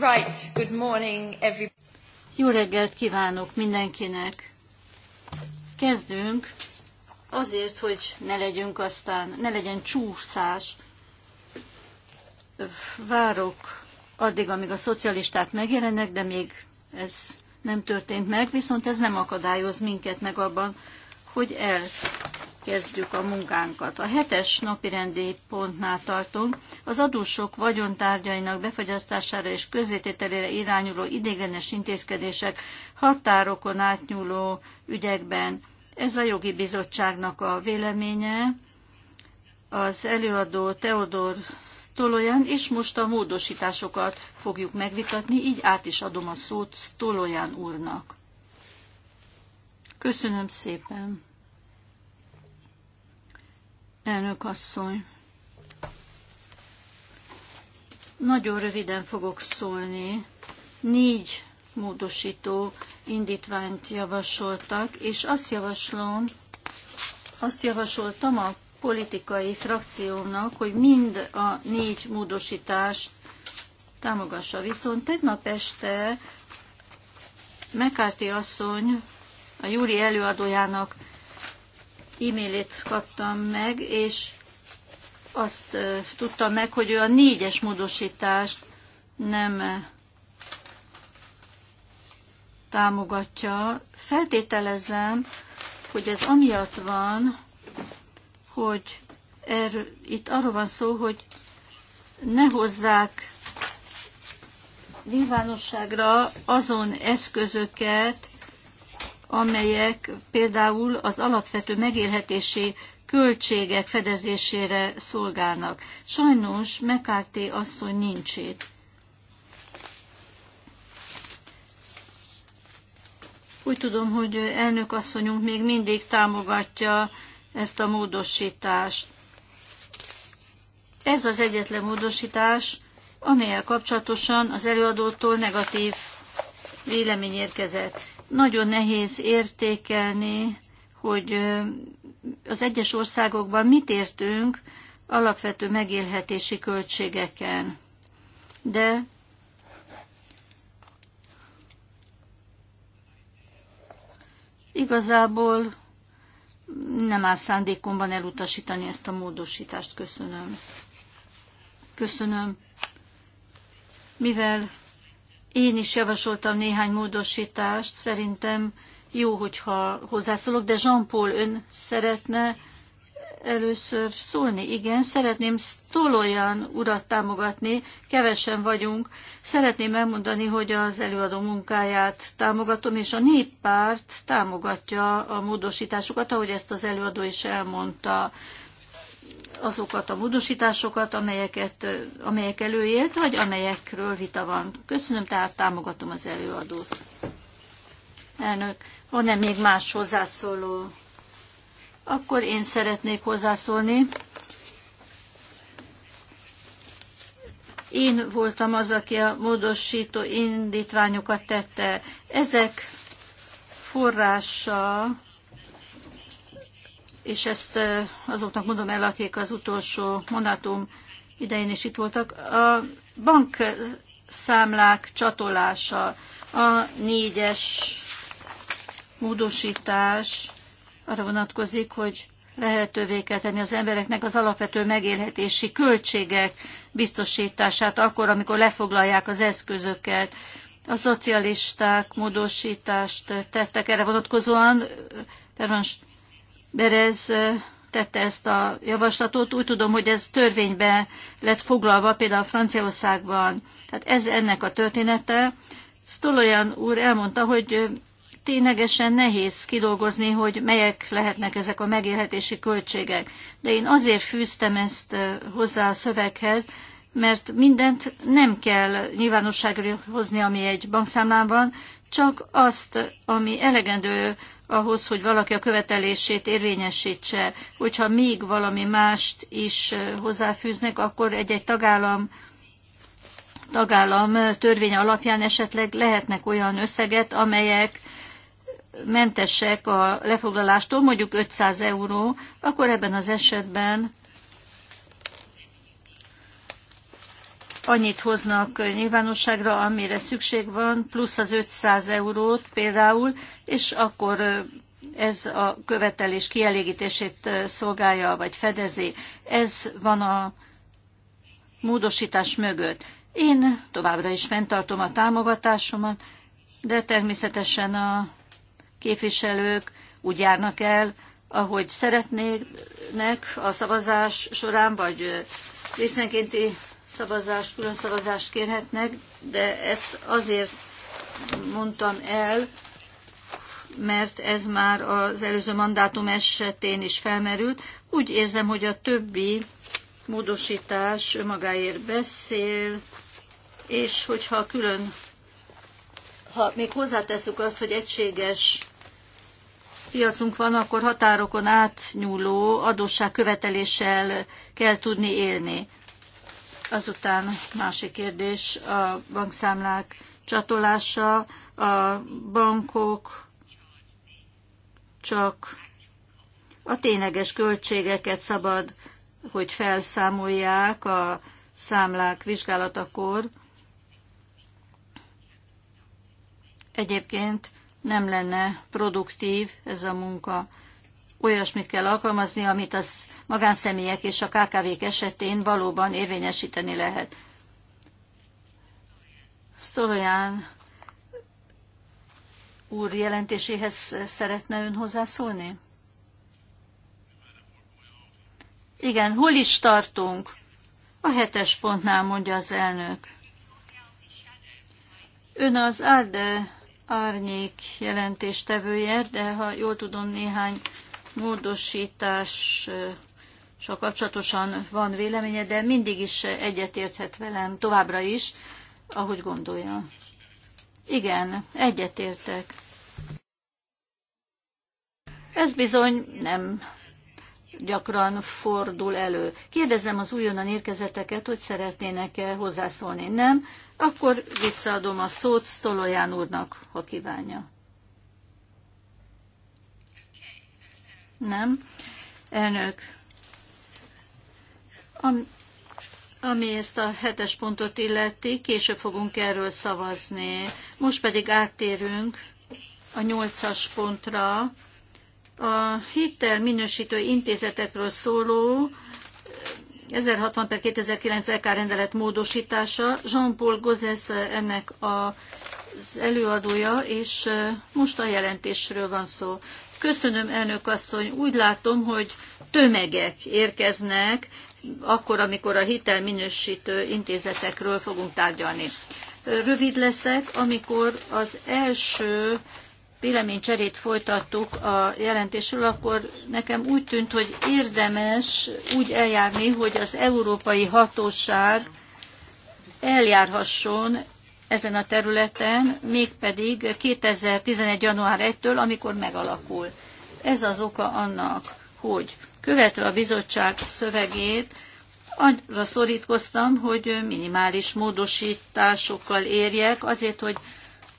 Right, good morning Jó reggelt kívánok mindenkinek! Kezdünk azért, hogy ne legyünk aztán, ne legyen csúszás. Várok addig, amíg a szocialisták megjelennek, de még ez nem történt meg, viszont ez nem akadályoz minket meg abban, hogy elkezdjük a munkánkat. A hetes rendi pontnál tartunk. Az adósok vagyontárgyainak befagyasztására és közzétételére irányuló idéglenes intézkedések határokon átnyúló ügyekben. Ez a jogi bizottságnak a véleménye. Az előadó Teodor Stolojan, és most a módosításokat fogjuk megvitatni, így át is adom a szót Stolojan úrnak. Köszönöm szépen. Elnök asszony. Nagyon röviden fogok szólni. Négy módosító indítványt javasoltak, és azt javaslom, azt javasoltam a politikai frakciómnak, hogy mind a négy módosítást támogassa. Viszont tegnap este McCarthy asszony a Júri előadójának e-mailét kaptam meg, és azt tudtam meg, hogy ő a négyes módosítást nem támogatja. Feltételezem, hogy ez amiatt van, hogy erről, itt arról van szó, hogy ne hozzák nyilvánosságra azon eszközöket, amelyek például az alapvető megélhetési költségek fedezésére szolgálnak. Sajnos McCarthy asszony nincs itt. Úgy tudom, hogy elnök asszonyunk még mindig támogatja ezt a módosítást. Ez az egyetlen módosítás, amelyel kapcsolatosan az előadótól negatív vélemény érkezett. Nagyon nehéz értékelni, hogy az egyes országokban mit értünk alapvető megélhetési költségeken. De igazából nem áll szándékomban elutasítani ezt a módosítást. Köszönöm. Köszönöm. Mivel én is javasoltam néhány módosítást, szerintem jó, hogyha hozzászólok, de Jean-Paul ön szeretne először szólni. Igen, szeretném Stolojan urat támogatni, kevesen vagyunk. Szeretném elmondani, hogy az előadó munkáját támogatom, és a néppárt támogatja a módosításokat, ahogy ezt az előadó is elmondta azokat a módosításokat, amelyeket, amelyek előélt, vagy amelyekről vita van. Köszönöm, tehát támogatom az előadót. Elnök, van-e még más hozzászóló? Akkor én szeretnék hozzászólni. Én voltam az, aki a módosító indítványokat tette. Ezek forrása és ezt azoknak mondom el, akik az utolsó monatum idején is itt voltak, a bankszámlák csatolása, a négyes módosítás arra vonatkozik, hogy lehetővé kell tenni az embereknek az alapvető megélhetési költségek biztosítását akkor, amikor lefoglalják az eszközöket. A szocialisták módosítást tettek erre vonatkozóan, Pervans Berez tette ezt a javaslatot. Úgy tudom, hogy ez törvénybe lett foglalva, például Franciaországban. Tehát ez ennek a története. Stolojan úr elmondta, hogy ténylegesen nehéz kidolgozni, hogy melyek lehetnek ezek a megélhetési költségek. De én azért fűztem ezt hozzá a szöveghez, mert mindent nem kell nyilvánosságra hozni, ami egy bankszámlán van, csak azt, ami elegendő ahhoz, hogy valaki a követelését érvényesítse. Hogyha még valami mást is hozzáfűznek, akkor egy-egy tagállam tagállam törvénye alapján esetleg lehetnek olyan összeget, amelyek mentesek a lefoglalástól, mondjuk 500 euró, akkor ebben az esetben annyit hoznak nyilvánosságra, amire szükség van, plusz az 500 eurót például, és akkor ez a követelés kielégítését szolgálja, vagy fedezi. Ez van a módosítás mögött. Én továbbra is fenntartom a támogatásomat, de természetesen a képviselők úgy járnak el, ahogy szeretnének a szavazás során, vagy részenkénti szavazást, külön szavazást kérhetnek, de ezt azért mondtam el, mert ez már az előző mandátum esetén is felmerült. Úgy érzem, hogy a többi módosítás önmagáért beszél, és hogyha külön, ha még hozzáteszük azt, hogy egységes piacunk van, akkor határokon átnyúló adósságköveteléssel kell tudni élni. Azután másik kérdés a bankszámlák csatolása. A bankok csak a tényleges költségeket szabad, hogy felszámolják a számlák vizsgálatakor. Egyébként nem lenne produktív ez a munka olyasmit kell alkalmazni, amit az magánszemélyek és a KKV-k esetén valóban érvényesíteni lehet. Sztoloján úr jelentéséhez szeretne ön hozzászólni? Igen, hol is tartunk? A hetes pontnál mondja az elnök. Ön az ALDE árnyék jelentéstevője, de ha jól tudom, néhány módosítás csak kapcsolatosan van véleménye, de mindig is egyetérthet velem továbbra is, ahogy gondolja. Igen, egyetértek. Ez bizony nem gyakran fordul elő. Kérdezem az újonnan érkezeteket, hogy szeretnének-e hozzászólni. Nem? Akkor visszaadom a szót Stolojan úrnak, ha kívánja. Nem. Elnök, am, ami ezt a hetes pontot illeti, később fogunk erről szavazni. Most pedig áttérünk a nyolcas pontra. A hittel minősítő intézetekről szóló 1060 eh, per 2009 EK rendelet módosítása. Jean-Paul Gozes eh, ennek a az előadója, és eh, most a jelentésről van szó. Köszönöm, elnök asszony. Úgy látom, hogy tömegek érkeznek, akkor, amikor a hitelminősítő intézetekről fogunk tárgyalni. Rövid leszek, amikor az első véleménycserét folytattuk a jelentésről, akkor nekem úgy tűnt, hogy érdemes úgy eljárni, hogy az európai hatóság eljárhasson ezen a területen, mégpedig 2011. január 1-től, amikor megalakul. Ez az oka annak, hogy követve a bizottság szövegét, arra szorítkoztam, hogy minimális módosításokkal érjek, azért, hogy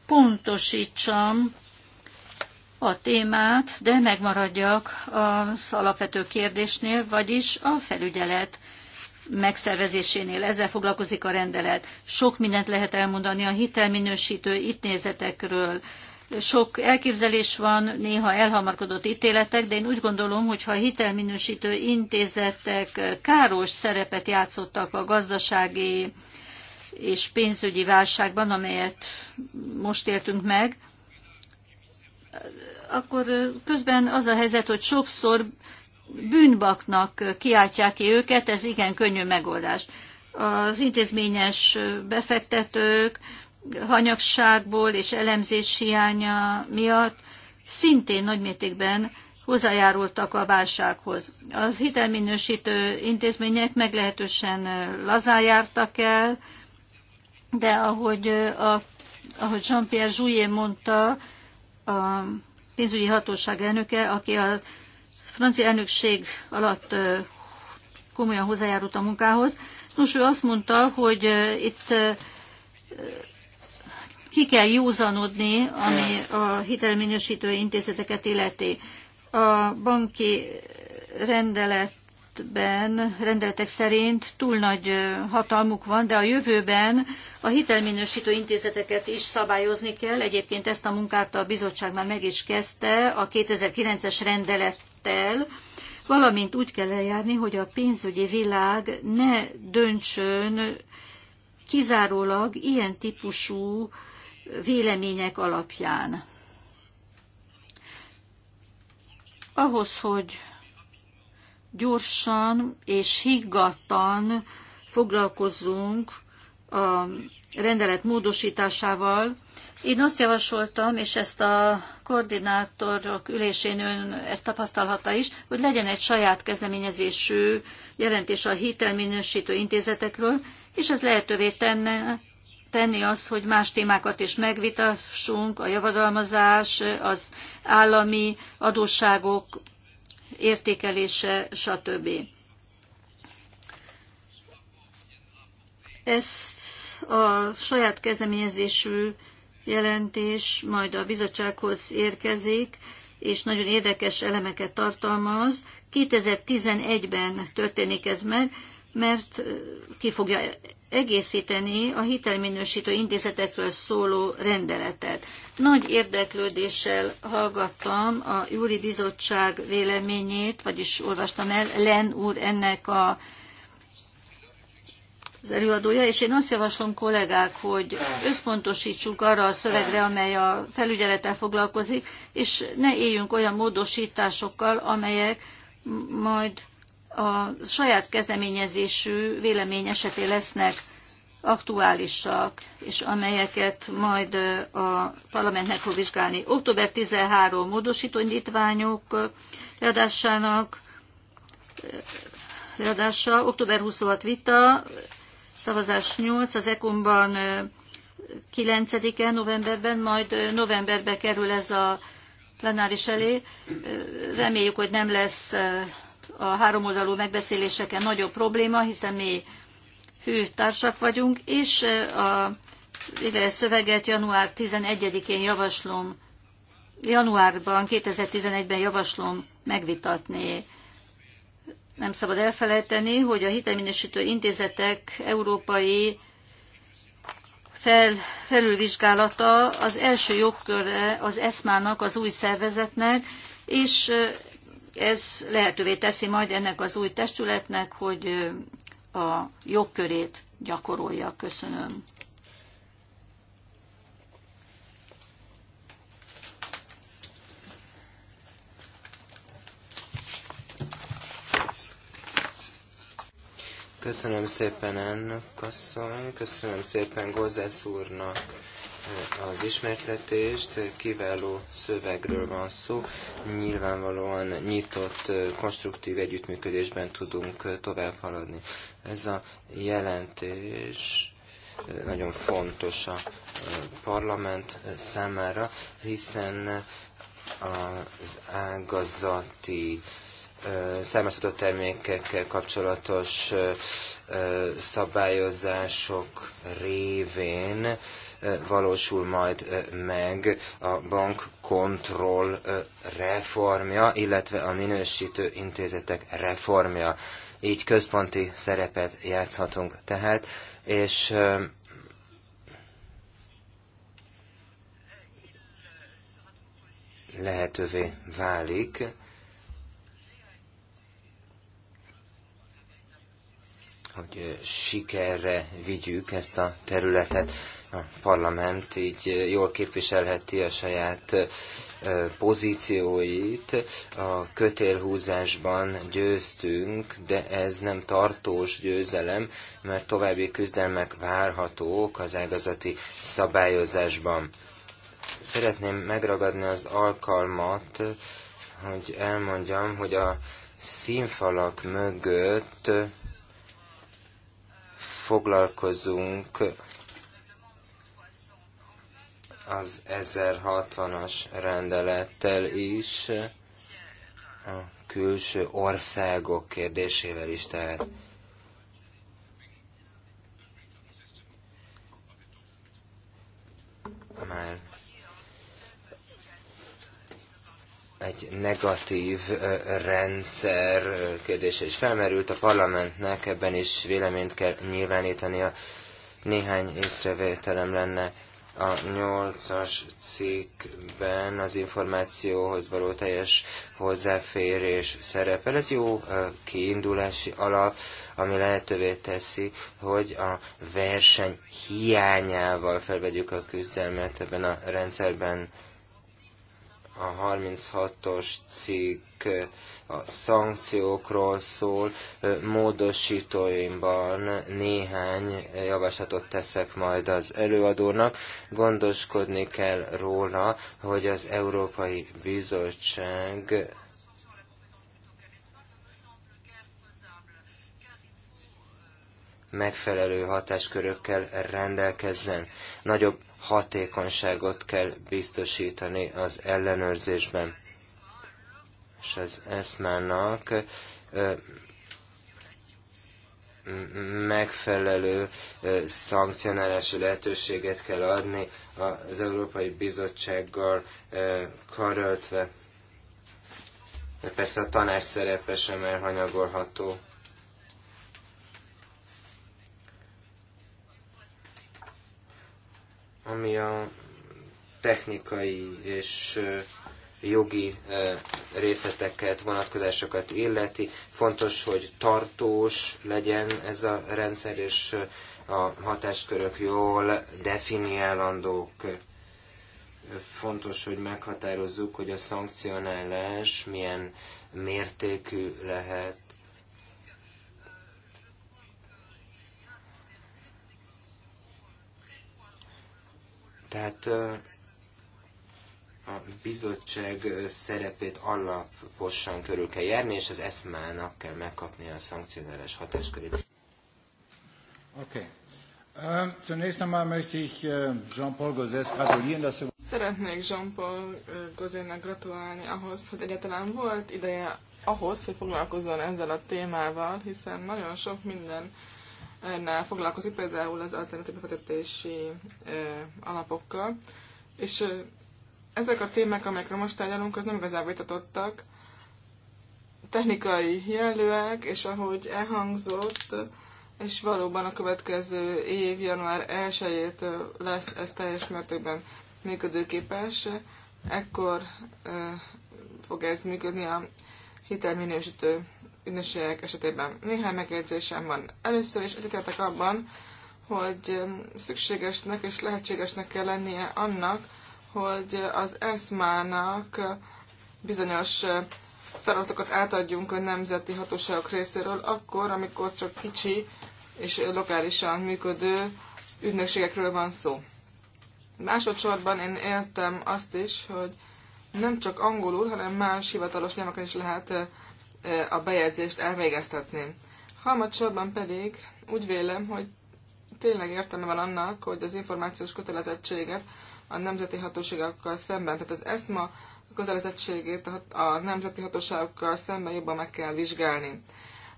pontosítsam a témát, de megmaradjak az alapvető kérdésnél, vagyis a felügyelet megszervezésénél. Ezzel foglalkozik a rendelet. Sok mindent lehet elmondani a hitelminősítő intézetekről. Sok elképzelés van, néha elhamarkodott ítéletek, de én úgy gondolom, hogy ha a hitelminősítő intézetek káros szerepet játszottak a gazdasági és pénzügyi válságban, amelyet most éltünk meg, akkor közben az a helyzet, hogy sokszor bűnbaknak kiáltják ki őket, ez igen könnyű megoldás. Az intézményes befektetők hanyagságból és elemzés hiánya miatt szintén nagymértékben hozzájárultak a válsághoz. Az hitelminősítő intézmények meglehetősen lazán jártak el, de ahogy, a, ahogy Jean-Pierre Jouyé mondta, a pénzügyi hatóság elnöke, aki a francia elnökség alatt komolyan hozzájárult a munkához. Nos, ő azt mondta, hogy itt ki kell józanodni, ami a hitelminősítő intézeteket illeti. A banki rendeletben, rendeletek szerint túl nagy hatalmuk van, de a jövőben a hitelminősítő intézeteket is szabályozni kell. Egyébként ezt a munkát a bizottság már meg is kezdte a 2009-es rendelet el, valamint úgy kell eljárni, hogy a pénzügyi világ ne döntsön kizárólag ilyen típusú vélemények alapján. Ahhoz, hogy gyorsan és higgadtan foglalkozzunk a rendelet módosításával, én azt javasoltam, és ezt a koordinátorok ülésén ön ezt tapasztalhatta is, hogy legyen egy saját kezdeményezésű jelentés a hitelminősítő intézetekről, és ez lehetővé tenne, tenni az, hogy más témákat is megvitassunk, a javadalmazás, az állami adósságok értékelése, stb. Ezt a saját kezdeményezésű jelentés majd a bizottsághoz érkezik, és nagyon érdekes elemeket tartalmaz. 2011-ben történik ez meg, mert ki fogja egészíteni a hitelminősítő intézetekről szóló rendeletet. Nagy érdeklődéssel hallgattam a Júri Bizottság véleményét, vagyis olvastam el Len úr ennek a az előadója, és én azt javaslom kollégák, hogy összpontosítsuk arra a szövegre, amely a felügyelettel foglalkozik, és ne éljünk olyan módosításokkal, amelyek majd a saját kezdeményezésű vélemény esetén lesznek aktuálisak, és amelyeket majd a parlamentnek fog vizsgálni. Október 13 módosító indítványok leadásának leadása, október 26 vita, szavazás 8, az ECOM-ban 9-e novemberben, majd novemberbe kerül ez a plenáris elé. Reméljük, hogy nem lesz a háromoldalú megbeszéléseken nagyobb probléma, hiszen mi hű társak vagyunk, és a ide szöveget január 11-én javaslom, januárban, 2011-ben javaslom megvitatni. Nem szabad elfelejteni, hogy a hitelminősítő intézetek európai fel, felülvizsgálata az első jogköre az ESMA-nak, az új szervezetnek, és ez lehetővé teszi majd ennek az új testületnek, hogy a jogkörét gyakorolja. Köszönöm. Köszönöm szépen elnök asszony, köszönöm szépen Gozesz úrnak eh, az ismertetést, kiváló szövegről van szó. Nyilvánvalóan nyitott, eh, konstruktív együttműködésben tudunk eh, tovább haladni. Ez a jelentés nagyon fontos a parlament számára, hiszen az ágazati származtatott termékekkel kapcsolatos szabályozások révén valósul majd meg a bankkontroll reformja, illetve a minősítő intézetek reformja. Így központi szerepet játszhatunk tehát, és lehetővé válik, hogy sikerre vigyük ezt a területet. A parlament így jól képviselheti a saját pozícióit. A kötélhúzásban győztünk, de ez nem tartós győzelem, mert további küzdelmek várhatók az ágazati szabályozásban. Szeretném megragadni az alkalmat, hogy elmondjam, hogy a színfalak mögött foglalkozunk az 1060-as rendelettel is, a külső országok kérdésével is, tehát már egy negatív rendszer kérdése is felmerült. A parlamentnek ebben is véleményt kell nyilvánítani. A Néhány észrevételem lenne a nyolcas cikkben az információhoz való teljes hozzáférés szerepel. Ez jó kiindulási alap, ami lehetővé teszi, hogy a verseny hiányával felvegyük a küzdelmet ebben a rendszerben a 36-os cikk a szankciókról szól, módosítóimban néhány javaslatot teszek majd az előadónak. Gondoskodni kell róla, hogy az Európai Bizottság megfelelő hatáskörökkel rendelkezzen. Nagyobb hatékonyságot kell biztosítani az ellenőrzésben. És az eszmának megfelelő szankcionálási lehetőséget kell adni az Európai Bizottsággal karöltve. De persze a tanács szerepe sem elhanyagolható. ami a technikai és jogi részleteket, vonatkozásokat illeti. Fontos, hogy tartós legyen ez a rendszer, és a hatáskörök jól definiálandók. Fontos, hogy meghatározzuk, hogy a szankcionálás milyen mértékű lehet Tehát a bizottság szerepét alaposan körül kell járni, és az eszmának kell megkapni a szankcionálás hatáskörét. Oké. Okay. Zunächst einmal möchte ich Jean-Paul Gauzès gratulieren, dass er- Szeretnék Jean-Paul Gauzének gratulálni ahhoz, hogy egyáltalán volt ideje ahhoz, hogy foglalkozzon ezzel a témával, hiszen nagyon sok minden nál foglalkozik, például az alternatív befektetési alapokkal. És ezek a témák, amelyekről most tárgyalunk, az nem igazán vitatottak, technikai jellegűek, és ahogy elhangzott, és valóban a következő év január 1 lesz ez teljes mértékben működőképes, ekkor fog ez működni a hitelminősítő ünnepségek esetében. Néhány megjegyzésem van. Először is egyetértek abban, hogy um, szükségesnek és lehetségesnek kell lennie annak, hogy az ESMA-nak bizonyos uh, feladatokat átadjunk a nemzeti hatóságok részéről, akkor, amikor csak kicsi és lokálisan működő ügynökségekről van szó. Másodszorban én értem azt is, hogy nem csak angolul, hanem más hivatalos nyelveken is lehet uh, a bejegyzést elvégeztetni. Harmadsorban pedig úgy vélem, hogy tényleg értelme van annak, hogy az információs kötelezettséget a nemzeti hatóságokkal szemben, tehát az ESMA kötelezettségét a nemzeti hatóságokkal szemben jobban meg kell vizsgálni.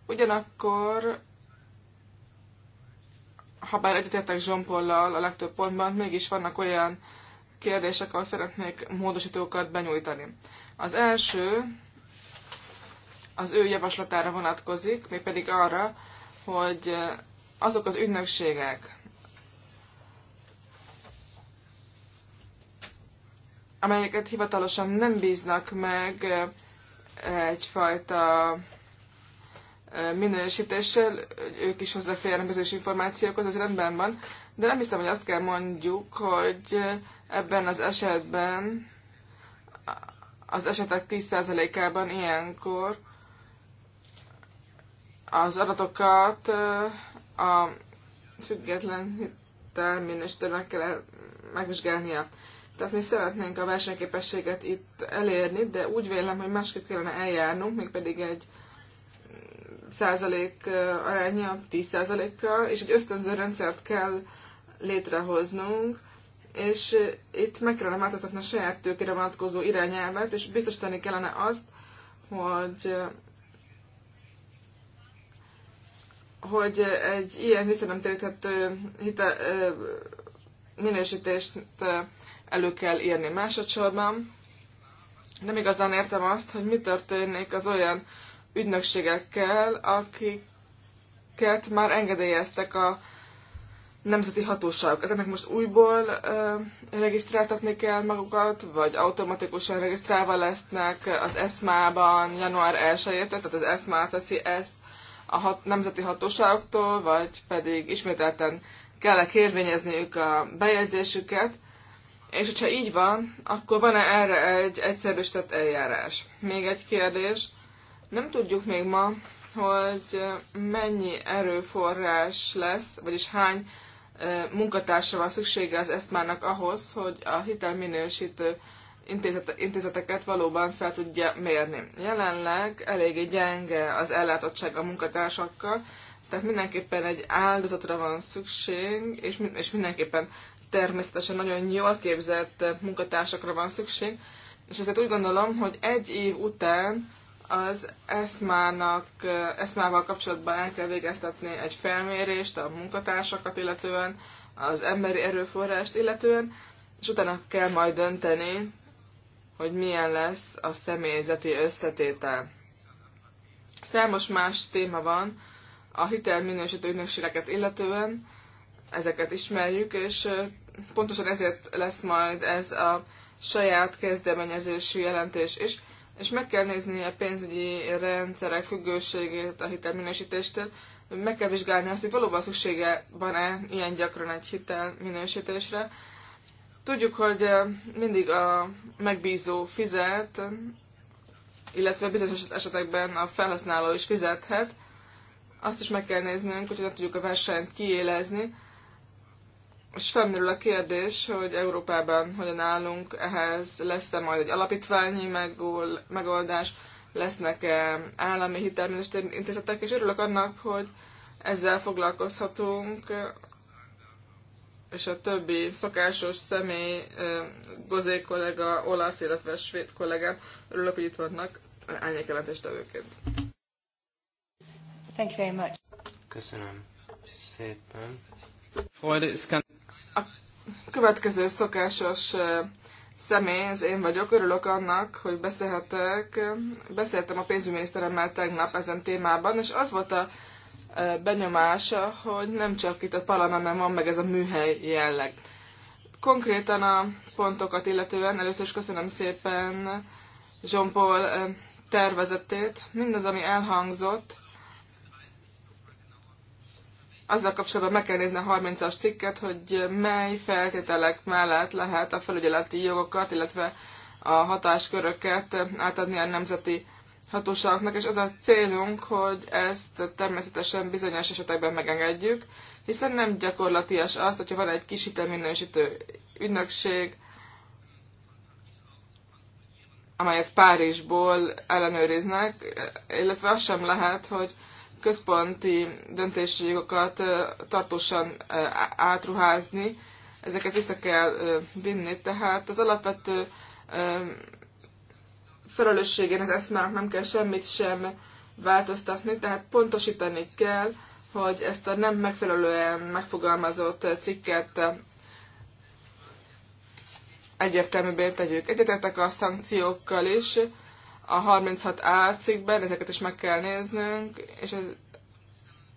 Ugyanakkor, ha bár egyetértek Zsompollal a legtöbb pontban, mégis vannak olyan kérdések, ahol szeretnék módosítókat benyújtani. Az első az ő javaslatára vonatkozik, mégpedig arra, hogy azok az ügynökségek, amelyeket hivatalosan nem bíznak meg egyfajta minősítéssel, ők is hozzáférnek bizonyos információkhoz, az rendben van, de nem hiszem, hogy azt kell mondjuk, hogy ebben az esetben az esetek 10%-ában ilyenkor az adatokat a független hitelminiszternek kell megvizsgálnia. Tehát mi szeretnénk a versenyképességet itt elérni, de úgy vélem, hogy másképp kellene eljárnunk, pedig egy százalék aránya 10 százalékkal, és egy ösztönző rendszert kell létrehoznunk, és itt meg kellene változtatni a saját tőkére vonatkozó irányelvet, és biztosítani kellene azt, hogy hogy egy ilyen visszanemtéríthető hite, minősítést elő kell írni másodszorban. Nem igazán értem azt, hogy mi történik az olyan ügynökségekkel, akiket már engedélyeztek a nemzeti hatóságok. Ezeknek most újból ö, regisztráltatni kell magukat, vagy automatikusan regisztrálva lesznek az ESMA-ban január 1 tehát az ESMA teszi ezt a hat, nemzeti hatóságoktól, vagy pedig ismételten kell-e kérvényezniük a bejegyzésüket, és hogyha így van, akkor van-e erre egy egyszerűsített eljárás? Még egy kérdés. Nem tudjuk még ma, hogy mennyi erőforrás lesz, vagyis hány munkatársa van szüksége az eszmának ahhoz, hogy a hitelminősítő intézete, intézeteket valóban fel tudja mérni. Jelenleg eléggé gyenge az ellátottság a munkatársakkal, tehát mindenképpen egy áldozatra van szükség, és, és mindenképpen természetesen nagyon jól képzett munkatársakra van szükség, és ezért úgy gondolom, hogy egy év után az eszmának, eszmával kapcsolatban el kell végeztetni egy felmérést a munkatársakat illetően, az emberi erőforrást illetően, és utána kell majd dönteni hogy milyen lesz a személyzeti összetétel. Számos más téma van a hitelminősítő ügynökségeket illetően, ezeket ismerjük, és pontosan ezért lesz majd ez a saját kezdeményezésű jelentés is, és meg kell nézni a pénzügyi rendszerek függőségét a hitelminősítéstől, meg kell vizsgálni azt, hogy valóban szüksége van-e ilyen gyakran egy hitelminősítésre, Tudjuk, hogy eh, mindig a megbízó fizet, illetve bizonyos esetekben a felhasználó is fizethet. Azt is meg kell néznünk, hogy nem tudjuk a versenyt kiélezni. És felmerül a kérdés, hogy Európában hogyan állunk ehhez, lesz-e majd egy alapítványi megoldás, lesznek-e állami hitelminősítő intézetek, és örülök annak, hogy ezzel foglalkozhatunk és a többi szokásos személy, Gozé kollega, olasz, illetve svéd kollégám. Örülök, hogy itt vannak árnyékelentéstevőként. Thank you very much. Köszönöm szépen. A következő szokásos személy, ez én vagyok, örülök annak, hogy beszélhetek. Beszéltem a pénzügyminiszteremmel tegnap ezen témában, és az volt a benyomása, hogy nem csak itt a parlamentben van meg ez a műhely jelleg. Konkrétan a pontokat illetően először is köszönöm szépen Jean-Paul tervezetét. Mindaz, ami elhangzott, azzal kapcsolatban meg kell nézni a 30-as cikket, hogy mely feltételek mellett lehet a felügyeleti jogokat, illetve a hatásköröket átadni a nemzeti hatóságoknak, és az a célunk, hogy ezt természetesen bizonyos esetekben megengedjük, hiszen nem gyakorlatias az, hogyha van egy kis hitelminősítő ügynökség, amelyet Párizsból ellenőriznek, illetve az sem lehet, hogy központi döntésségokat tartósan átruházni, ezeket vissza kell vinni. Tehát az alapvető felelősségén az eszmának nem kell semmit sem változtatni, tehát pontosítani kell, hogy ezt a nem megfelelően megfogalmazott cikket egyértelműbbé tegyük. Egyetettek a szankciókkal is, a 36A cikkben, ezeket is meg kell néznünk, és ez,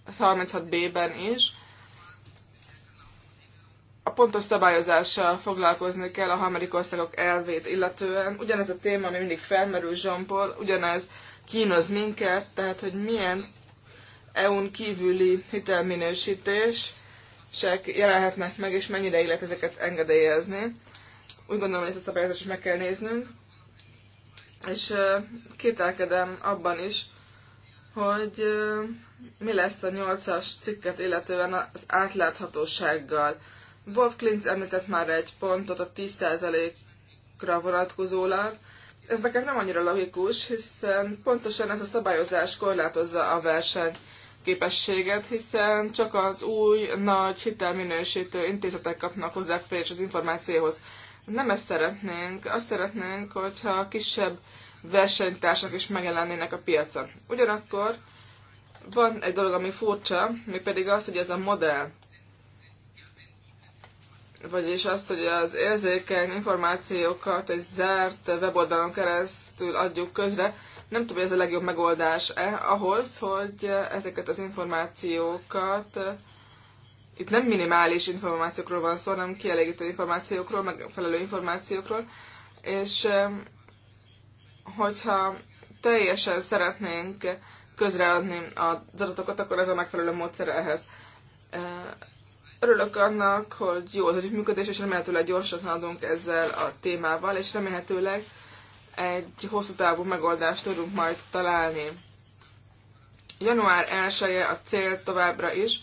ez 36B-ben is a pontos szabályozással foglalkozni kell a harmadik országok elvét illetően. Ugyanez a téma, ami mindig felmerül Zsompol, ugyanez kínoz minket, tehát hogy milyen EU-n kívüli hitelminősítések jelenhetnek meg, és mennyire illet ezeket engedélyezni. Úgy gondolom, hogy ezt a szabályozást is meg kell néznünk. És kételkedem abban is, hogy mi lesz a nyolcas cikket illetően az átláthatósággal. Wolf Klintz említett már egy pontot a 10%-ra vonatkozólag. Ez nekem nem annyira logikus, hiszen pontosan ez a szabályozás korlátozza a verseny képességet, hiszen csak az új, nagy hitelminősítő intézetek kapnak hozzáférés az információhoz. Nem ezt szeretnénk, azt szeretnénk, hogyha kisebb versenytársak is megjelennének a piacon. Ugyanakkor van egy dolog, ami furcsa, mégpedig az, hogy ez a modell, vagyis azt, hogy az érzékeny információkat egy zárt weboldalon keresztül adjuk közre, nem tudom, hogy ez a legjobb megoldás-e ahhoz, hogy ezeket az információkat, itt nem minimális információkról van szó, hanem kielégítő információkról, megfelelő információkról, és hogyha teljesen szeretnénk közreadni az adatokat, akkor ez a megfelelő módszer ehhez Örülök annak, hogy jó az együttműködés, és remélhetőleg gyorsan haladunk ezzel a témával, és remélhetőleg egy hosszú távú megoldást tudunk majd találni. Január 1 -e a cél továbbra is.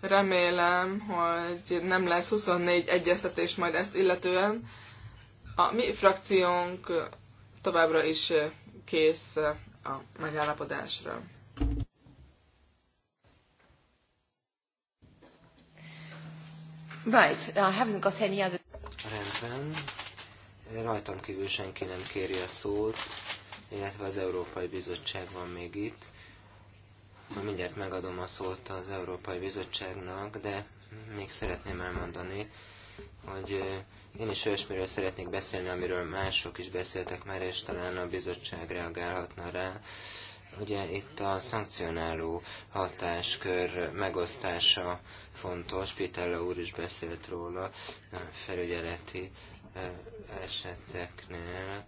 Remélem, hogy nem lesz 24 egyeztetés majd ezt illetően. A mi frakciónk továbbra is kész a megállapodásra. Right, I haven't got any other... Rendben. Rajtam kívül senki nem kéri a szót, illetve az Európai Bizottság van még itt. Mindjárt megadom a szót az Európai Bizottságnak, de még szeretném elmondani, hogy én is olyasmiről szeretnék beszélni, amiről mások is beszéltek már, és talán a bizottság reagálhatna rá. Ugye itt a szankcionáló hatáskör megosztása fontos, Pitella úr is beszélt róla a felügyeleti eseteknél.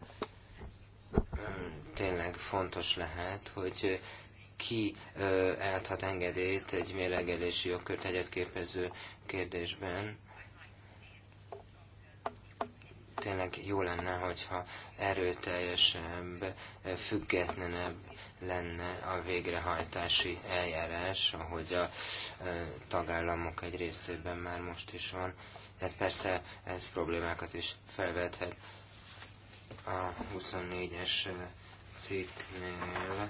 Tényleg fontos lehet, hogy ki eladhat engedélyt egy mélegelési jogkört egyet képező kérdésben. Tényleg jó lenne, hogyha erőteljesebb, függetlenebb lenne a végrehajtási eljárás, ahogy a tagállamok egy részében már most is van. Tehát persze ez problémákat is felvethet a 24-es cikknél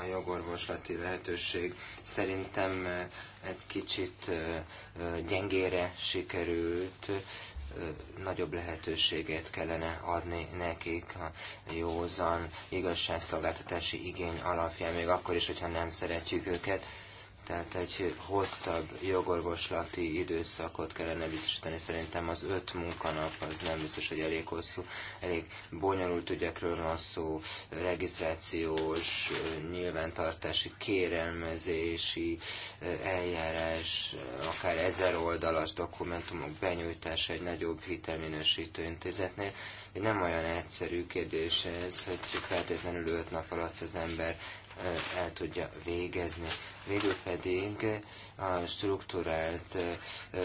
a jogorvoslati lehetőség szerintem egy kicsit gyengére sikerült nagyobb lehetőséget kellene adni nekik a józan igazságszolgáltatási igény alapján, még akkor is, hogyha nem szeretjük őket tehát egy hosszabb jogorvoslati időszakot kellene biztosítani. Szerintem az öt munkanap az nem biztos, hogy elég hosszú, elég bonyolult ügyekről van szó, regisztrációs, nyilvántartási, kérelmezési eh, eljárás, eh, akár ezer oldalas dokumentumok benyújtása egy nagyobb hitelminősítő intézetnél. Nem olyan egyszerű kérdés ez, hogy feltétlenül öt nap alatt az ember el tudja végezni. Végül pedig a struktúrált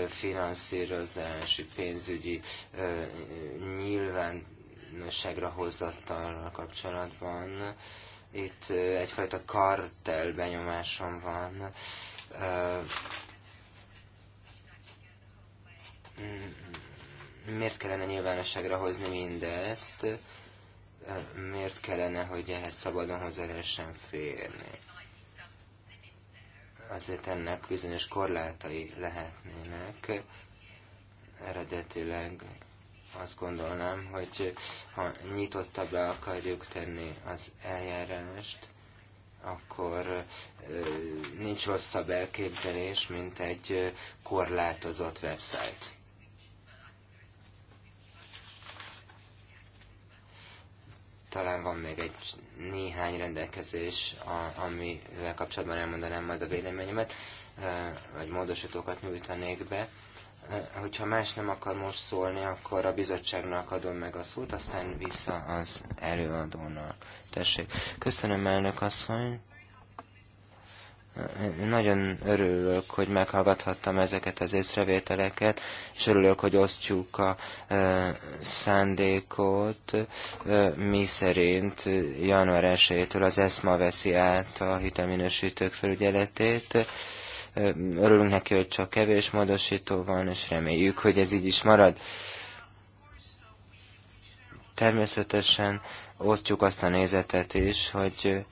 finanszírozási, pénzügyi nyilvánosságra hozattalra kapcsolatban itt egyfajta kartel benyomásom van. Miért kellene nyilvánosságra hozni mindezt? miért kellene, hogy ehhez szabadon hozzá lehessen férni? Azért ennek bizonyos korlátai lehetnének. Eredetileg azt gondolnám, hogy ha nyitottabbá akarjuk tenni az eljárást, akkor nincs rosszabb elképzelés, mint egy korlátozott website. talán van még egy néhány rendelkezés, a, amivel kapcsolatban elmondanám majd a véleményemet, vagy módosítókat nyújtanék be. Hogyha más nem akar most szólni, akkor a bizottságnak adom meg a szót, aztán vissza az előadónak. Tessék. Köszönöm, elnök asszony. Nagyon örülök, hogy meghallgathattam ezeket az észrevételeket, és örülök, hogy osztjuk a szándékot, mi szerint január 1 az ESMA veszi át a hitelminősítők felügyeletét. Örülünk neki, hogy csak kevés módosító van, és reméljük, hogy ez így is marad. Természetesen osztjuk azt a nézetet is, hogy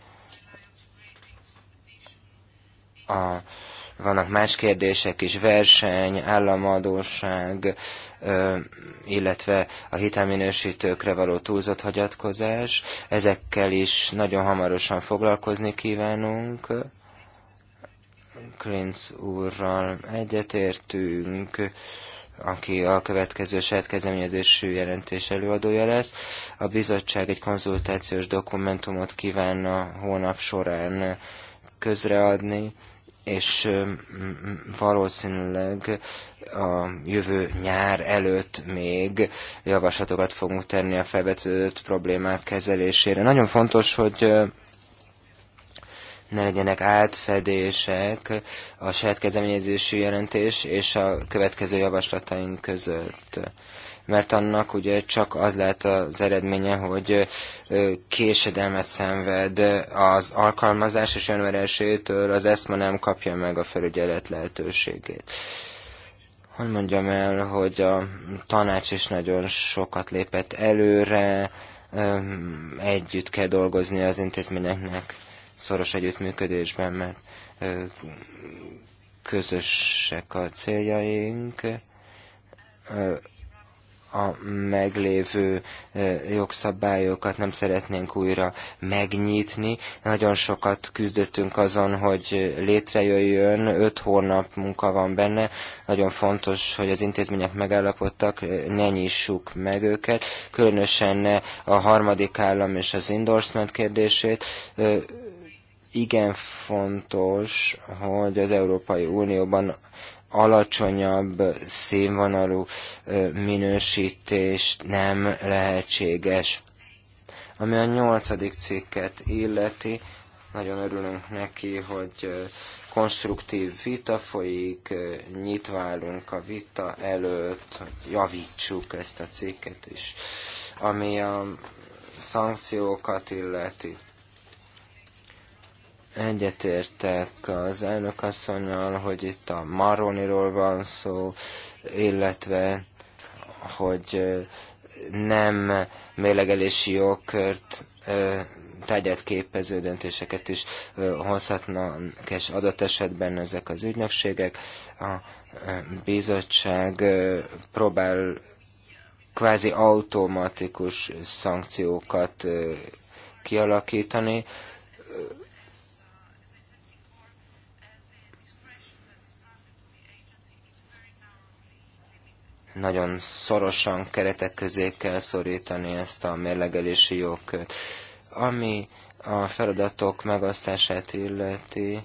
a, vannak más kérdések is, verseny, államadóság, illetve a hitelminősítőkre való túlzott hagyatkozás. Ezekkel is nagyon hamarosan foglalkozni kívánunk. Klinz úrral egyetértünk, aki a következő saját kezdeményezésű jelentés előadója lesz. A bizottság egy konzultációs dokumentumot kívánna hónap során közreadni és valószínűleg a jövő nyár előtt még javaslatokat fogunk tenni a felvetődött problémák kezelésére. Nagyon fontos, hogy ne legyenek átfedések a saját kezdeményezésű jelentés és a következő javaslataink között mert annak ugye csak az lehet az eredménye, hogy késedelmet szenved az alkalmazás, és január 1-től az eszma nem kapja meg a felügyelet lehetőségét hogy mondjam el, hogy a tanács is nagyon sokat lépett előre, együtt kell dolgozni az intézményeknek szoros együttműködésben, mert közösek a céljaink, a meglévő jogszabályokat nem szeretnénk újra megnyitni. Nagyon sokat küzdöttünk azon, hogy létrejöjjön, öt hónap munka van benne. Nagyon fontos, hogy az intézmények megállapodtak, ne nyissuk meg őket, különösen ne a harmadik állam és az endorsement kérdését igen fontos, hogy az Európai Unióban alacsonyabb színvonalú minősítés nem lehetséges. Ami a nyolcadik cikket illeti, nagyon örülünk neki, hogy konstruktív vita folyik, nyitva állunk a vita előtt, javítsuk ezt a cikket is. Ami a szankciókat illeti, Egyetértek az elnökasszonynal, hogy itt a Maroniról van szó, illetve hogy nem mélegelési jogkört tegyet képező döntéseket is hozhatnak, és adott esetben ezek az ügynökségek. A bizottság próbál kvázi automatikus szankciókat kialakítani, nagyon szorosan keretek közé kell szorítani ezt a mérlegelési jogkört. Ami a feladatok megosztását illeti,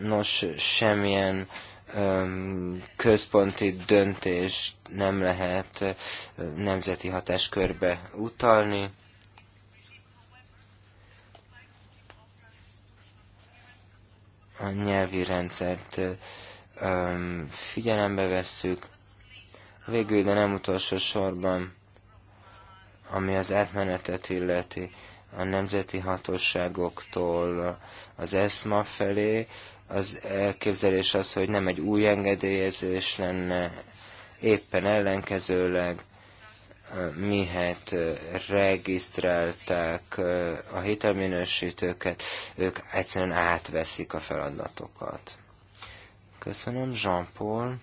nos, semmilyen központi döntés nem lehet nemzeti hatáskörbe utalni. A nyelvi rendszert figyelembe vesszük, Végül, de nem utolsó sorban, ami az átmenetet illeti, a nemzeti hatóságoktól az ESMA felé, az elképzelés az, hogy nem egy új engedélyezés lenne, éppen ellenkezőleg mihet regisztrálták a hitelminősítőket, ők egyszerűen átveszik a feladatokat. Köszönöm, Jean-Paul.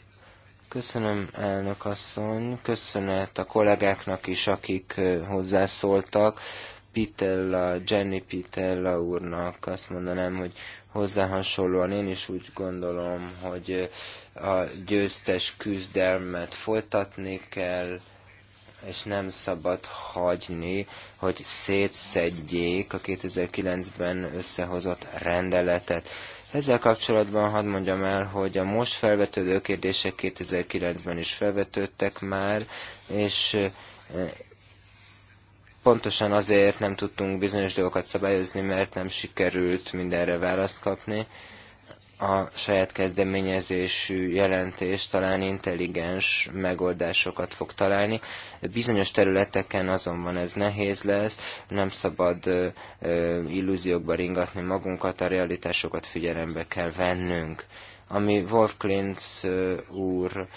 Köszönöm, elnök asszony. Köszönet a kollégáknak is, akik hozzászóltak. Pitella, Jenny Pitella úrnak azt mondanám, hogy hozzá hasonlóan én is úgy gondolom, hogy a győztes küzdelmet folytatni kell, és nem szabad hagyni, hogy szétszedjék a 2009-ben összehozott rendeletet. Ezzel kapcsolatban hadd mondjam el, hogy a most felvetődő kérdések 2009-ben is felvetődtek már, és eh, pontosan azért nem tudtunk bizonyos dolgokat szabályozni, mert nem sikerült mindenre választ kapni a saját kezdeményezésű jelentés talán intelligens megoldásokat fog találni. Bizonyos területeken azonban ez nehéz lesz, nem szabad illúziókba ringatni magunkat, a realitásokat figyelembe kell vennünk. Ami Wolf Klintz úr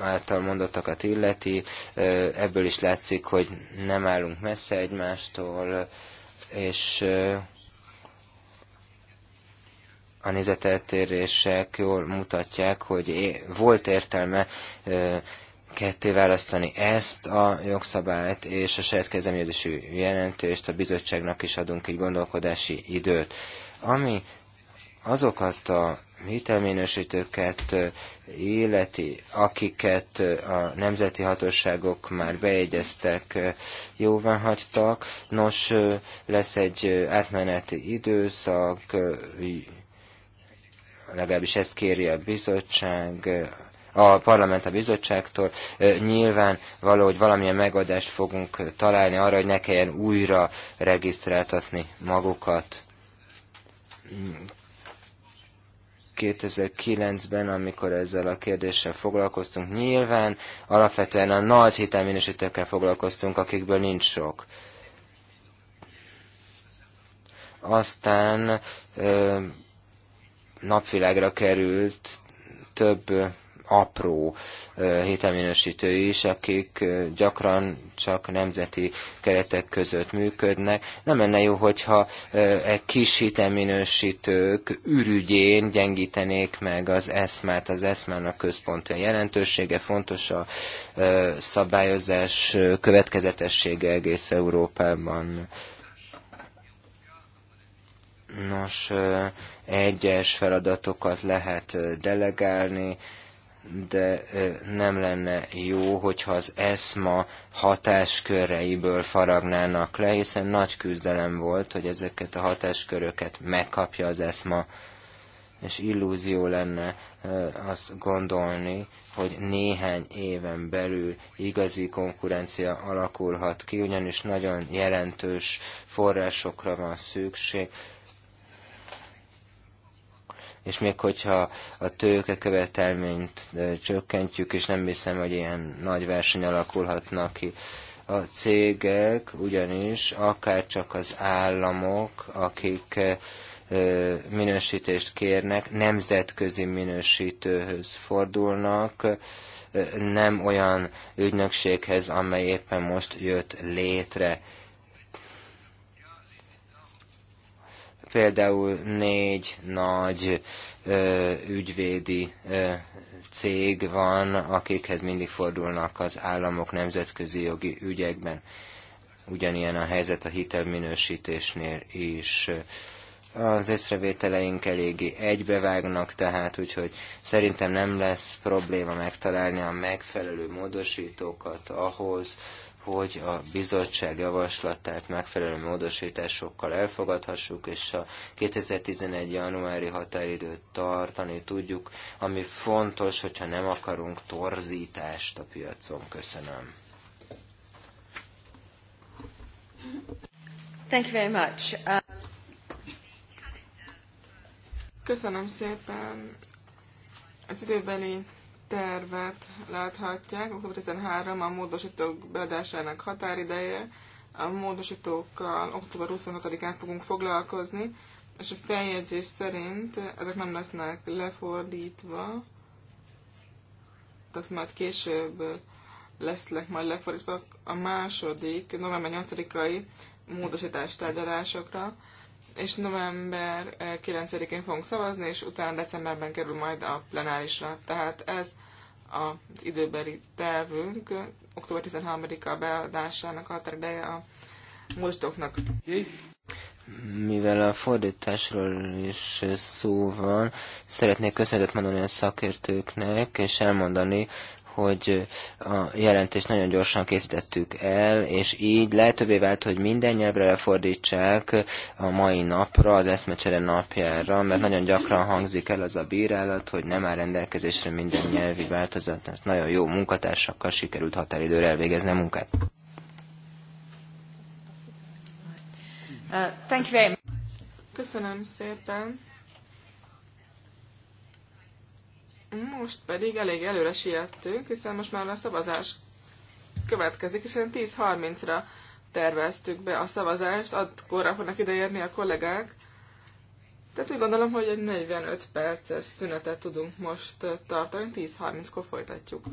által mondottakat illeti, ebből is látszik, hogy nem állunk messze egymástól, és a nézeteltérések jól mutatják, hogy volt értelme ketté választani ezt a jogszabályt, és a saját kezdeményezésű jelentést a bizottságnak is adunk egy gondolkodási időt. Ami azokat a hitelminősítőket illeti, akiket a nemzeti hatóságok már bejegyeztek, jóvá hagytak. Nos, lesz egy átmeneti időszak, legalábbis ezt kéri a bizottság, a parlament a bizottságtól. Nyilván valahogy valamilyen megoldást fogunk találni arra, hogy ne kelljen újra regisztráltatni magukat. 2009-ben, amikor ezzel a kérdéssel foglalkoztunk, nyilván alapvetően a nagy hitelminősítőkkel foglalkoztunk, akikből nincs sok. Aztán napvilágra került több apró hitelminősítő is, akik gyakran csak nemzeti keretek között működnek. Nem lenne jó, hogyha egy kis hitelminősítők ürügyén gyengítenék meg az eszmát. Az eszmának központi jelentősége, fontos a szabályozás következetessége egész Európában. Nos, egyes feladatokat lehet delegálni, de nem lenne jó, hogyha az ESMA hatásköreiből faragnának le, hiszen nagy küzdelem volt, hogy ezeket a hatásköröket megkapja az ESMA, és illúzió lenne azt gondolni, hogy néhány éven belül igazi konkurencia alakulhat ki, ugyanis nagyon jelentős forrásokra van szükség, és még hogyha a tőke követelményt csökkentjük, és nem hiszem, hogy ilyen nagy verseny alakulhatnak ki. A cégek ugyanis, akár csak az államok, akik minősítést kérnek, nemzetközi minősítőhöz fordulnak, nem olyan ügynökséghez, amely éppen most jött létre Például négy nagy ö, ügyvédi ö, cég van, akikhez mindig fordulnak az államok nemzetközi jogi ügyekben. Ugyanilyen a helyzet a hitelminősítésnél is. Az észrevételeink eléggé egybevágnak, tehát úgyhogy szerintem nem lesz probléma megtalálni a megfelelő módosítókat ahhoz, hogy a bizottság javaslatát megfelelő módosításokkal elfogadhassuk, és a 2011. januári határidőt tartani tudjuk, ami fontos, hogyha nem akarunk torzítást a piacon. Köszönöm. Thank you very much. Uh... Köszönöm szépen az időbeli tervet láthatják. Október 13 a módosítók beadásának határideje. A módosítókkal október 26-án fogunk foglalkozni, és a feljegyzés szerint ezek nem lesznek lefordítva, tehát majd később lesznek majd lefordítva a második, november 8-ai módosítás tárgyalásokra és november 9-én fogunk szavazni, és utána decemberben kerül majd a plenárisra. Tehát ez az időbeli tervünk, október 13-a beadásának a határideje a mostoknak. Mivel a fordításról is szó van, szeretnék köszönetet mondani a szakértőknek, és elmondani, hogy a jelentést nagyon gyorsan készítettük el, és így lehetővé vált, hogy minden nyelvre lefordítsák a mai napra, az eszmecsere napjára, mert nagyon gyakran hangzik el az a bírálat, hogy nem áll rendelkezésre minden nyelvi változat, ezt nagyon jó munkatársakkal sikerült határidőre elvégezni a munkát. Uh, thank you very much. Köszönöm szépen. Most pedig elég előre siettünk, hiszen most már a szavazás következik, hiszen 10.30-ra terveztük be a szavazást, akkorra fognak ideérni a kollégák. Tehát úgy gondolom, hogy egy 45 perces szünetet tudunk most tartani, 10.30-kor folytatjuk.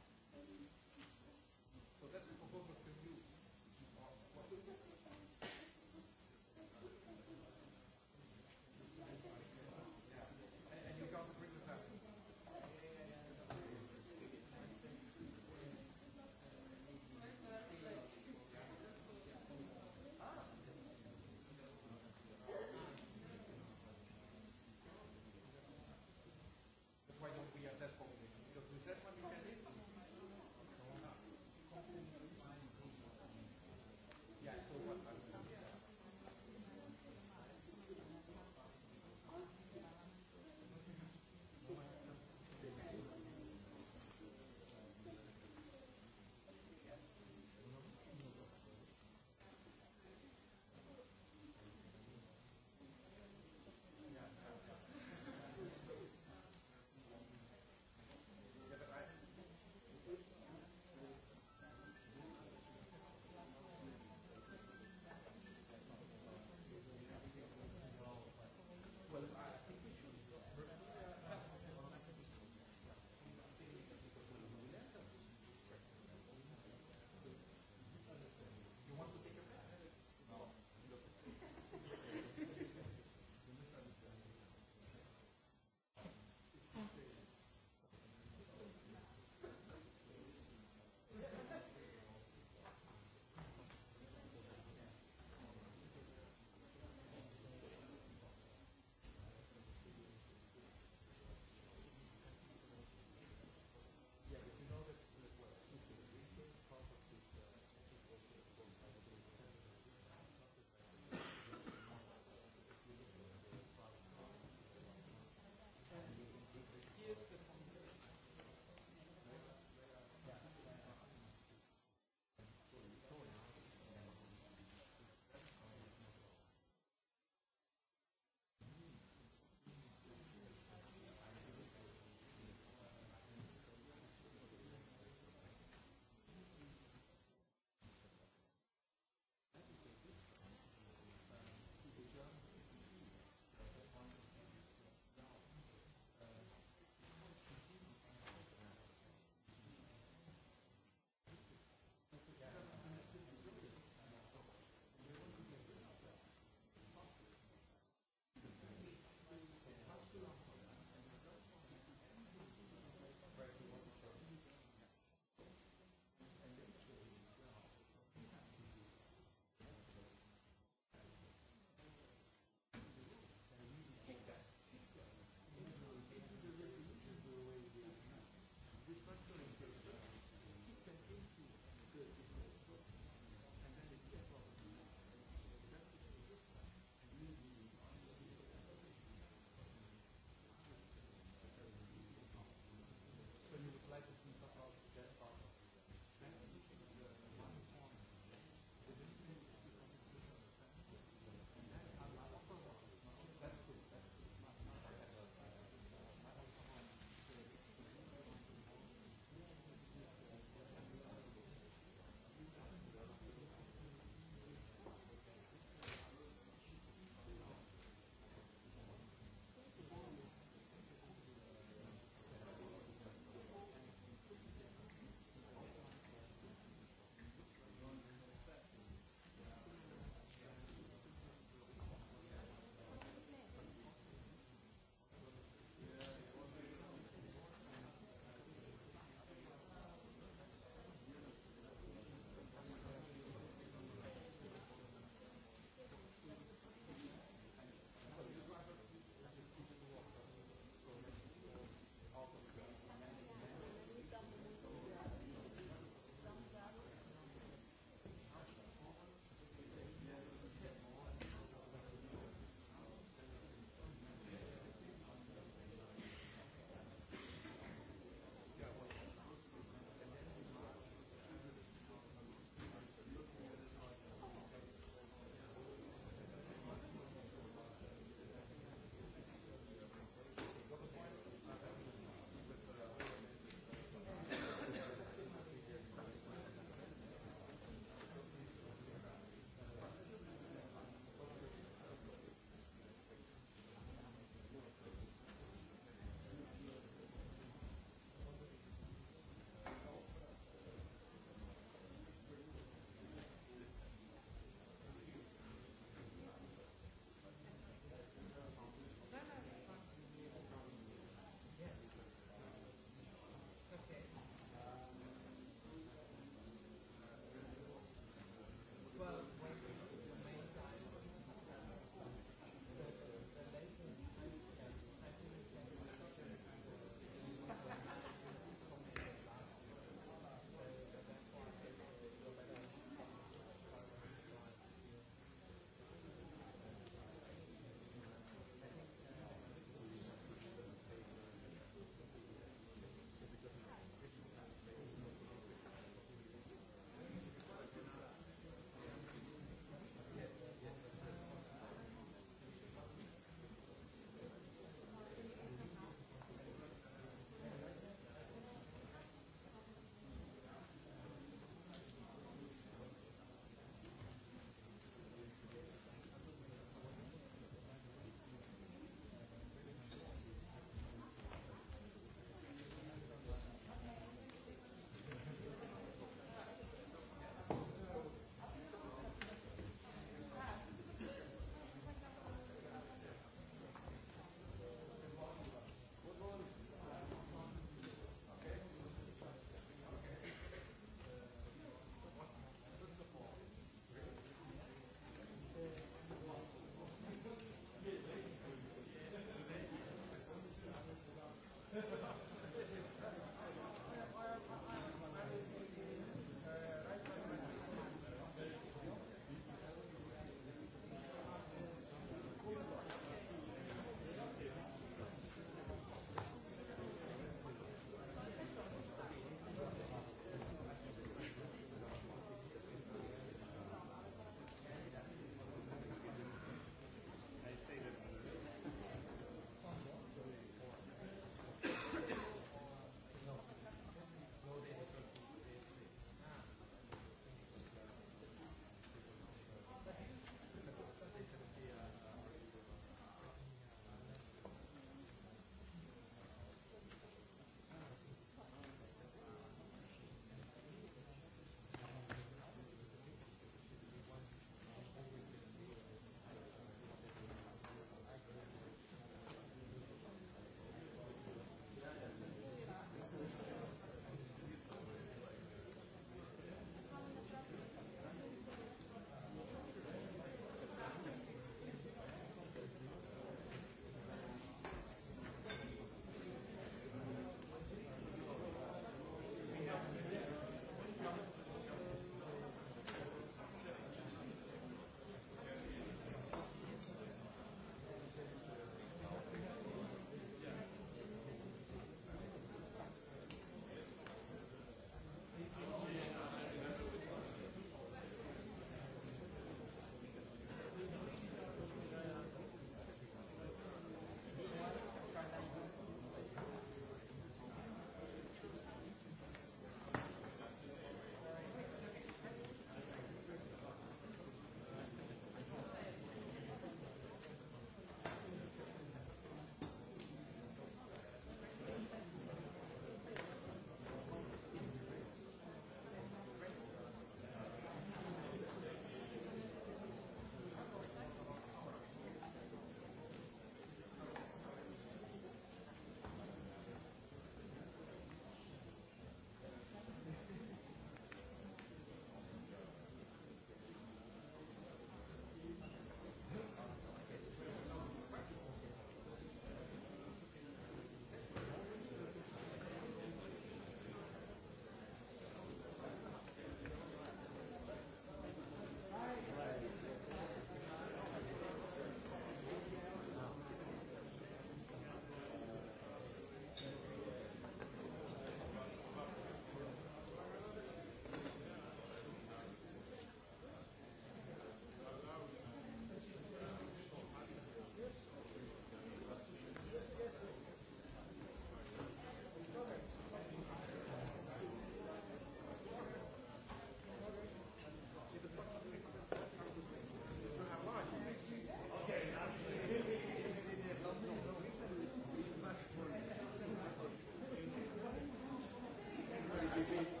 Thank you.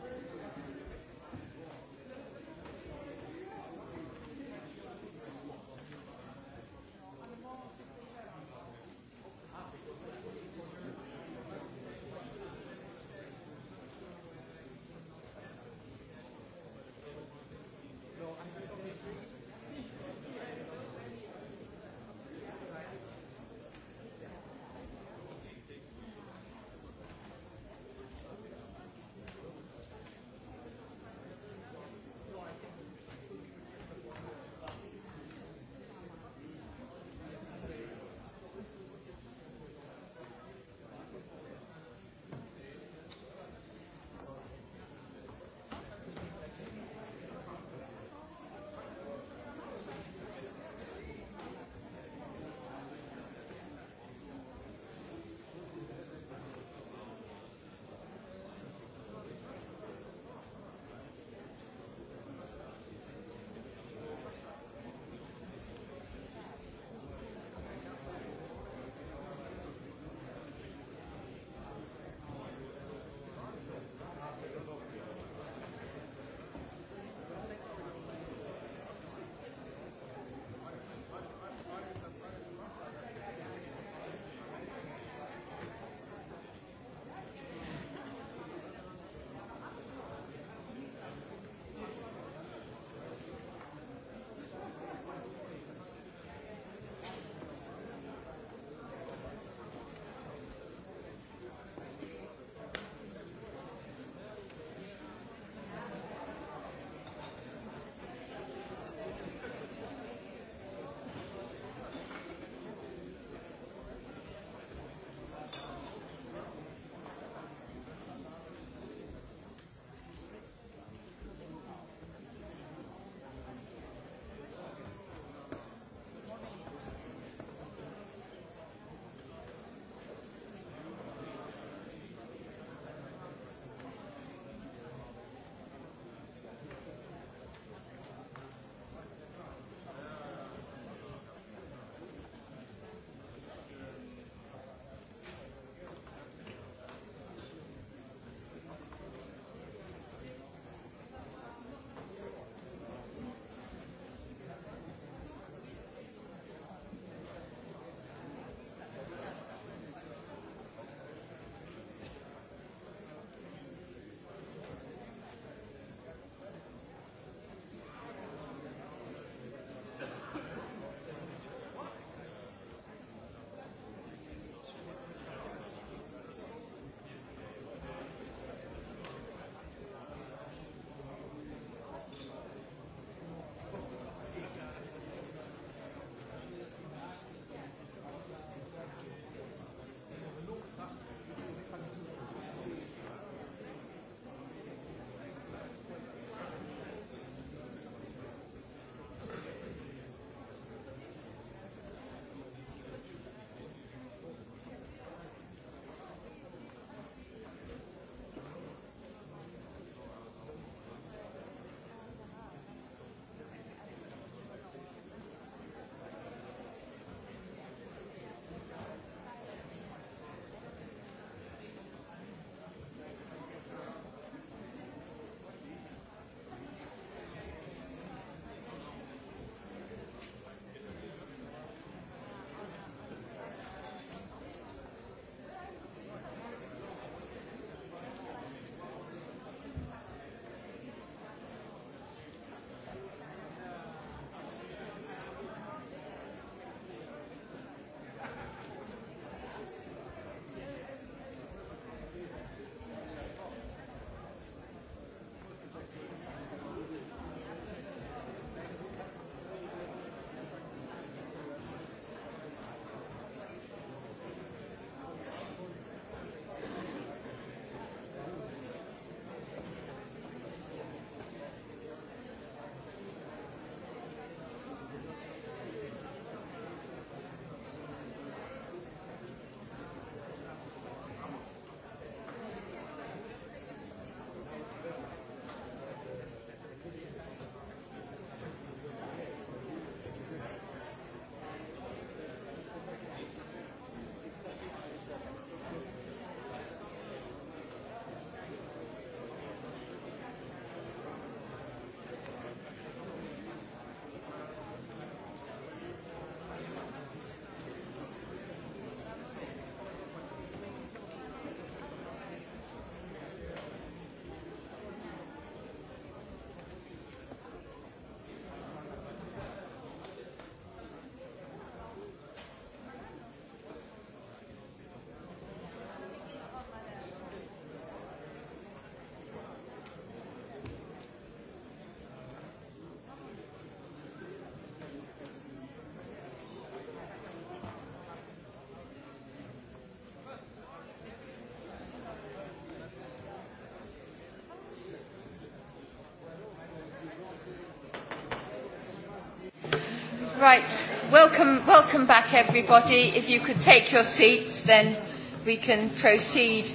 Right, welcome, welcome back everybody. If you could take your seats, then we can proceed.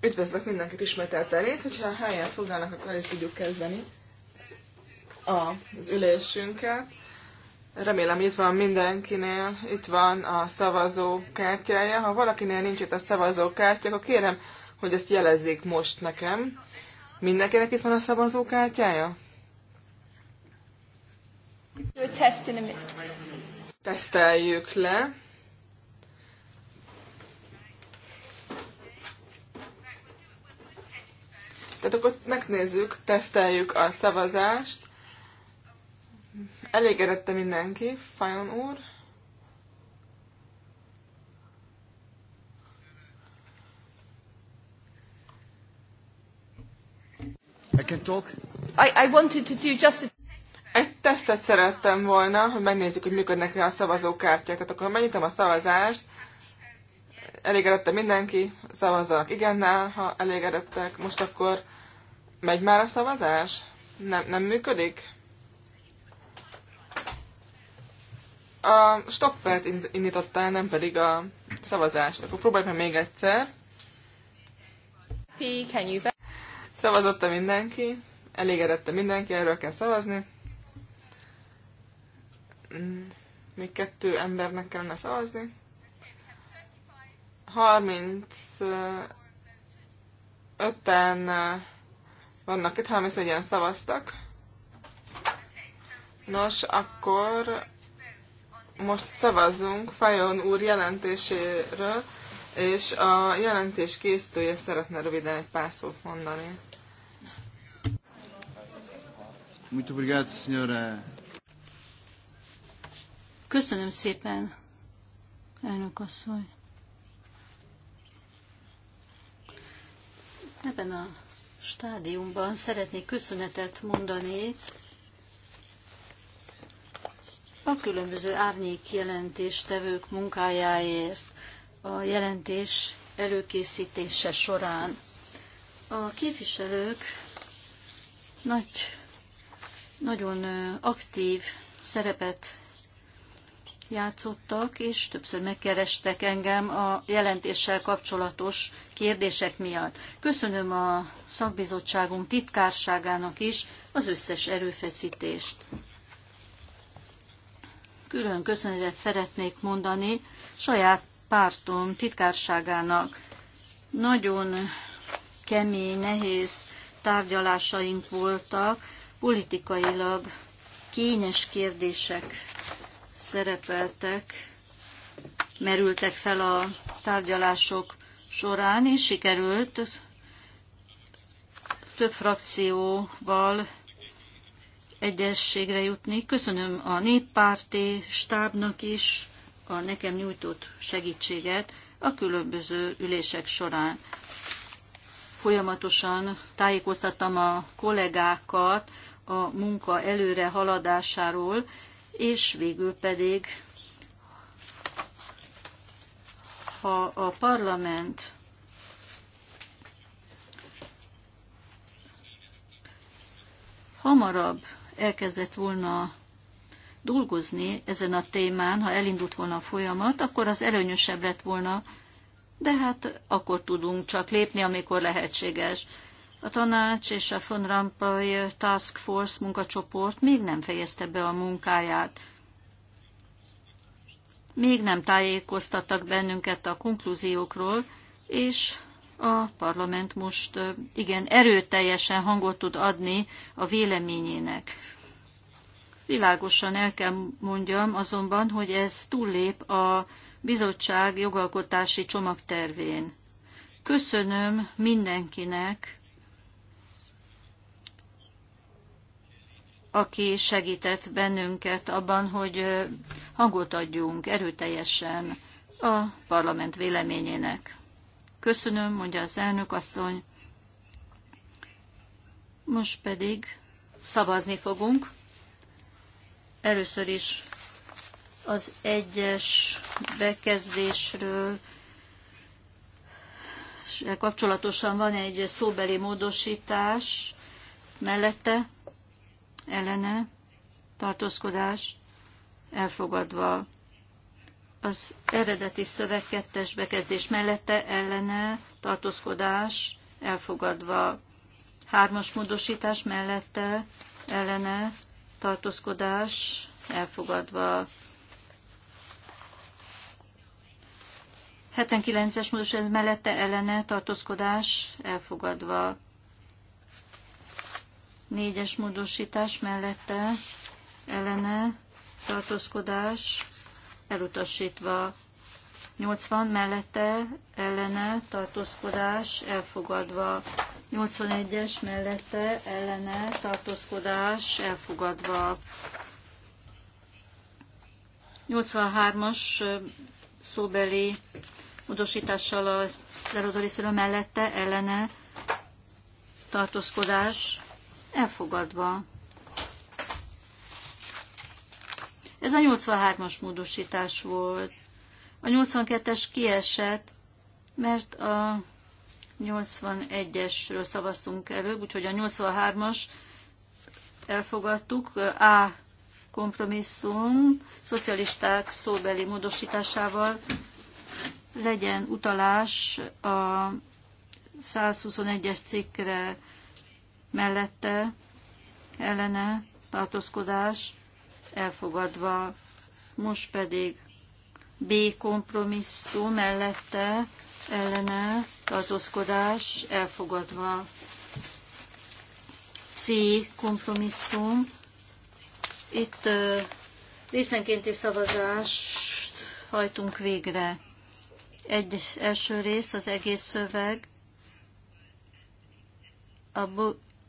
Üdvözlök mindenkit ismételt elét, hogyha a helyen foglalnak, akkor el is tudjuk kezdeni az ülésünket. Remélem itt van mindenkinél, itt van a szavazó kártyája. Ha valakinél nincs itt a szavazó kártya, akkor kérem, hogy ezt jelezzék most nekem. Mindenkinek itt van a szavazó kártyája? a test in a minute teszteljük le. Tehát akkor megnézzük, teszteljük a szavazást. Elégedette mindenki, Fajon úr. I can talk. I, I wanted to do just a tesztet szerettem volna, hogy megnézzük, hogy működnek-e a szavazókártyák. Tehát akkor megnyitom a szavazást, elégedette mindenki, szavazzanak igennel, ha elégedettek. Most akkor megy már a szavazás? Nem, nem működik? A stoppert indítottál, nem pedig a szavazást. Akkor próbálj meg még egyszer. Szavazotta mindenki, elégedette mindenki, erről kell szavazni még kettő embernek kellene szavazni. 35-en vannak itt, 34-en szavaztak. Nos, akkor most szavazzunk Fajon úr jelentéséről, és a jelentés készítője szeretne röviden egy pár szót mondani. Muito obrigado, senhora Köszönöm szépen, elnök asszony. Ebben a stádiumban szeretnék köszönetet mondani a különböző árnyék jelentéstevők munkájáért a jelentés előkészítése során. A képviselők nagy, nagyon aktív szerepet játszottak, és többször megkerestek engem a jelentéssel kapcsolatos kérdések miatt. Köszönöm a szakbizottságunk titkárságának is az összes erőfeszítést. Külön köszönetet szeretnék mondani saját pártom titkárságának. Nagyon kemény, nehéz tárgyalásaink voltak, politikailag kényes kérdések szerepeltek, merültek fel a tárgyalások során, és sikerült több frakcióval egyességre jutni. Köszönöm a néppárti stábnak is a nekem nyújtott segítséget a különböző ülések során. Folyamatosan tájékoztattam a kollégákat a munka előre haladásáról, és végül pedig, ha a parlament hamarabb elkezdett volna dolgozni ezen a témán, ha elindult volna a folyamat, akkor az előnyösebb lett volna, de hát akkor tudunk csak lépni, amikor lehetséges. A tanács és a von Rampai Task Force munkacsoport még nem fejezte be a munkáját. Még nem tájékoztattak bennünket a konklúziókról, és a parlament most igen erőteljesen hangot tud adni a véleményének. Világosan el kell mondjam azonban, hogy ez túllép a bizottság jogalkotási csomagtervén. Köszönöm mindenkinek, aki segített bennünket abban, hogy hangot adjunk erőteljesen a parlament véleményének. Köszönöm, mondja az elnök asszony. Most pedig szavazni fogunk. Először is az egyes bekezdésről kapcsolatosan van egy szóbeli módosítás mellette ellene tartózkodás elfogadva. Az eredeti szöveg kettes bekezdés mellette ellene tartózkodás elfogadva. Hármas módosítás mellette ellene tartózkodás elfogadva. 79-es módosítás mellette ellene tartózkodás elfogadva négyes módosítás mellette ellene tartózkodás elutasítva. 80 mellette ellene tartózkodás elfogadva. 81-es mellette ellene tartózkodás elfogadva. 83-as szóbeli módosítással a lerodó mellette ellene tartózkodás elfogadva. Ez a 83-as módosítás volt. A 82-es kiesett, mert a 81-esről szavaztunk előbb, úgyhogy a 83-as elfogadtuk. A kompromisszum szocialisták szóbeli módosításával legyen utalás a 121-es cikkre mellette ellene tartózkodás elfogadva. Most pedig B kompromisszum mellette ellene tartózkodás elfogadva. C kompromisszum. Itt részenkénti szavazást hajtunk végre. Egy első rész, az egész szöveg, a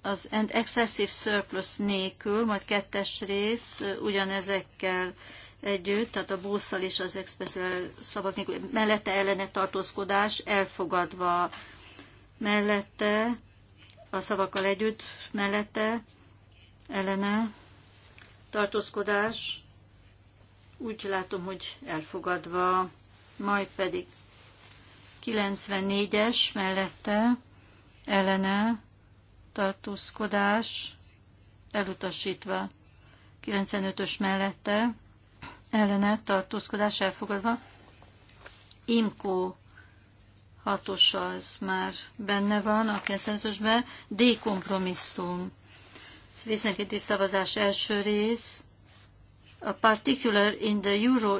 az and excessive surplus nélkül, majd kettes rész ugyanezekkel együtt, tehát a bószal és az expressive szavak nélkül, mellette ellene tartózkodás elfogadva, mellette a szavakkal együtt, mellette ellene tartózkodás, úgy látom, hogy elfogadva, majd pedig 94-es mellette ellene tartózkodás elutasítva. 95-ös mellette ellene tartózkodás elfogadva. Imkó hatos az már benne van a 95-ösben. D kompromisszum. Részenkéti szavazás első rész. A particular in the euro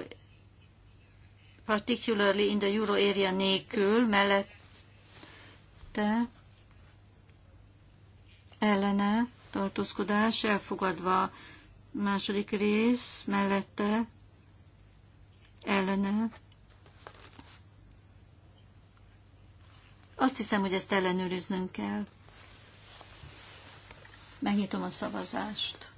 particularly in the euro area nélkül mellette ellene tartózkodás elfogadva. Második rész mellette ellene. Azt hiszem, hogy ezt ellenőriznünk kell. Megnyitom a szavazást.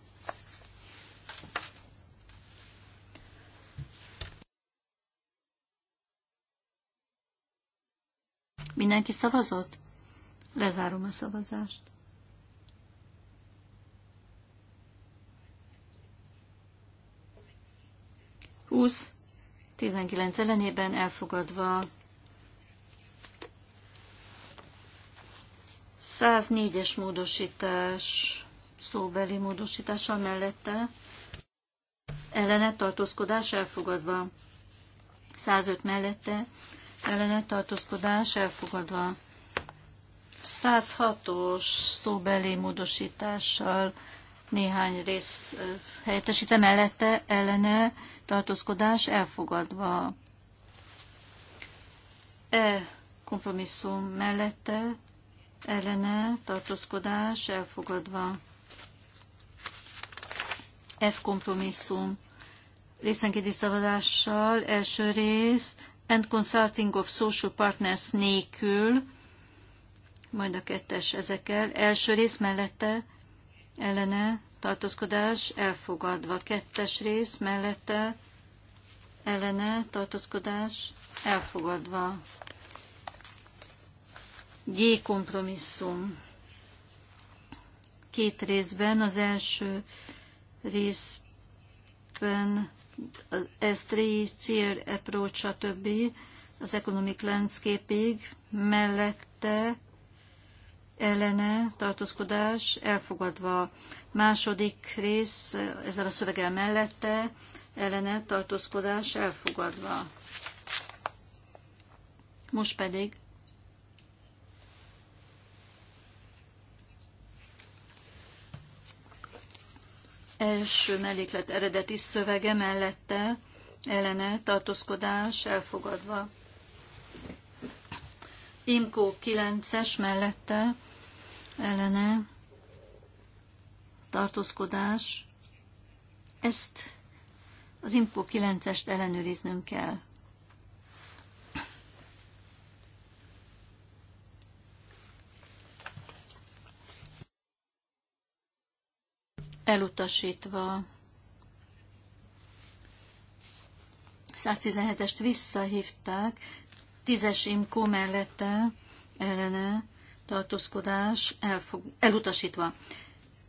Mindenki szavazott? Lezárom a szavazást. 20, 19 ellenében elfogadva 104-es módosítás szóbeli módosítása mellette ellenet tartózkodás elfogadva 105 mellette ellenet tartózkodás elfogadva 106-os szóbeli módosítással néhány rész helyettesíte mellette ellene tartózkodás elfogadva. E kompromisszum mellette ellene tartózkodás elfogadva. F kompromisszum részenkédi szavazással első rész and consulting of social partners nélkül, majd a kettes ezekkel, első rész mellette ellene tartózkodás elfogadva. Kettes rész mellette ellene tartózkodás elfogadva. G kompromisszum. Két részben, az első részben az S3, Tier Approach, stb. az Economic Landscape-ig, mellette ellene tartózkodás elfogadva. Második rész ezzel a szöveggel mellette ellene tartózkodás elfogadva. Most pedig első melléklet eredeti szövege mellette ellene tartózkodás elfogadva. Imkó 9-es mellette ellene tartózkodás. Ezt az impó 9-est ellenőriznünk kell. Elutasítva 117-est visszahívták, 10-es Imko mellette ellene tartózkodás elfog, elutasítva.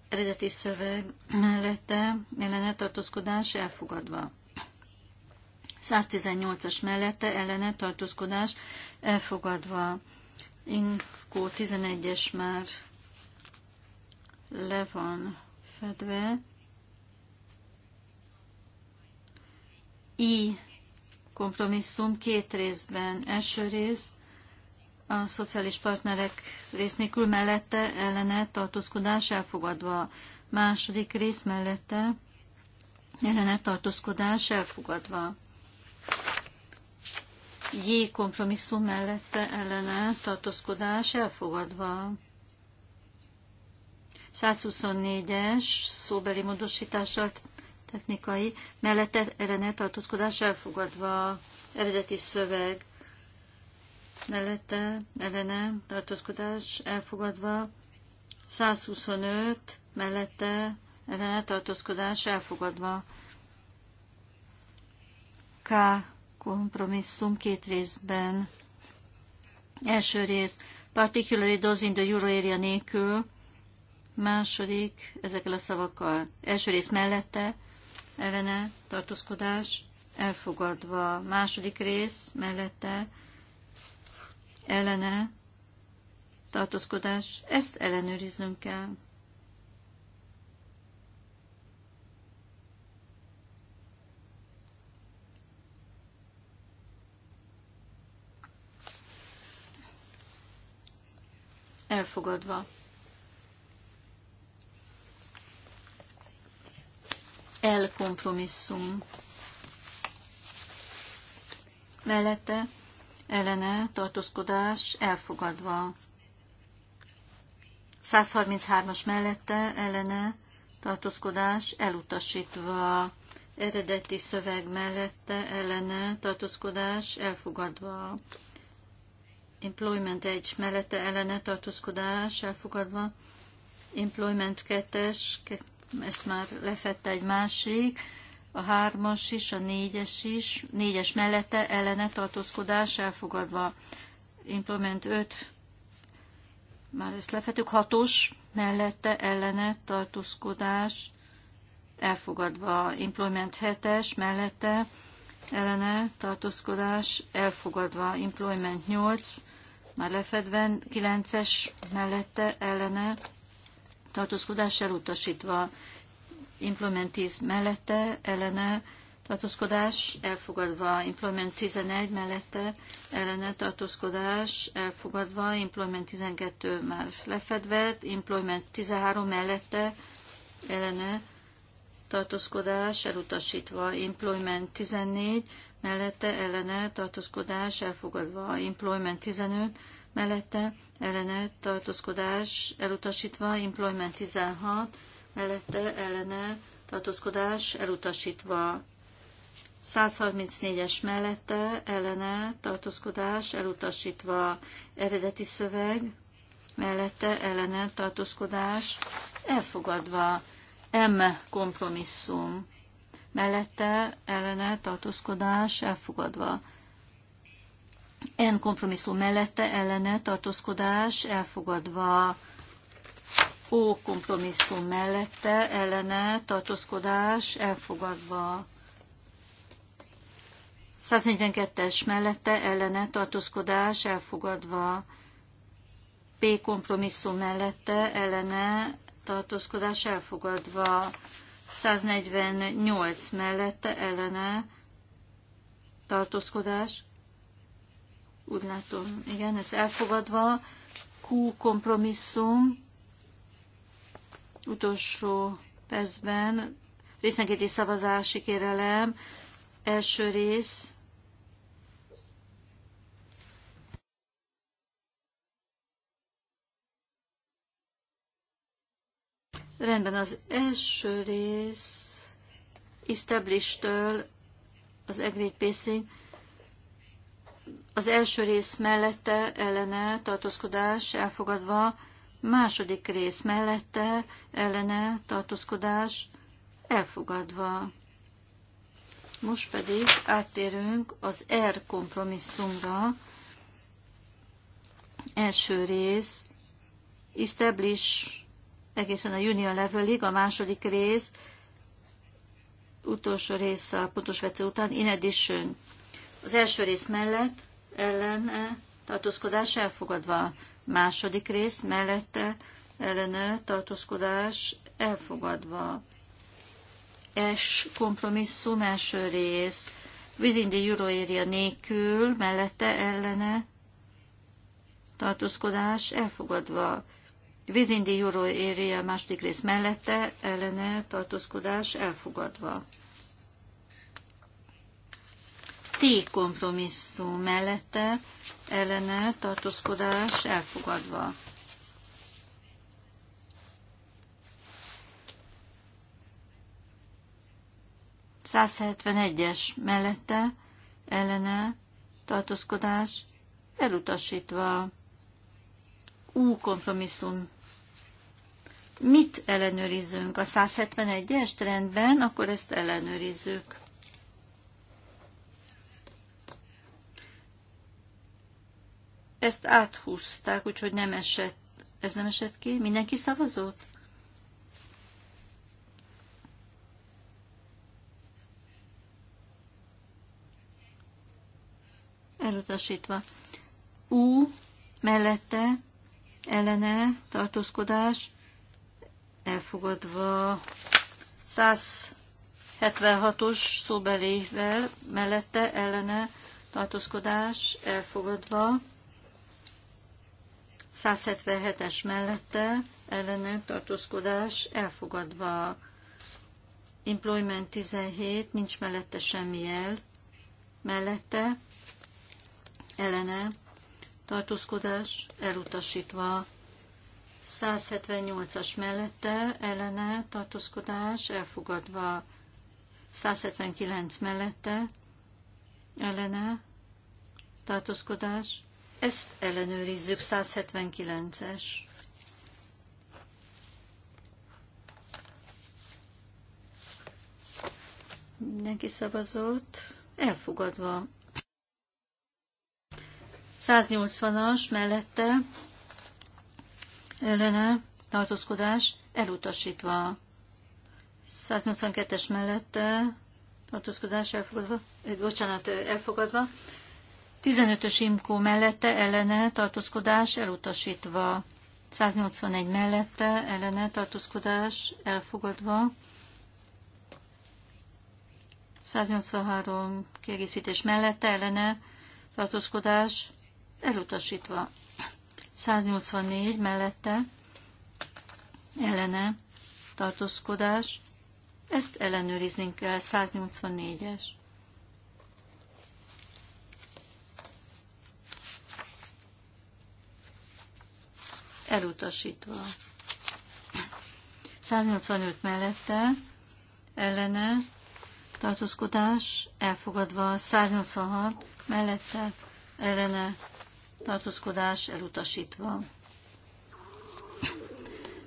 Eredeti szöveg mellette ellene tartózkodás elfogadva. 118-as mellette ellene tartózkodás elfogadva. Inkó 11-es már le van fedve. I kompromisszum két részben. Első rész a szociális partnerek rész nélkül mellette ellene tartózkodás elfogadva. Második rész mellette ellene tartózkodás elfogadva. J kompromisszum mellette ellene tartózkodás elfogadva. 124-es szóbeli módosítással technikai mellette ellene tartózkodás elfogadva. Eredeti szöveg mellette ellene tartózkodás elfogadva, 125 mellette ellene tartózkodás elfogadva. K kompromisszum két részben. Első rész, particularly those in the euro area nélkül, második, ezekkel a szavakkal. Első rész mellette, ellene, tartózkodás, elfogadva. Második rész mellette, ellene tartózkodás, ezt ellenőriznünk kell. Elfogadva. Elkompromisszum. Mellette ellene tartózkodás elfogadva. 133-as mellette ellene tartózkodás elutasítva. Eredeti szöveg mellette ellene tartózkodás elfogadva. Employment 1 mellette ellene tartózkodás elfogadva. Employment 2-es, ezt már lefette egy másik a hármas is, a négyes is, négyes mellette ellene tartózkodás elfogadva. Implement 5, már ezt lefettük, hatos mellette ellene tartózkodás elfogadva. Implement 7-es mellette ellene tartózkodás elfogadva. Employment 8, már lefedve 9-es mellette ellene tartózkodás elutasítva. Implementis mellette, ellene tartózkodás elfogadva, implement 11 mellette, ellene tartózkodás elfogadva, implement 12 már lefedve, implement 13 mellette, ellene tartózkodás elutasítva, employment 14, mellette ellene tartózkodás elfogadva, employment 15, mellette ellene tartózkodás elutasítva, employment 16, mellette ellene tartózkodás elutasítva. 134-es mellette ellene tartózkodás elutasítva. Eredeti szöveg mellette ellene tartózkodás elfogadva. M kompromisszum mellette ellene tartózkodás elfogadva. N kompromisszum mellette ellene tartózkodás elfogadva. O kompromisszum mellette ellene tartózkodás elfogadva. 142-es mellette ellene tartózkodás elfogadva. P kompromisszum mellette ellene tartózkodás elfogadva. 148 mellette ellene tartózkodás. Úgy látom, igen, ez elfogadva. Q kompromisszum utolsó percben részenkéti szavazási kérelem. Első rész. Rendben, az első rész Establish-től az Agreed Pacing az első rész mellette ellene tartózkodás elfogadva, Második rész mellette ellene tartózkodás elfogadva. Most pedig áttérünk az R kompromisszumra. Első rész establish egészen a junior levelig, a második rész utolsó rész a pontos vető után, in addition. Az első rész mellett ellen tartózkodás elfogadva. Második rész mellette ellene tartózkodás elfogadva. S kompromisszum első rész. Within the euro area nélkül, mellette ellene tartózkodás elfogadva. Within the euro area második rész mellette ellene tartózkodás elfogadva. T kompromisszum mellette ellene tartózkodás elfogadva. es mellette ellene tartózkodás elutasítva. U kompromisszum mit ellenőrizünk? A 171-est rendben, akkor ezt ellenőrizzük. ezt áthúzták, úgyhogy nem esett. Ez nem esett ki? Mindenki szavazott? Elutasítva. U mellette ellene tartózkodás elfogadva 176-os szóbelével mellette ellene tartózkodás elfogadva 177-es mellette ellenők tartózkodás elfogadva. Employment 17, nincs mellette semmi jel. Mellette ellene tartózkodás elutasítva. 178-as mellette ellene tartózkodás elfogadva. 179 mellette ellene tartózkodás ezt ellenőrizzük, 179-es. Mindenki szavazott. Elfogadva. 180-as mellette ellene tartózkodás elutasítva. 182-es mellette tartózkodás elfogadva, eh, bocsánat, elfogadva, 15-ös imkó mellette ellene tartózkodás elutasítva. 181 mellette ellene tartózkodás elfogadva. 183 kiegészítés mellette ellene tartózkodás elutasítva. 184 mellette ellene tartózkodás. Ezt ellenőriznünk kell. 184-es. elutasítva. 185 mellette ellene tartózkodás elfogadva, 186 mellette ellene tartózkodás elutasítva.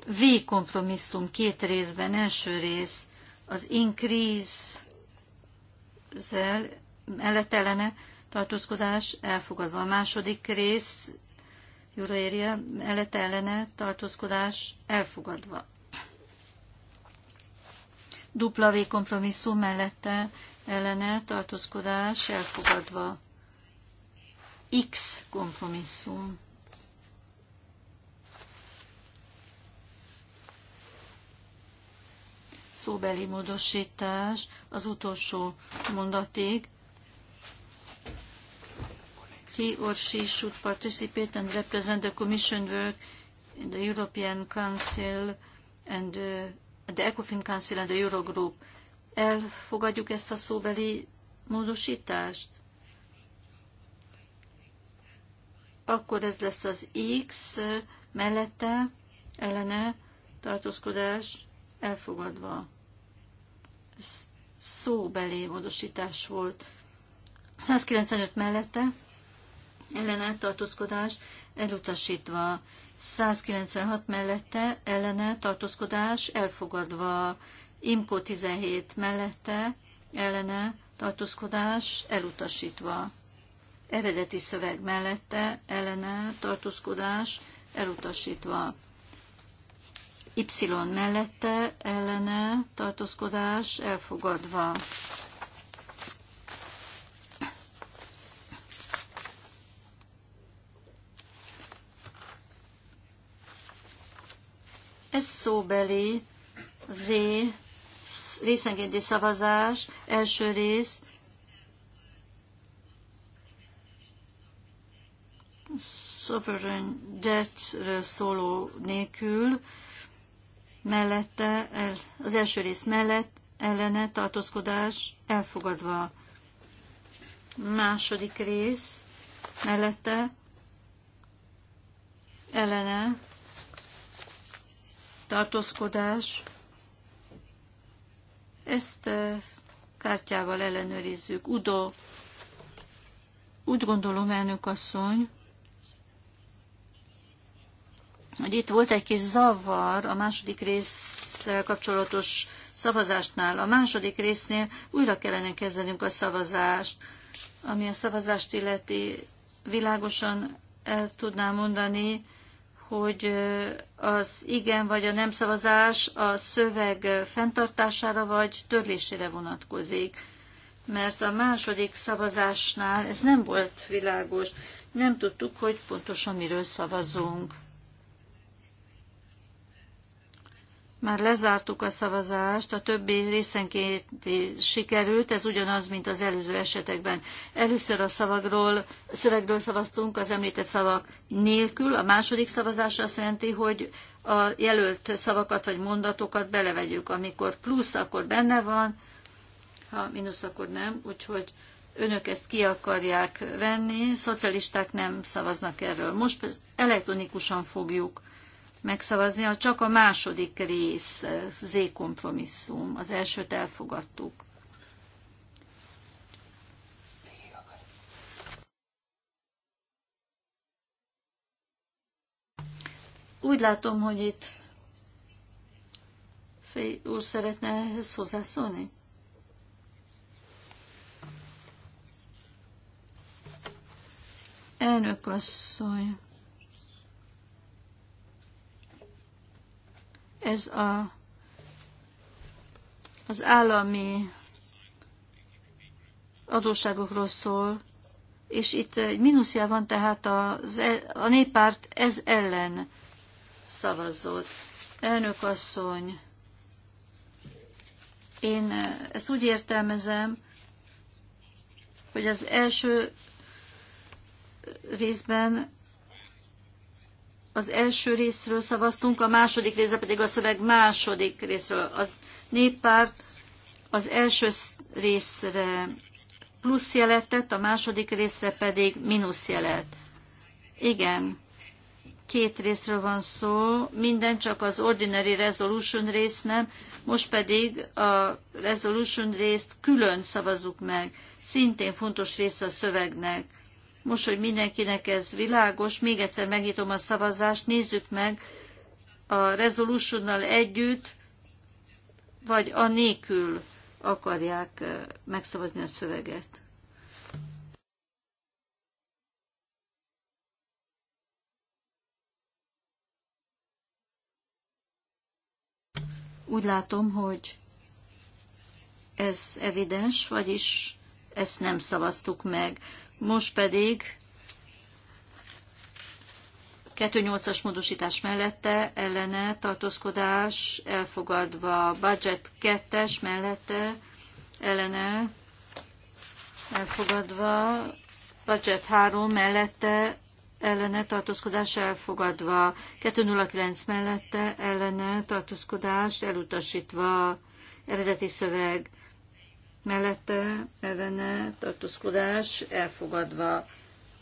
V kompromisszum két részben, első rész az increase-zel mellett ellene tartózkodás elfogadva. A második rész Euroéria mellette ellene tartózkodás elfogadva. V kompromisszum mellette ellene tartózkodás elfogadva. X kompromisszum. Szóbeli módosítás az utolsó mondatig he or she should participate and represent the Commission work in the European Council and uh, the ECOFIN Council and the Eurogroup. Elfogadjuk ezt a szóbeli módosítást? Akkor ez lesz az X mellette, ellene, tartózkodás elfogadva. Ez szóbeli módosítás volt. 195 mellette, ellene tartózkodás elutasítva. 196 mellette ellene tartózkodás elfogadva. Imko 17 mellette ellene tartózkodás elutasítva. Eredeti szöveg mellette ellene tartózkodás elutasítva. Y mellette ellene tartózkodás elfogadva. Ez szóbeli Z részenkénti szavazás, első rész, sovereign debt-ről szóló nélkül, mellette, el, az első rész mellett ellene tartózkodás elfogadva. Második rész mellette ellene tartózkodás. Ezt kártyával ellenőrizzük. Udo, úgy gondolom, elnök asszony, hogy itt volt egy kis zavar a második rész kapcsolatos szavazásnál. A második résznél újra kellene kezdenünk a szavazást, ami a szavazást illeti világosan el tudná mondani, hogy az igen vagy a nem szavazás a szöveg fenntartására vagy törlésére vonatkozik. Mert a második szavazásnál ez nem volt világos. Nem tudtuk, hogy pontosan miről szavazunk. Már lezártuk a szavazást, a többi részenként sikerült, ez ugyanaz, mint az előző esetekben. Először a szavagról, szövegről szavaztunk az említett szavak nélkül, a második szavazás azt jelenti, hogy a jelölt szavakat vagy mondatokat belevegyük. Amikor plusz, akkor benne van, ha mínusz, akkor nem, úgyhogy önök ezt ki akarják venni, szocialisták nem szavaznak erről. Most elektronikusan fogjuk megszavazni, a csak a második rész eh, Z kompromisszum. Az elsőt elfogadtuk. Úgy látom, hogy itt Fé úr szeretne ehhez hozzászólni? Elnök asszony. Ez a, az állami adósságokról szól, és itt egy mínuszjel van, tehát az, e, a néppárt ez ellen szavazott. Elnök asszony, én ezt úgy értelmezem, hogy az első részben az első részről szavaztunk, a második része pedig a szöveg második részről. Az néppárt az első részre plusz jelet tett, a második részre pedig mínusz jelet. Igen, két részről van szó, minden csak az ordinary resolution rész nem, most pedig a resolution részt külön szavazzuk meg, szintén fontos része a szövegnek. Most, hogy mindenkinek ez világos, még egyszer megnyitom a szavazást, nézzük meg a resolutionnal együtt, vagy a nélkül akarják megszavazni a szöveget. Úgy látom, hogy ez evidens, vagyis ezt nem szavaztuk meg. Most pedig 2.8-as módosítás mellette ellene tartózkodás elfogadva. Budget 2-es mellette ellene elfogadva. Budget 3 mellette ellene tartózkodás elfogadva. 209 mellette ellene tartózkodás elutasítva. Eredeti szöveg mellette ellene tartózkodás elfogadva.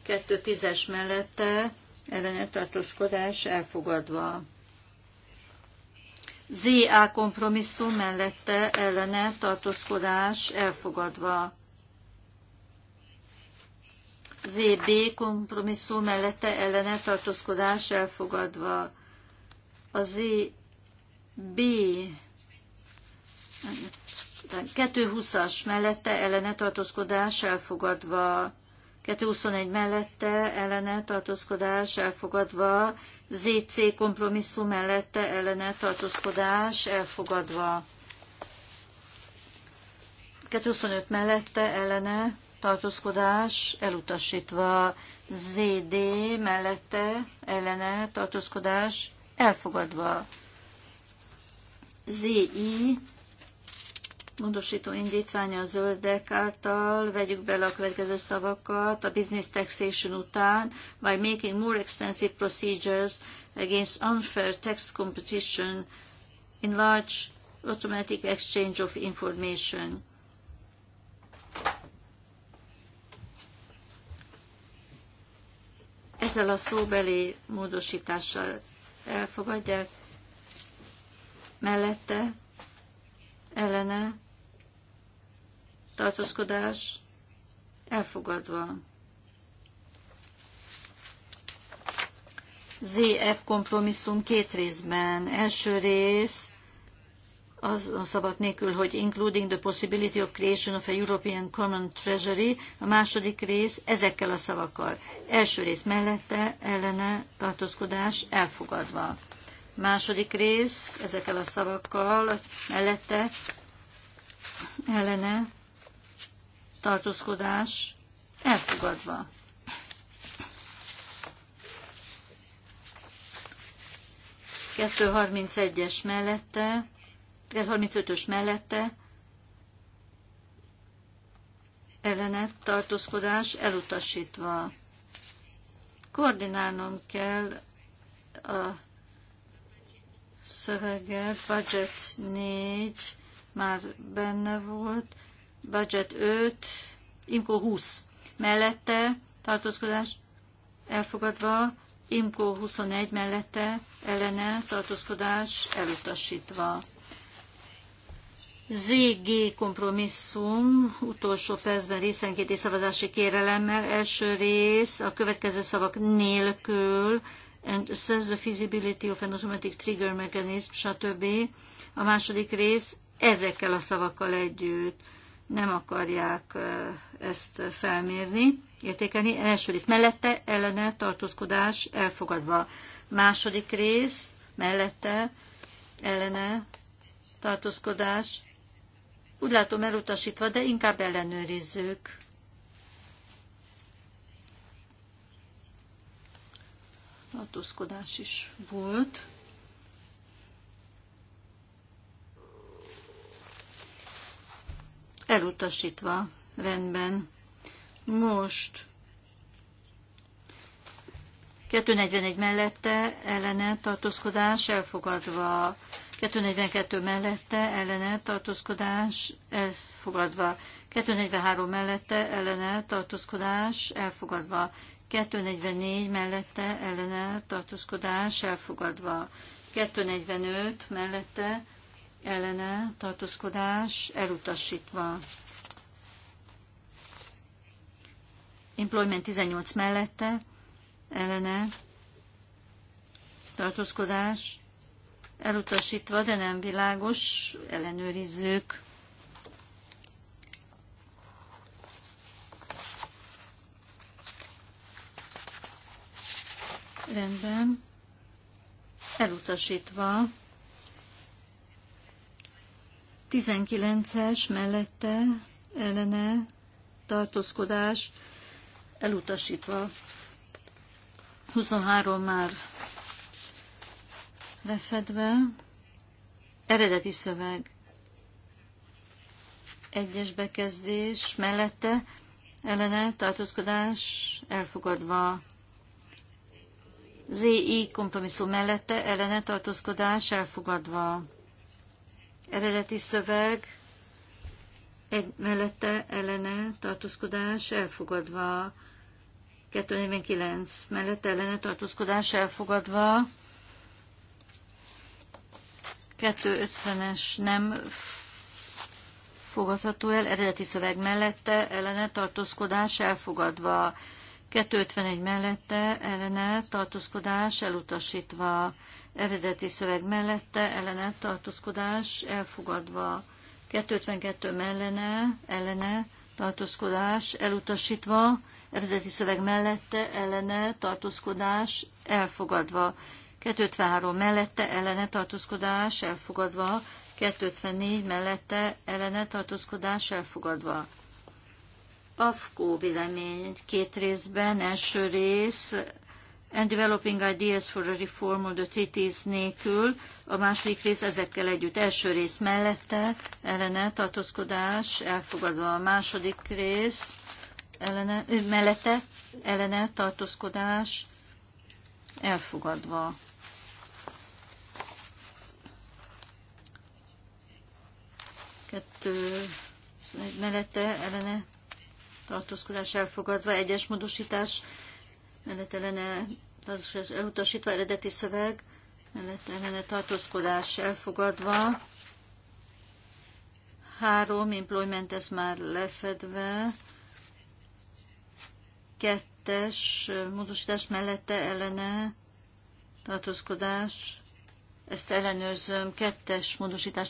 2.10-es mellette ellene tartózkodás elfogadva. ZA kompromisszum mellette ellene tartózkodás elfogadva. ZB kompromisszum mellette ellene tartózkodás elfogadva. A ZB után. 220-as mellette ellene tartózkodás elfogadva. 221 mellette ellene tartózkodás elfogadva. ZC kompromisszum mellette ellene tartózkodás elfogadva. 225 mellette ellene tartózkodás elutasítva. ZD mellette ellene tartózkodás elfogadva. ZI módosító indítványa a zöldek által, vegyük bele a következő szavakat, a business taxation után, by making more extensive procedures against unfair tax competition in large automatic exchange of information. Ezzel a szóbeli módosítással elfogadják, mellette ellene tartózkodás elfogadva. ZF kompromisszum két részben. Első rész a szabad nélkül, hogy including the possibility of creation of a European Common Treasury, a második rész ezekkel a szavakkal. Első rész mellette ellene tartózkodás elfogadva. Második rész, ezekkel a szavakkal, mellette, ellene, tartózkodás, elfogadva. Kettő es mellette, 35-ös mellette, ellene tartózkodás elutasítva. Koordinálnom kell a szövege, budget 4 már benne volt, budget 5, imko 20 mellette, tartózkodás elfogadva, imko 21 mellette, ellene, tartózkodás elutasítva. ZG kompromisszum utolsó percben részenkéti szavazási kérelemmel első rész a következő szavak nélkül and assess the feasibility of an automatic trigger mechanism, stb. A második rész ezekkel a szavakkal együtt nem akarják ezt felmérni, értékelni. Első rész mellette ellene tartózkodás elfogadva. Második rész mellette ellene tartózkodás. Úgy látom elutasítva, de inkább ellenőrizzük. tartózkodás is volt. Elutasítva, rendben. Most 241 mellette ellene tartózkodás elfogadva, 242 mellette ellene tartózkodás elfogadva, 243 mellette ellene tartózkodás elfogadva, 244 mellette ellene tartózkodás elfogadva. 245 mellette ellene tartózkodás elutasítva. Employment 18 mellette ellene tartózkodás elutasítva, de nem világos, ellenőrizzük. Rendben. Elutasítva. 19-es mellette ellene tartózkodás elutasítva. 23 már lefedve. Eredeti szöveg. Egyes bekezdés mellette ellene tartózkodás elfogadva. ZI kompromisszum mellette ellene tartózkodás elfogadva. Eredeti szöveg egy mellette ellene tartózkodás elfogadva. 249 mellette ellene tartózkodás elfogadva. 250-es nem fogadható el, eredeti szöveg mellette ellene tartózkodás elfogadva. 251 mellette ellene tartózkodás elutasítva, eredeti szöveg mellette ellene tartózkodás elfogadva, 252 mellene ellene tartózkodás elutasítva, eredeti szöveg mellette ellene tartózkodás elfogadva, 253 mellette ellene tartózkodás elfogadva, 254 mellette ellene tartózkodás elfogadva. AFKO vélemény két részben. Első rész and developing ideas for a reform of the treaties nélkül. A második rész ezekkel együtt. Első rész mellette ellene tartózkodás elfogadva. A második rész ellene, mellette ellene tartózkodás elfogadva. Kettő mellette ellene tartózkodás elfogadva, egyes módosítás menetelene az elutasítva eredeti szöveg, mellett tartózkodás elfogadva, három employment ez már lefedve, kettes módosítás mellette ellene tartózkodás, ezt ellenőrzöm, kettes módosítás.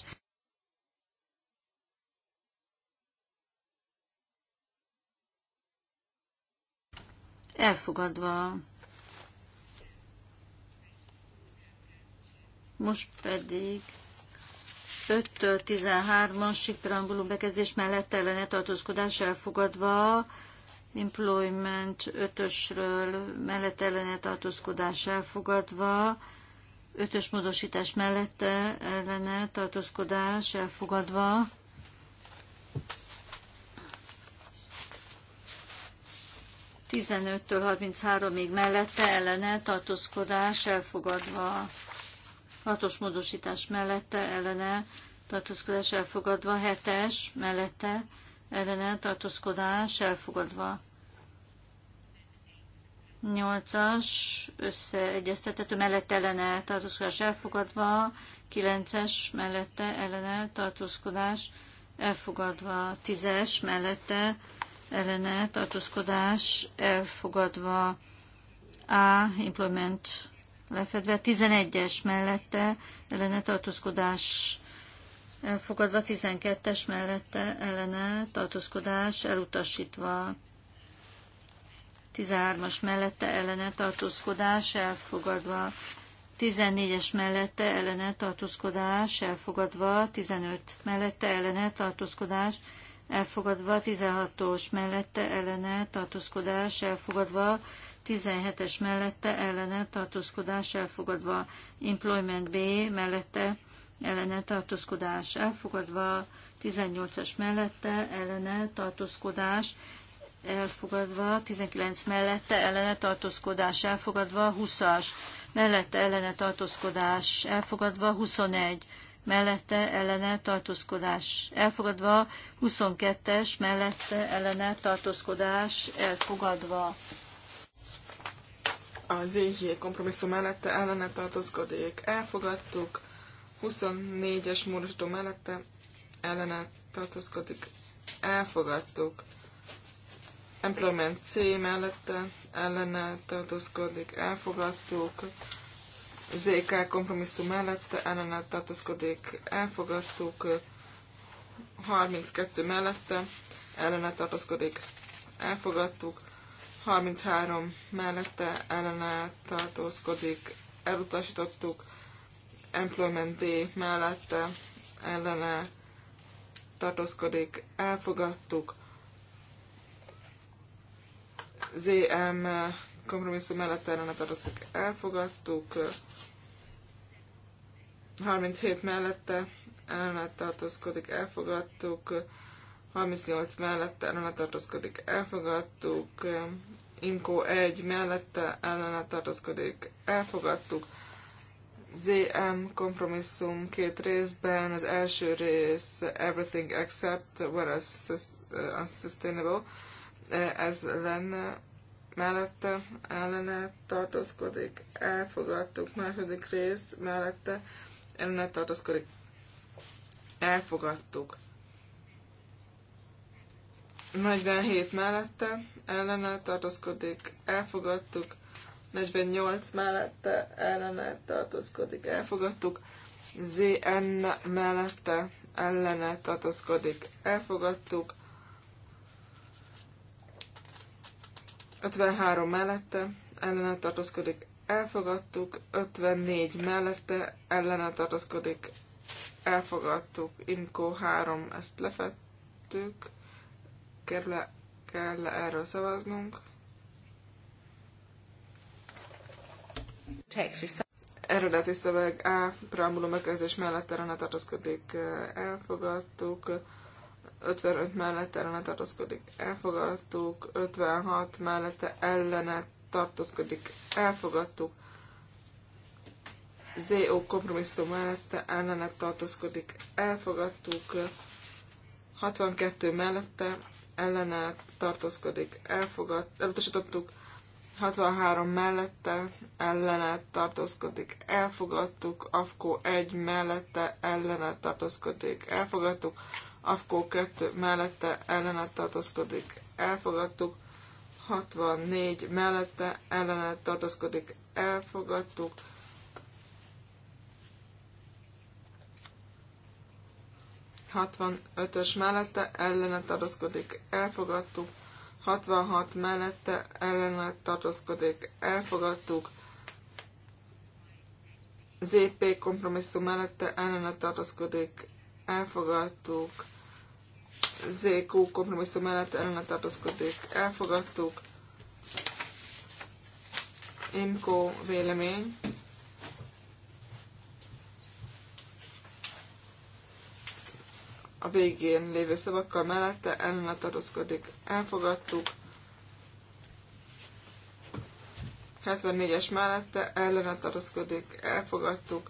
elfogadva. Most pedig 5-től 13 an sikranguló bekezdés mellett ellene tartózkodás elfogadva, employment 5-ösről mellett ellene tartózkodás elfogadva, 5-ös módosítás mellette ellene tartózkodás elfogadva, 15-től 33-ig mellette ellene tartózkodás elfogadva. 6 módosítás mellette ellene tartózkodás elfogadva. 7-es mellette ellene tartózkodás elfogadva. 8-as összeegyeztethető mellette ellene tartózkodás elfogadva. 9-es mellette ellene tartózkodás elfogadva. 10-es mellette ellene tartózkodás elfogadva A implement lefedve, 11-es mellette ellene tartózkodás elfogadva, 12-es mellette ellene tartózkodás elutasítva, 13-as mellette ellene tartózkodás elfogadva, 14-es mellette ellene tartózkodás elfogadva, 15 mellette ellene tartózkodás elfogadva, elfogadva, 16-os mellette ellene tartózkodás elfogadva, 17-es mellette ellene tartózkodás elfogadva, employment B mellette ellene tartózkodás elfogadva, 18-as mellette ellene tartózkodás elfogadva, 19 mellette ellene tartózkodás elfogadva, 20-as mellette ellene tartózkodás elfogadva, 21 mellette ellene tartózkodás elfogadva, 22-es mellette ellene tartózkodás elfogadva. A ZJ kompromisszum mellette ellene tartózkodék Elfogadtuk. 24-es módosító mellette ellene tartózkodik. Elfogadtuk. Employment C mellette ellene tartózkodik. Elfogadtuk. ZK kompromisszum mellette ellenállt tartózkodik, elfogadtuk. 32 mellette ellenállt tartózkodik, elfogadtuk. 33 mellette ellenállt tartózkodik, elutasítottuk. Employment D mellette ellene tartózkodik, elfogadtuk. ZM kompromisszum mellett ellenet tartoztak elfogadtuk, 37 mellette ellenet tartózkodik elfogadtuk, 38 mellette ellenet tartózkodik elfogadtuk, Imko 1 mellette ellenet tartózkodik elfogadtuk, ZM kompromisszum két részben, az első rész Everything Except What is uh, Unsustainable, ez lenne mellette ellene tartózkodik, elfogadtuk. Második rész mellette ellene tartózkodik, elfogadtuk. 47 mellette ellene tartózkodik, elfogadtuk. 48 mellette ellene tartózkodik, elfogadtuk. ZN mellette ellene tartózkodik, elfogadtuk. 53 mellette ellene tartozkodik, elfogadtuk. 54 mellette ellene tartozkodik, elfogadtuk. Imko 3, ezt lefettük. Kell le, kell le erről szavaznunk. Eredeti szöveg A, preambulum megkezdés mellett ellene tartozkodik, elfogadtuk. 55 mellette ellene tartózkodik, elfogadtuk, 56 mellette ellene tartózkodik, elfogadtuk, ZO kompromisszum mellette ellene tartózkodik, elfogadtuk, 62 mellette ellene tartózkodik, elfogad, elutasítottuk, 63 mellette ellene tartózkodik, elfogadtuk, AFKO 1 mellette ellene tartózkodik, elfogadtuk, AFKO 2 mellette ellenet tartozkodik elfogadtuk. 64 mellette ellenet tartozkodik elfogadtuk. ös mellette ellenet tartozkodik elfogadtuk. 66 mellette ellenet tartozkodik elfogadtuk. ZP kompromisszum mellette ellenet tartozkodik elfogadtuk. ZQ kompromisszum mellett ellene tartózkodik. Elfogadtuk. Imko vélemény. A végén lévő szavakkal mellette ellene tartózkodik. Elfogadtuk. 74-es mellette ellene tartózkodik. Elfogadtuk.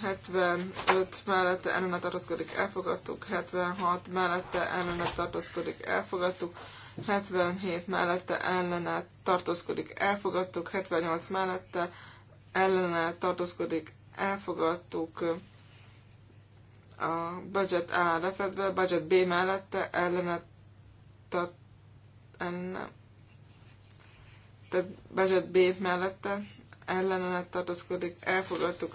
75 mellette ellene tartózkodik, elfogadtuk. 76 mellette ellene tartózkodik, elfogadtuk. 77 mellette ellene tartózkodik, elfogadtuk. 78 mellette ellene tartózkodik, elfogadtuk. A budget A lefedve, budget B mellette ellene tart, tehát budget B mellette ellene tartózkodik, elfogadtuk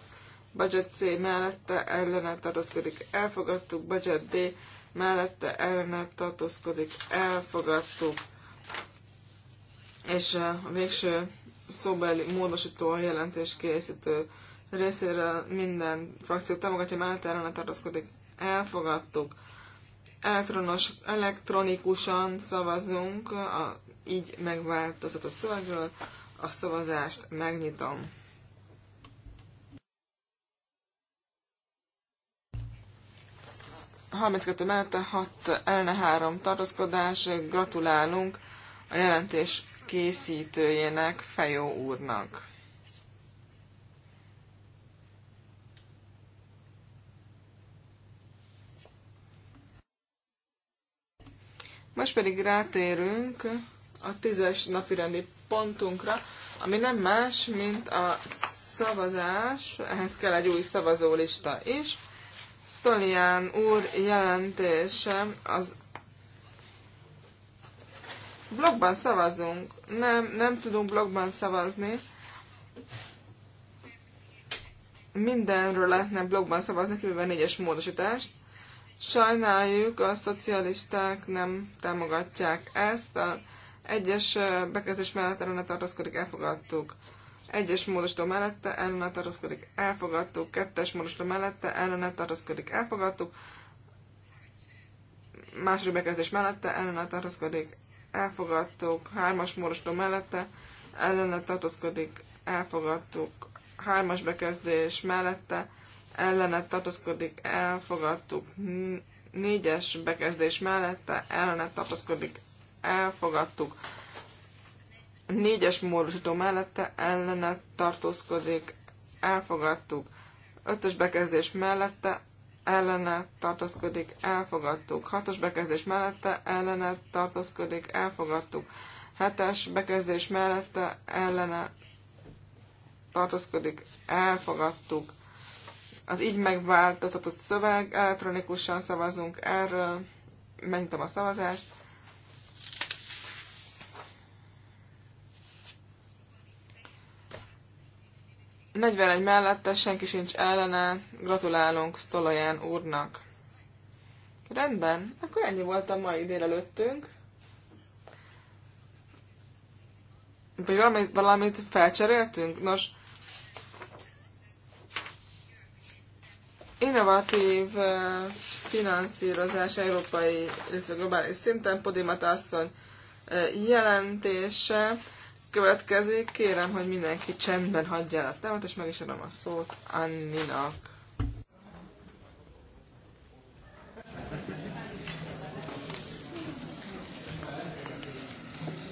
budget C mellette ellene tartózkodik, elfogadtuk, budget D mellette ellene tartózkodik, elfogadtuk. És eh, a végső szóbeli módosító jelentés készítő részéről minden frakció támogatja mellette ellene tartózkodik, elfogadtuk. Elektronos, elektronikusan szavazunk, a, így megváltoztatott szövegről, a szavazást megnyitom. 32 menete, 6 elne 3 tartózkodás. Gratulálunk a jelentés készítőjének, Fejó úrnak. Most pedig rátérünk a tízes napirendi pontunkra, ami nem más, mint a szavazás, ehhez kell egy új szavazólista is. Stolian úr jelentése az blogban szavazunk. Nem, nem tudunk blogban szavazni. Mindenről lehetne blogban szavazni, különben négyes módosítást. Sajnáljuk, a szocialisták nem támogatják ezt. A egyes bekezdés mellett erre ne tartozkodik, elfogadtuk. Egyes módosító mellette ellene tartozkodik elfogadtuk. Kettes módosító mellette ellene tartozkodik elfogadtuk. Második bekezdés mellette ellene tartozkodik elfogadtuk. Hármas módosító mellette ellene tartozkodik elfogadtuk. Hármas bekezdés mellette ellene tartozkodik elfogadtuk. Négyes bekezdés mellette ellene tartozkodik elfogadtuk Négyes módosító mellette ellene tartózkodik, elfogadtuk. Ötös bekezdés mellette ellene tartózkodik, elfogadtuk. Hatos bekezdés mellette ellene tartózkodik, elfogadtuk. Hetes bekezdés mellette ellene tartózkodik, elfogadtuk. Az így megváltoztatott szöveg, elektronikusan szavazunk erről, megnyitom a szavazást. 41 mellette senki sincs ellene, gratulálunk Szolaján úrnak. Rendben, akkor ennyi volt a mai délelőttünk. Vagy valamit, valamit felcseréltünk? Nos, innovatív finanszírozás európai, illetve globális szinten, Podimat asszony jelentése, következik. Kérem, hogy mindenki csendben hagyja el a temet, és meg is adom a szót Anninak.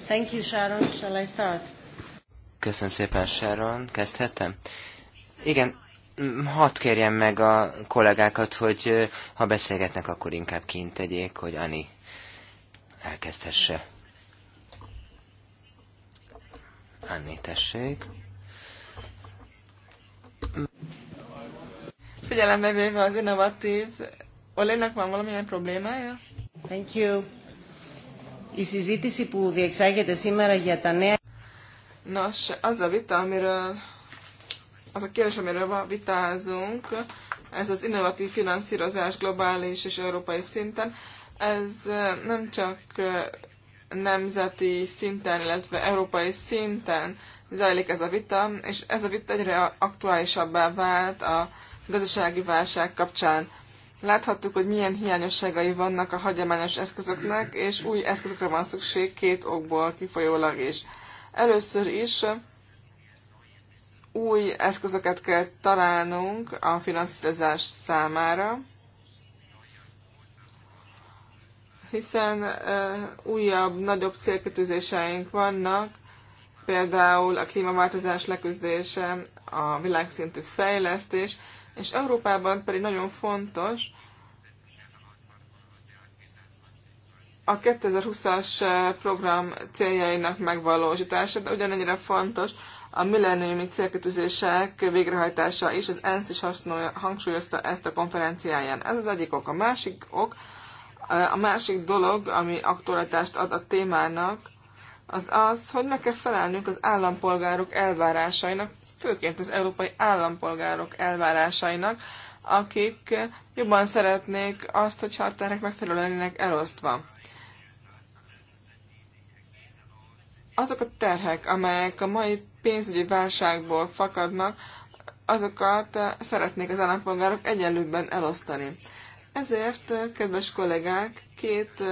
Thank you, Sharon. Shall I start? Köszönöm szépen, Sharon. Kezdhetem? Igen, hadd kérjem meg a kollégákat, hogy ha beszélgetnek, akkor inkább kint tegyék, hogy Ani elkezdhesse. Anni, tessék. Figyelembe véve az innovatív, Olénak van valamilyen problémája? Thank you. Η συζήτηση που διεξάγεται σήμερα για τα νέα... Nos, az a vita, amiről, az a kérdés, amiről vitázunk, ez az innovatív finanszírozás globális és európai szinten, ez eh, nem csak eh, nemzeti szinten, illetve európai szinten zajlik ez a vita, és ez a vita egyre aktuálisabbá vált a gazdasági válság kapcsán. Láthattuk, hogy milyen hiányosságai vannak a hagyományos eszközöknek, és új eszközökre van szükség két okból kifolyólag is. Először is új eszközöket kell találnunk a finanszírozás számára, hiszen eh, újabb, nagyobb célkötőzéseink vannak, például a klímaváltozás leküzdése, a világszintű fejlesztés, és Európában pedig nagyon fontos a 2020-as eh, program céljainak megvalósítása, de ugyanennyire fontos a milleniumi célkötőzések végrehajtása is, az ENSZ is hangsúlyozta ezt a konferenciáján. Ez az egyik ok. A másik ok, a másik dolog, ami aktualitást ad a témának, az az, hogy meg kell felelnünk az állampolgárok elvárásainak, főként az európai állampolgárok elvárásainak, akik jobban szeretnék azt, hogy határek megfelelően lennének elosztva. Azok a terhek, amelyek a mai pénzügyi válságból fakadnak, azokat szeretnék az állampolgárok egyenlőbben elosztani. Ezért, kedves kollégák, két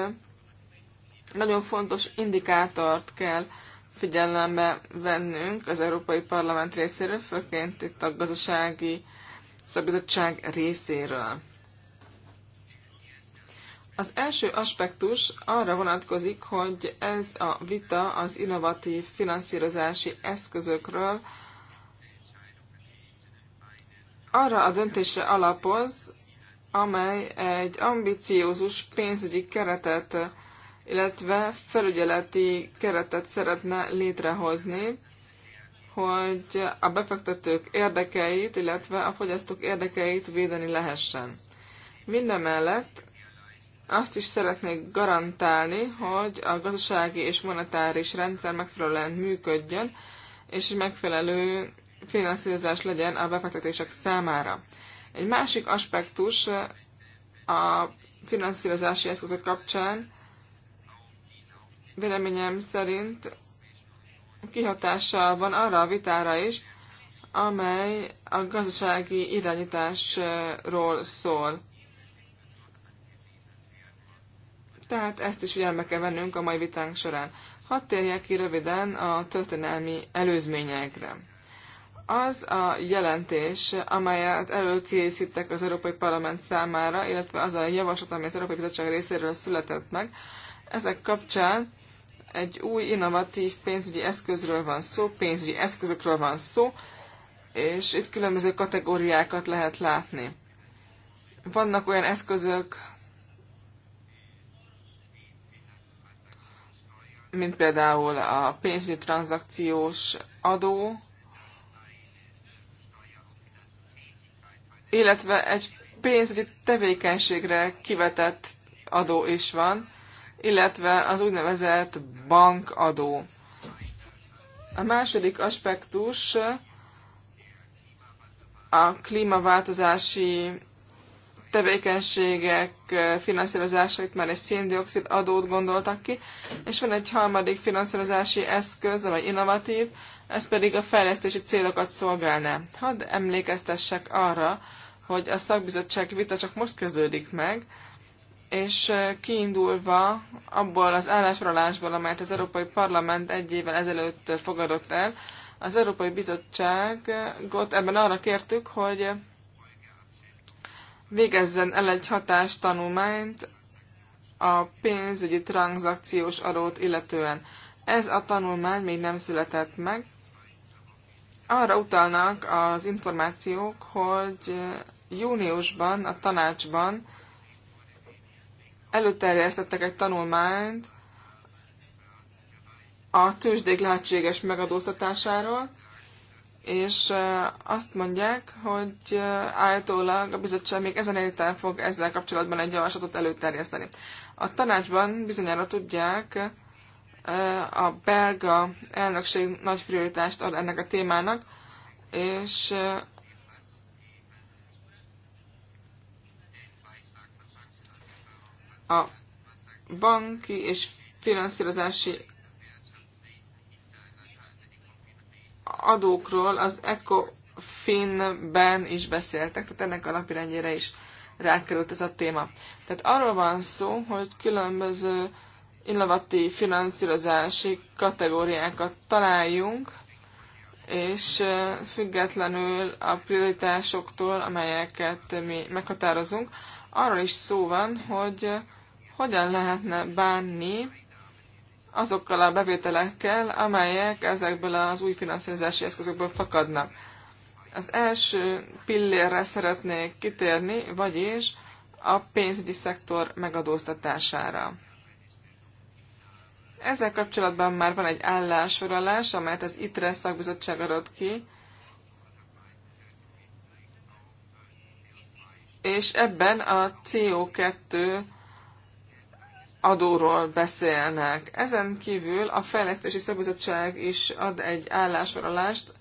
nagyon fontos indikátort kell figyelembe vennünk az Európai Parlament részéről, főként itt a gazdasági szabizottság részéről. Az első aspektus arra vonatkozik, hogy ez a vita az innovatív finanszírozási eszközökről arra a döntésre alapoz, amely egy ambiciózus pénzügyi keretet, illetve felügyeleti keretet szeretne létrehozni, hogy a befektetők érdekeit, illetve a fogyasztók érdekeit védeni lehessen. Mindemellett azt is szeretnék garantálni, hogy a gazdasági és monetáris rendszer megfelelően működjön, és megfelelő finanszírozás legyen a befektetések számára. Egy másik aspektus a finanszírozási eszközök kapcsán véleményem szerint kihatással van arra a vitára is, amely a gazdasági irányításról szól. Tehát ezt is figyelme kell vennünk a mai vitánk során. Hadd térjek ki röviden a történelmi előzményekre. Az a jelentés, amelyet előkészítek az Európai Parlament számára, illetve az a javaslat, amely az Európai Bizottság részéről született meg, ezek kapcsán egy új innovatív pénzügyi eszközről van szó, pénzügyi eszközökről van szó, és itt különböző kategóriákat lehet látni. Vannak olyan eszközök, mint például a pénzügyi tranzakciós adó, illetve egy pénzügyi tevékenységre kivetett adó is van, illetve az úgynevezett bankadó. A második aspektus a klímaváltozási tevékenységek finanszírozásait már egy széndiokszid adót gondoltak ki, és van egy harmadik finanszírozási eszköz, vagy innovatív, ez pedig a fejlesztési célokat szolgálná. Hadd emlékeztessek arra, hogy a szakbizottság vita csak most kezdődik meg, és kiindulva abból az állásfoglalásból, amelyet az Európai Parlament egy évvel ezelőtt fogadott el, az Európai Bizottságot ebben arra kértük, hogy végezzen el egy hatástanulmányt a pénzügyi tranzakciós adót illetően. Ez a tanulmány még nem született meg. Arra utalnak az információk, hogy júniusban a tanácsban előterjesztettek egy tanulmányt a tőzsdék lehetséges megadóztatásáról, és azt mondják, hogy állítólag a bizottság még ezen héten fog ezzel kapcsolatban egy javaslatot előterjeszteni. A tanácsban bizonyára tudják, a belga elnökség nagy prioritást ad ennek a témának, és a banki és finanszírozási adókról az ECOFIN-ben is beszéltek, tehát ennek a napirendjére is rákerült ez a téma. Tehát arról van szó, hogy különböző innovatív finanszírozási kategóriákat találjunk, és függetlenül a prioritásoktól, amelyeket mi meghatározunk, arról is szó van, hogy hogyan lehetne bánni azokkal a bevételekkel, amelyek ezekből az új finanszírozási eszközökből fakadnak. Az első pillérre szeretnék kitérni, vagyis a pénzügyi szektor megadóztatására. Ezzel kapcsolatban már van egy állásorolás, amelyet az ITRE szakbizottság adott ki, és ebben a CO2 adóról beszélnek. Ezen kívül a Fejlesztési szabizottság is ad egy állásfoglalást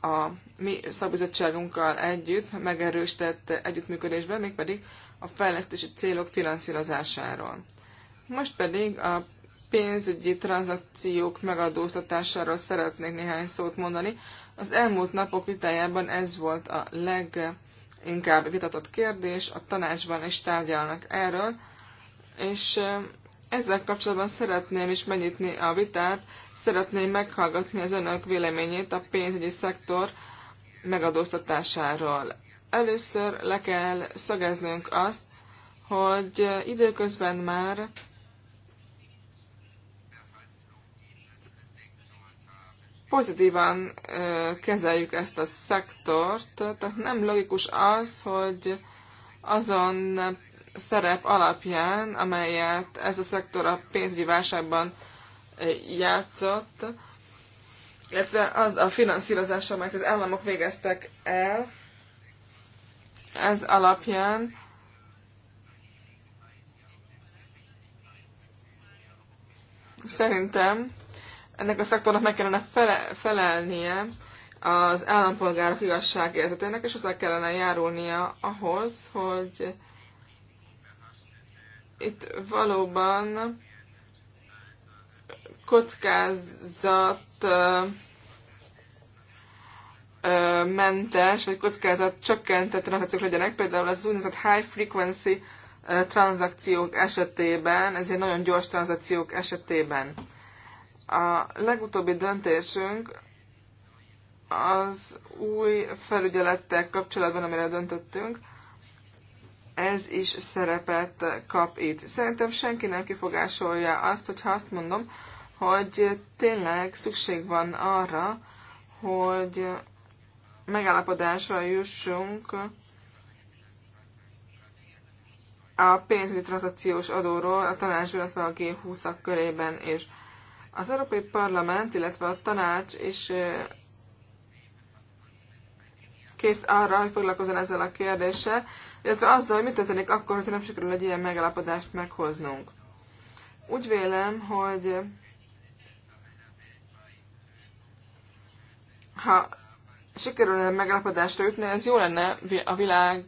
a mi szabizottságunkkal együtt megerősített együttműködésben, mégpedig a fejlesztési célok finanszírozásáról. Most pedig a pénzügyi tranzakciók megadóztatásáról szeretnék néhány szót mondani. Az elmúlt napok vitájában ez volt a leginkább vitatott kérdés, a tanácsban is tárgyalnak erről, és ezzel kapcsolatban szeretném is megnyitni a vitát, szeretném meghallgatni az önök véleményét a pénzügyi szektor megadóztatásáról. Először le kell szögeznünk azt, hogy időközben már pozitívan kezeljük ezt a szektort, tehát nem logikus az, hogy azon szerep alapján, amelyet ez a szektor a pénzügyi válságban játszott, illetve az a finanszírozás, amelyet az államok végeztek el, ez alapján szerintem ennek a szektornak meg kellene fele, felelnie az állampolgárok igazságérzetének, és hozzá kellene járulnia ahhoz, hogy itt valóban kockázat mentes, vagy kockázat csökkentett tranzakciók legyenek, például az úgynevezett high frequency tranzakciók esetében, ezért nagyon gyors tranzakciók esetében. A legutóbbi döntésünk az új felügyelettel kapcsolatban, amire döntöttünk, ez is szerepet kap itt. Szerintem senki nem kifogásolja azt, hogyha azt mondom, hogy tényleg szükség van arra, hogy megállapodásra jussunk a pénzügyi tranzakciós adóról a tanács, illetve a G20-ak körében és Az Európai Parlament, illetve a tanács is kész arra, hogy foglalkozzon ezzel a kérdéssel, illetve azzal, hogy mit történik akkor, hogyha nem sikerül egy ilyen megállapodást meghoznunk. Úgy vélem, hogy ha sikerülne megállapodásra jutni, ez jó lenne a világ,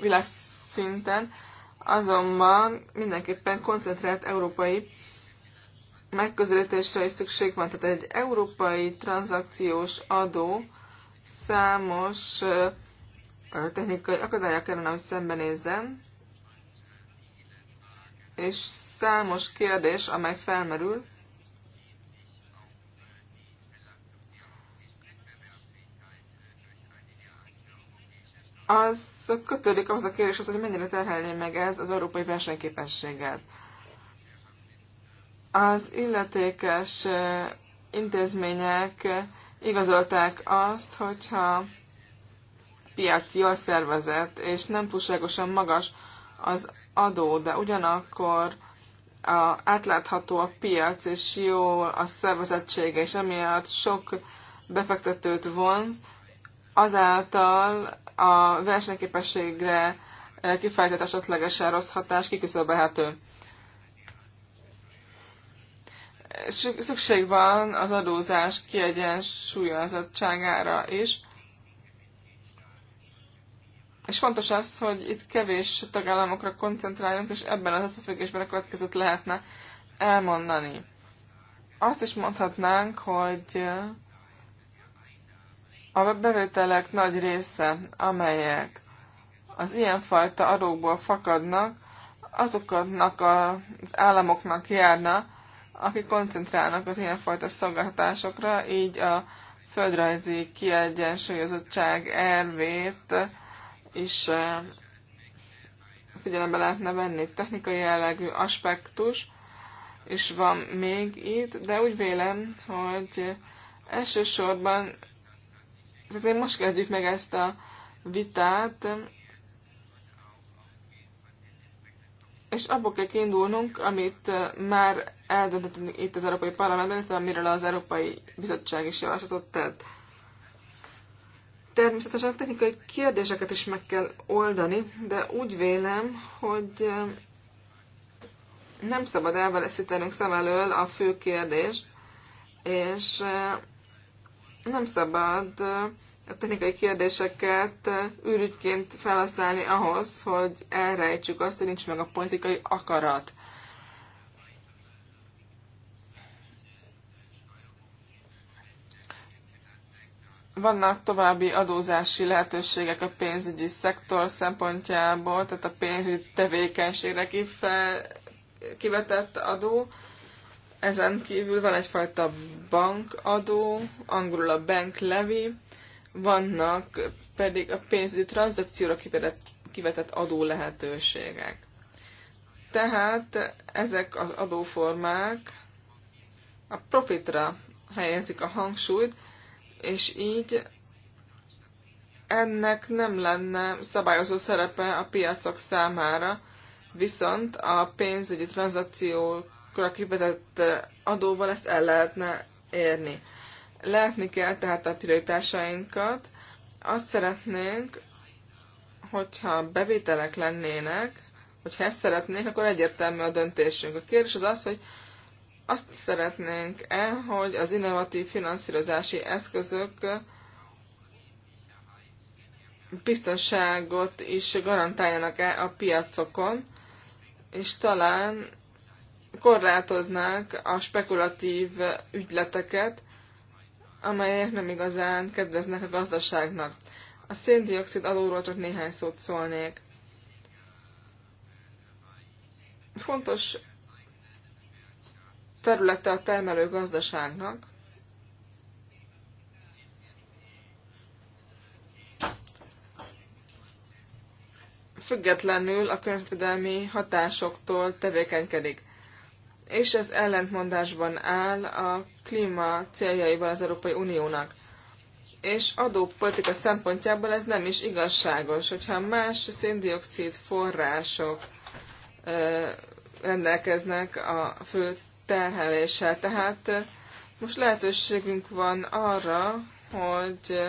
világszinten, azonban mindenképpen koncentrált európai megközelítésre is szükség van. Tehát egy európai tranzakciós adó számos technikai akadályok kellene, hogy szembenézzen, és számos kérdés, amely felmerül, az kötődik ahhoz a kérdéshez, hogy mennyire terhelné meg ez az európai versenyképességgel. Az illetékes intézmények igazolták azt, hogyha piac jól szervezett, és nem túlságosan magas az adó, de ugyanakkor a, átlátható a piac, és jó a szervezettsége, és emiatt sok befektetőt vonz, azáltal a versenyképességre eh, kifejtett esetlegesen rossz hatás kiküszöbölhető. Szükség van az adózás kiegyensúlyozottságára is, és fontos az, hogy itt kevés tagállamokra koncentráljunk, és ebben az összefüggésben a következőt lehetne elmondani. Azt is mondhatnánk, hogy a bevételek nagy része, amelyek az ilyenfajta adókból fakadnak, azoknak az államoknak járna, akik koncentrálnak az ilyenfajta szolgáltatásokra, így a földrajzi kiegyensúlyozottság elvét is eh, figyelembe lehetne venni. Technikai jellegű aspektus is van még itt, de úgy vélem, hogy elsősorban, tehát még most kezdjük meg ezt a vitát, és abból kell kiindulnunk, amit eh, már eldöntöttünk itt az Európai Parlamentben, illetve amiről az Európai Bizottság is javaslatot tett. Természetesen technikai kérdéseket is meg kell oldani, de úgy vélem, hogy eh, nem szabad elveszítenünk szem elől a fő kérdést, és eh, nem szabad eh, a technikai kérdéseket űrügyként felhasználni ahhoz, hogy elrejtsük azt, hogy nincs meg a politikai akarat. Vannak további adózási lehetőségek a pénzügyi szektor szempontjából, tehát a pénzügyi tevékenységre kifel, kivetett adó. Ezen kívül van egyfajta bankadó, angolul a bank levy, vannak pedig a pénzügyi tranzakcióra kivetett, kivetett adó lehetőségek. Tehát ezek az adóformák a profitra helyezik a hangsúlyt, és így ennek nem lenne szabályozó szerepe a piacok számára, viszont a pénzügyi tranzakciókra kivetett adóval ezt el lehetne érni. Látni kell tehát a prioritásainkat. Azt szeretnénk, hogyha bevételek lennének, hogyha ezt szeretnénk, akkor egyértelmű a döntésünk. A kérdés az az, hogy azt szeretnénk-e, hogy az innovatív finanszírozási eszközök biztonságot is garantáljanak-e a piacokon, és talán korlátoznák a spekulatív ügyleteket, amelyek nem igazán kedveznek a gazdaságnak. A széndiokszid adóról csak néhány szót szólnék. Fontos területe a termelő gazdaságnak, függetlenül a környezetvédelmi hatásoktól tevékenykedik. És ez ellentmondásban áll a klíma céljaival az Európai Uniónak. És adópolitika szempontjából ez nem is igazságos, hogyha más széndiokszid források rendelkeznek a fő terheléssel. Tehát most lehetőségünk van arra, hogy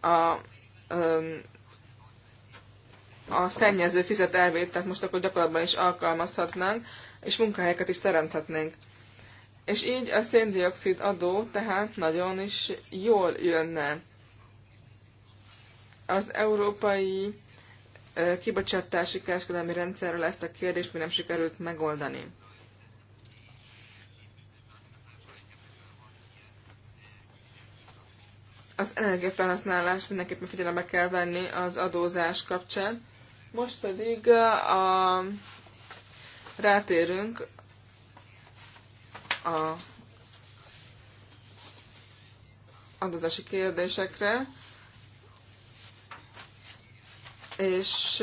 a, a szennyező fizet elvét, tehát most akkor gyakorlatban is alkalmazhatnánk, és munkahelyeket is teremthetnénk. És így a széndiokszid adó tehát nagyon is jól jönne. Az európai kibocsátási kereskedelmi rendszerről ezt a kérdést mi nem sikerült megoldani. az energiafelhasználás mindenképpen figyelembe kell venni az adózás kapcsán. Most pedig a, rátérünk a adózási kérdésekre, és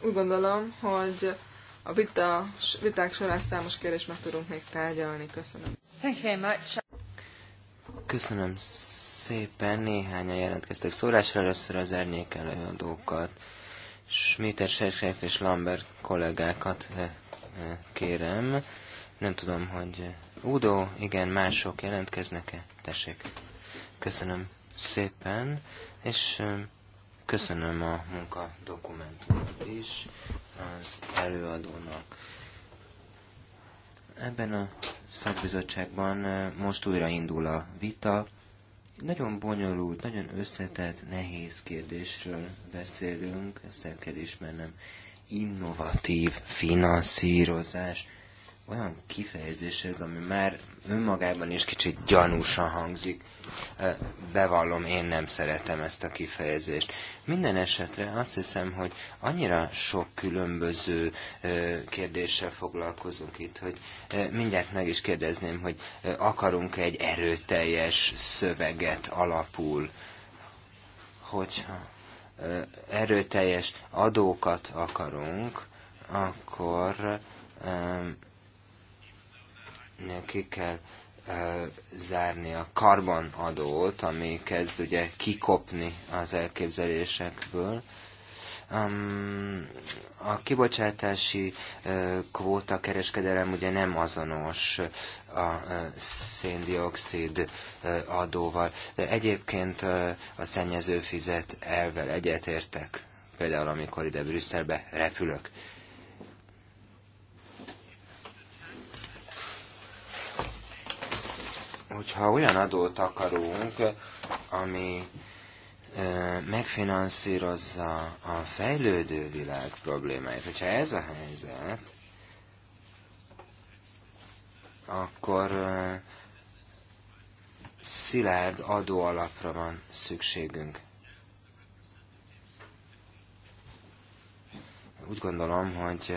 úgy gondolom, hogy a vita, viták során számos kérdést meg tudunk még tárgyalni. Köszönöm. Thank you very much. Köszönöm szépen, néhányan jelentkeztek szólásra, először az árnyék előadókat, Schmitter, Serkrejt és Lambert kollégákat eh, eh, kérem. Nem tudom, hogy Udo, igen, mások jelentkeznek-e? Tessék. Köszönöm szépen, és eh, köszönöm a munka dokumentumot is az előadónak. Ebben a szakbizottságban most újra indul a vita. Nagyon bonyolult, nagyon összetett, nehéz kérdésről beszélünk, ezt el kell ismernem. Innovatív finanszírozás olyan kifejezés ez, ami már önmagában is kicsit gyanúsan hangzik. Bevallom, én nem szeretem ezt a kifejezést. Minden esetre azt hiszem, hogy annyira sok különböző kérdéssel foglalkozunk itt, hogy mindjárt meg is kérdezném, hogy akarunk-e egy erőteljes szöveget alapul, hogyha erőteljes adókat akarunk, akkor ki kell zárni a karbonadót, ami kezd ugye kikopni az elképzelésekből. a kibocsátási kvóta kereskedelem ugye nem azonos a széndiokszid adóval, de egyébként a szennyező fizet elvel egyetértek, például amikor ide Brüsszelbe repülök. hogyha olyan adót akarunk, ami megfinanszírozza a fejlődő világ problémáit, hogyha ez a helyzet, akkor szilárd adóalapra van szükségünk. Úgy gondolom, hogy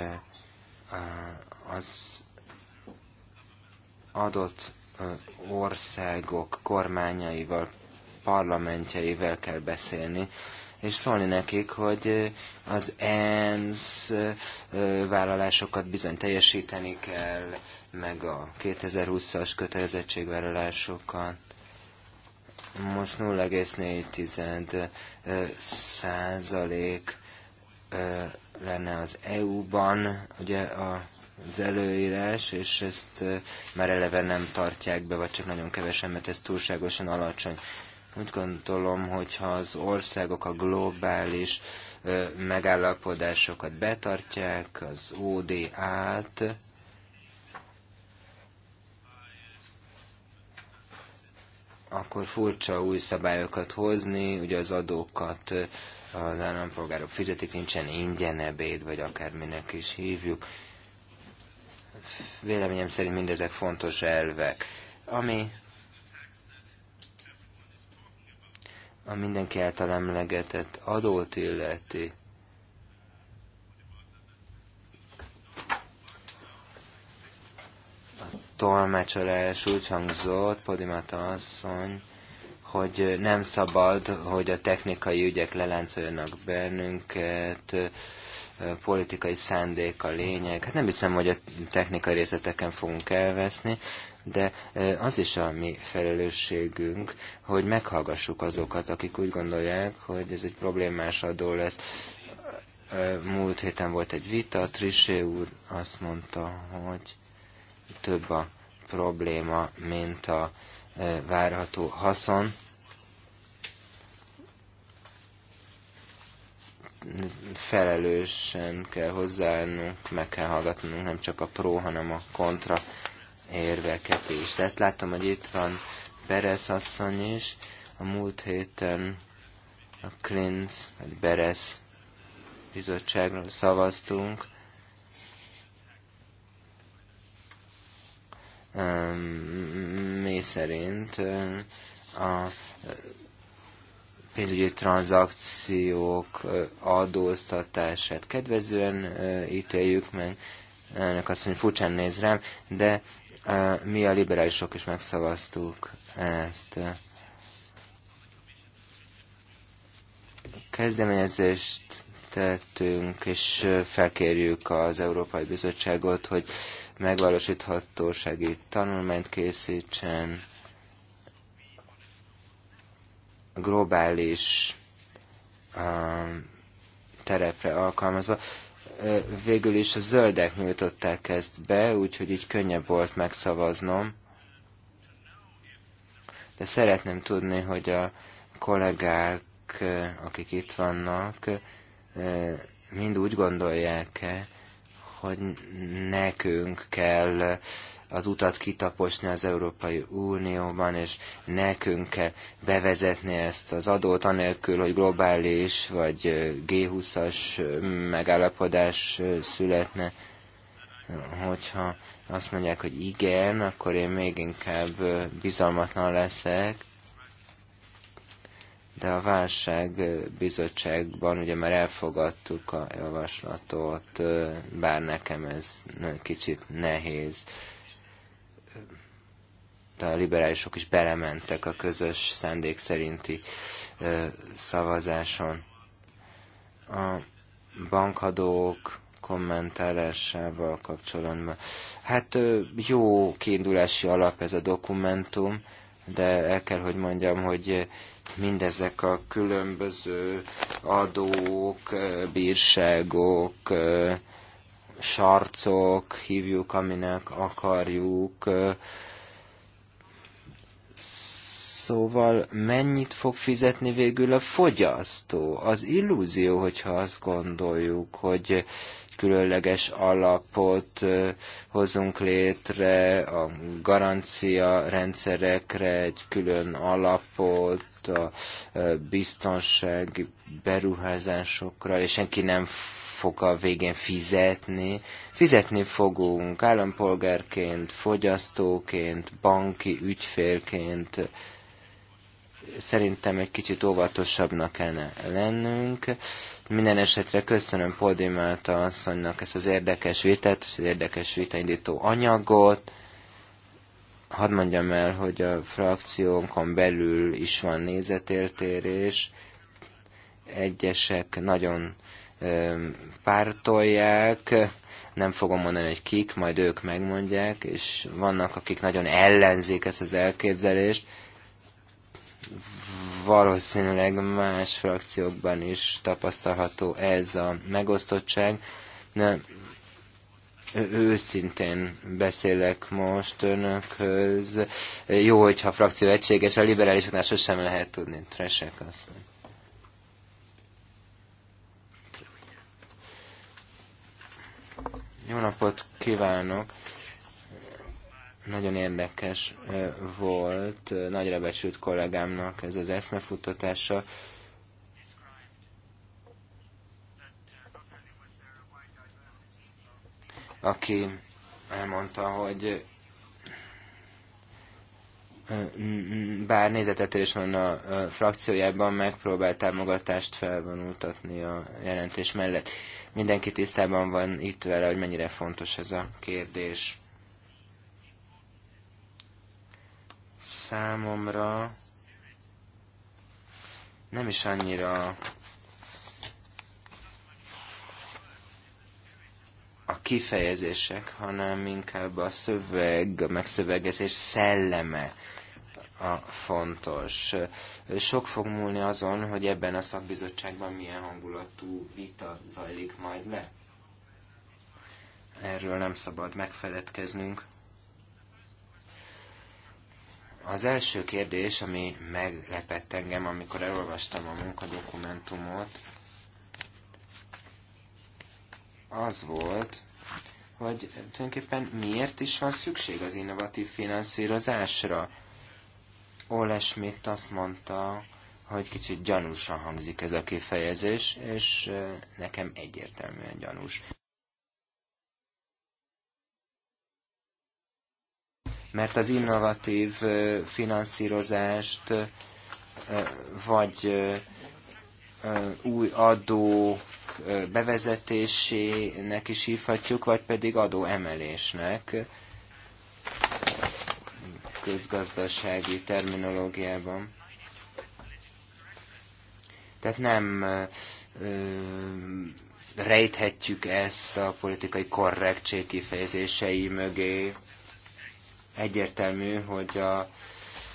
az adott országok kormányaival, parlamentjeivel kell beszélni, és szólni nekik, hogy az ENSZ vállalásokat bizony teljesíteni kell, meg a 2020-as kötelezettségvállalásokat. Most 0,4 százalék lenne az EU-ban, ugye a az előírás, és ezt már eleve nem tartják be, vagy csak nagyon kevesen, mert ez túlságosan alacsony. Úgy gondolom, hogyha az országok a globális megállapodásokat betartják, az ODA-t, akkor furcsa új szabályokat hozni, ugye az adókat az állampolgárok fizetik, nincsen ingyen ebéd, vagy akárminek is hívjuk. Véleményem szerint mindezek fontos elvek, ami a mindenki által emlegetett adót illeti. tolmácsolás úgy hangzott, Podimata asszony, hogy nem szabad, hogy a technikai ügyek leláncoljanak bennünket, politikai szándék a lényeg. Hát nem hiszem, hogy a technikai részleteken fogunk elveszni, de az is a mi felelősségünk, hogy meghallgassuk azokat, akik úgy gondolják, hogy ez egy problémás adó lesz. Múlt héten volt egy vita, Trisé úr azt mondta, hogy több a probléma, mint a várható haszon. felelősen kell hozzáállnunk, meg kell hallgatnunk nem csak a pró, hanem a kontra érveket is. Tehát látom, hogy itt van Beres asszony is, a múlt héten a Klinz, vagy Beres bizottságról szavaztunk. Mi szerint a pénzügyi tranzakciók adóztatását kedvezően ítéljük meg. Ennek azt mondja, furcsán néz rám, de mi a liberálisok is megszavaztuk ezt. Kezdeményezést tettünk, és felkérjük az Európai Bizottságot, hogy megvalósíthatósági tanulmányt készítsen, globális terepre alkalmazva. Végül is a zöldek nyújtották ezt be, úgyhogy így könnyebb volt megszavaznom. De szeretném tudni, hogy a kollégák, akik itt vannak, mind úgy gondolják-e, hogy nekünk kell az utat kitaposni az Európai Unióban, és nekünk kell bevezetni ezt az adót, anélkül, hogy globális vagy G20-as megállapodás születne. Hogyha azt mondják, hogy igen, akkor én még inkább bizalmatlan leszek, de a válság bizottságban ugye már elfogadtuk a javaslatot, bár nekem ez kicsit nehéz a liberálisok is belementek a közös szándék szerinti szavazáson. A bankadók kommentálásával kapcsolatban. Hát jó kiindulási alap ez a dokumentum, de el kell, hogy mondjam, hogy mindezek a különböző adók, bírságok, sarcok, hívjuk, aminek akarjuk, Szóval mennyit fog fizetni végül a fogyasztó? Az illúzió, hogyha azt gondoljuk, hogy különleges alapot hozunk létre, a garancia rendszerekre egy külön alapot, a biztonsági beruházásokra, és senki nem fog a végén fizetni Fizetni fogunk állampolgárként, fogyasztóként, banki ügyfélként, szerintem egy kicsit óvatosabbnak kellene lennünk. Minden esetre köszönöm a asszonynak ezt az érdekes vitát, és az érdekes vitaindító anyagot. Hadd mondjam el, hogy a frakciónkon belül is van nézetértérés. Egyesek nagyon pártolják, nem fogom mondani, hogy kik, majd ők megmondják, és vannak, akik nagyon ellenzik ezt az elképzelést, valószínűleg más frakciókban is tapasztalható ez a megosztottság. De őszintén beszélek most önökhöz. Jó, hogyha a frakció egységes, a liberálisoknál sosem lehet tudni. Tresek asszony. Jó napot kívánok! Nagyon érdekes volt nagyra becsült kollégámnak ez az eszmefuttatása. aki elmondta, hogy bár nézetetérés van a frakciójában, megpróbál támogatást felvonultatni a jelentés mellett. Mindenki tisztában van itt vele, hogy mennyire fontos ez a kérdés. Számomra nem is annyira a kifejezések, hanem inkább a szöveg, a megszövegezés szelleme a fontos. Sok fog múlni azon, hogy ebben a szakbizottságban milyen hangulatú vita zajlik majd le. Erről nem szabad megfeledkeznünk. Az első kérdés, ami meglepett engem, amikor elolvastam a munkadokumentumot, az volt, hogy tulajdonképpen miért is van szükség az innovatív finanszírozásra. Ole Schmidt azt mondta, hogy kicsit gyanúsan hangzik ez a kifejezés, és nekem egyértelműen gyanús. Mert az innovatív finanszírozást vagy új adó bevezetésének is hívhatjuk, vagy pedig adóemelésnek közgazdasági terminológiában. Tehát nem ö, rejthetjük ezt a politikai korrektség kifejezései mögé. Egyértelmű, hogy a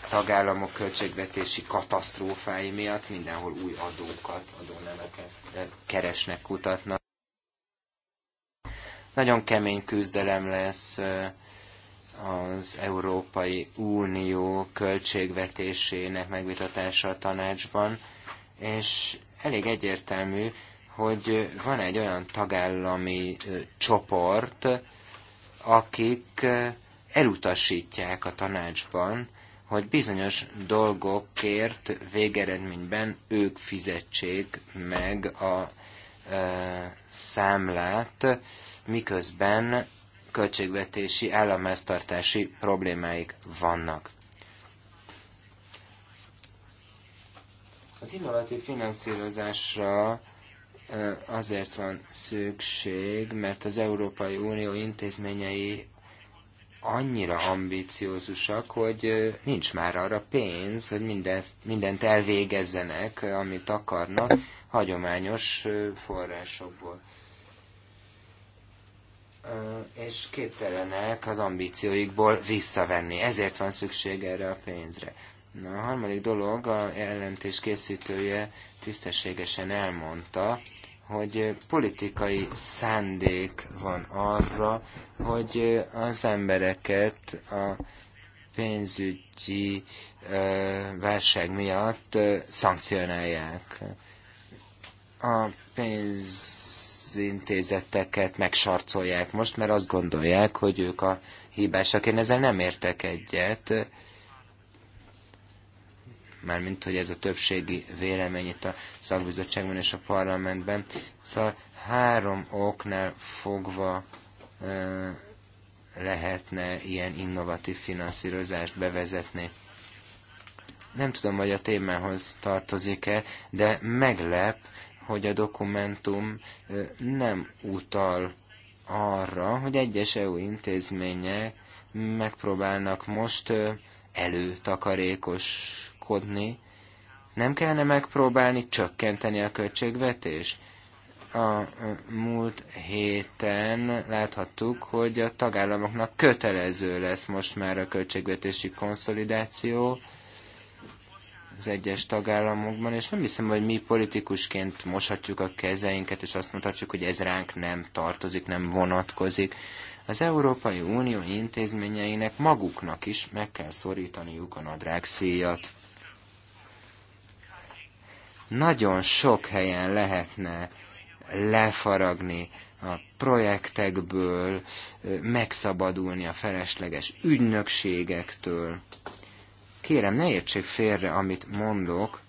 tagállamok költségvetési katasztrófái miatt mindenhol új adókat, adónemeket keresnek, kutatnak. Nagyon kemény küzdelem lesz az Európai Unió költségvetésének megvitatása a tanácsban, és elég egyértelmű, hogy van egy olyan tagállami csoport, akik elutasítják a tanácsban, hogy bizonyos dolgokért végeredményben ők fizetsék meg a számlát, miközben költségvetési államháztartási problémáik vannak. Az innovatív finanszírozásra azért van szükség, mert az Európai Unió intézményei annyira ambiciózusak, hogy nincs már arra pénz, hogy mindent, mindent elvégezzenek, amit akarnak, hagyományos forrásokból és képtelenek az ambícióikból visszavenni. Ezért van szükség erre a pénzre. Na, a harmadik dolog, a jelentés készítője tisztességesen elmondta, hogy politikai szándék van arra, hogy az embereket a pénzügyi válság miatt szankcionálják a pénzintézeteket megsarcolják most, mert azt gondolják, hogy ők a hibásak. Én ezzel nem értek egyet. Mármint, hogy ez a többségi vélemény itt a szakbizottságban és a parlamentben. Szóval három oknál fogva lehetne ilyen innovatív finanszírozást bevezetni. Nem tudom, hogy a témához tartozik-e, de meglep, hogy a dokumentum nem utal arra, hogy egyes EU intézmények megpróbálnak most előtakarékoskodni. Nem kellene megpróbálni csökkenteni a költségvetést? a múlt héten láthattuk, hogy a tagállamoknak kötelező lesz most már a költségvetési konszolidáció, az egyes tagállamokban, és nem hiszem, hogy mi politikusként moshatjuk a kezeinket, és azt mondhatjuk, hogy ez ránk nem tartozik, nem vonatkozik. Az Európai Unió intézményeinek maguknak is meg kell szorítaniuk a nadrág szíjat. Nagyon sok helyen lehetne lefaragni a projektekből, megszabadulni a felesleges ügynökségektől. Kérem, ne értsék félre, amit mondok.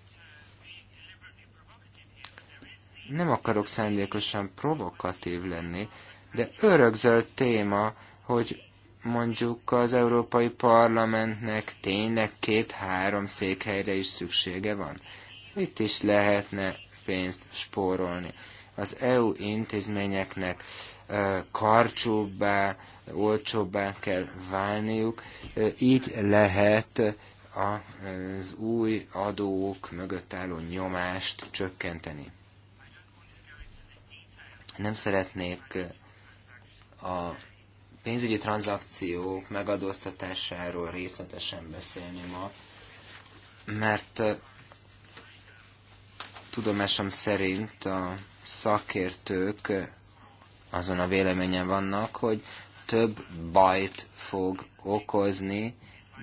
Nem akarok szándékosan provokatív lenni, de örökzöld téma, hogy mondjuk az Európai Parlamentnek tényleg két-három székhelyre is szüksége van. Itt is lehetne pénzt spórolni. Az EU intézményeknek karcsúbbá, olcsóbbá kell válniuk, így lehet az új adók mögött álló nyomást csökkenteni. Nem szeretnék a pénzügyi tranzakciók megadóztatásáról részletesen beszélni ma, mert tudomásom szerint a szakértők azon a véleményen vannak, hogy több bajt fog okozni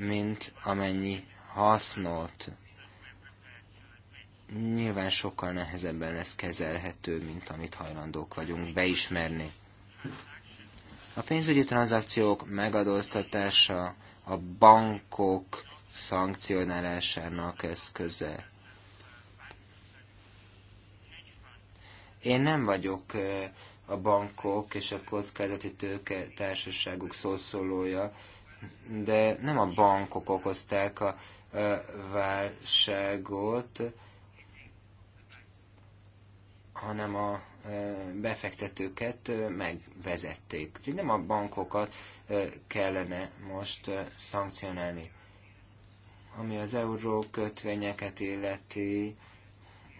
mint amennyi hasznot. Nyilván sokkal nehezebben lesz kezelhető, mint amit hajlandók vagyunk beismerni. A pénzügyi tranzakciók megadóztatása a bankok szankcionálásának eszköze. Én nem vagyok a bankok és a kockázati tőke társaságuk szószólója, de nem a bankok okozták a válságot, hanem a befektetőket megvezették. Úgyhogy nem a bankokat kellene most szankcionálni. Ami az euró kötvényeket illeti,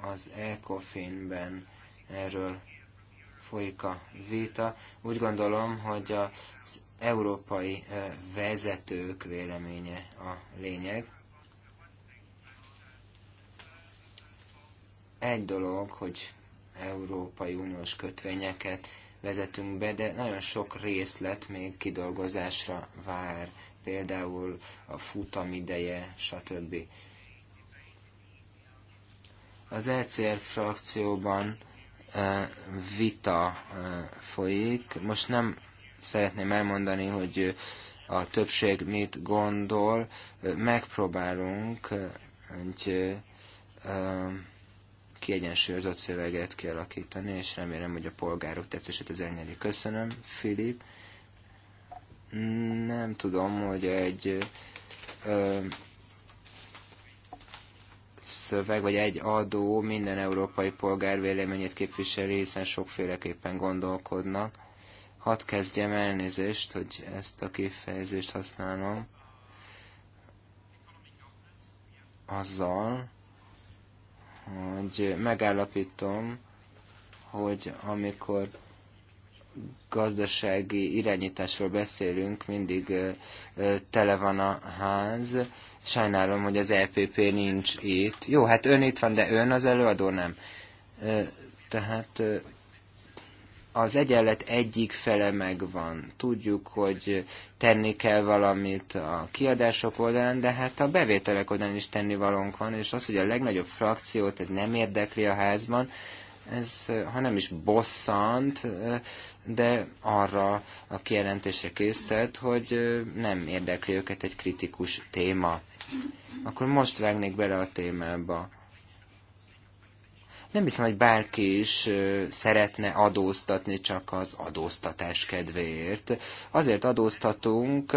az ECOFIN-ben erről folyik a vita. Úgy gondolom, hogy az európai vezetők véleménye a lényeg. Egy dolog, hogy Európai Uniós kötvényeket vezetünk be, de nagyon sok részlet még kidolgozásra vár, például a futamideje, stb. Az ECR frakcióban vita folyik. Most nem szeretném elmondani, hogy a többség mit gondol. Megpróbálunk egy kiegyensúlyozott szöveget kialakítani, és remélem, hogy a polgárok tetszését az elnyeri. Köszönöm, Filip. Nem tudom, hogy egy ö, szöveg, vagy egy adó minden európai polgár véleményét képviseli, hiszen sokféleképpen gondolkodnak Hadd kezdjem elnézést, hogy ezt a kifejezést használom. Azzal, hogy megállapítom, hogy amikor gazdasági irányításról beszélünk, mindig tele van a ház. Sajnálom, hogy az EPP nincs itt. Jó, hát ön itt van, de ön az előadó nem. Tehát az egyenlet egyik fele megvan. Tudjuk, hogy tenni kell valamit a kiadások oldalán, de hát a bevételek oldalán is tenni valónk van, és az, hogy a legnagyobb frakciót ez nem érdekli a házban, ez ha nem is bosszant, de arra a kijelentése késztet, hogy nem érdekli őket egy kritikus téma. Akkor most vágnék bele a témába. Nem hiszem, hogy bárki is szeretne adóztatni csak az adóztatás kedvéért. Azért adóztatunk,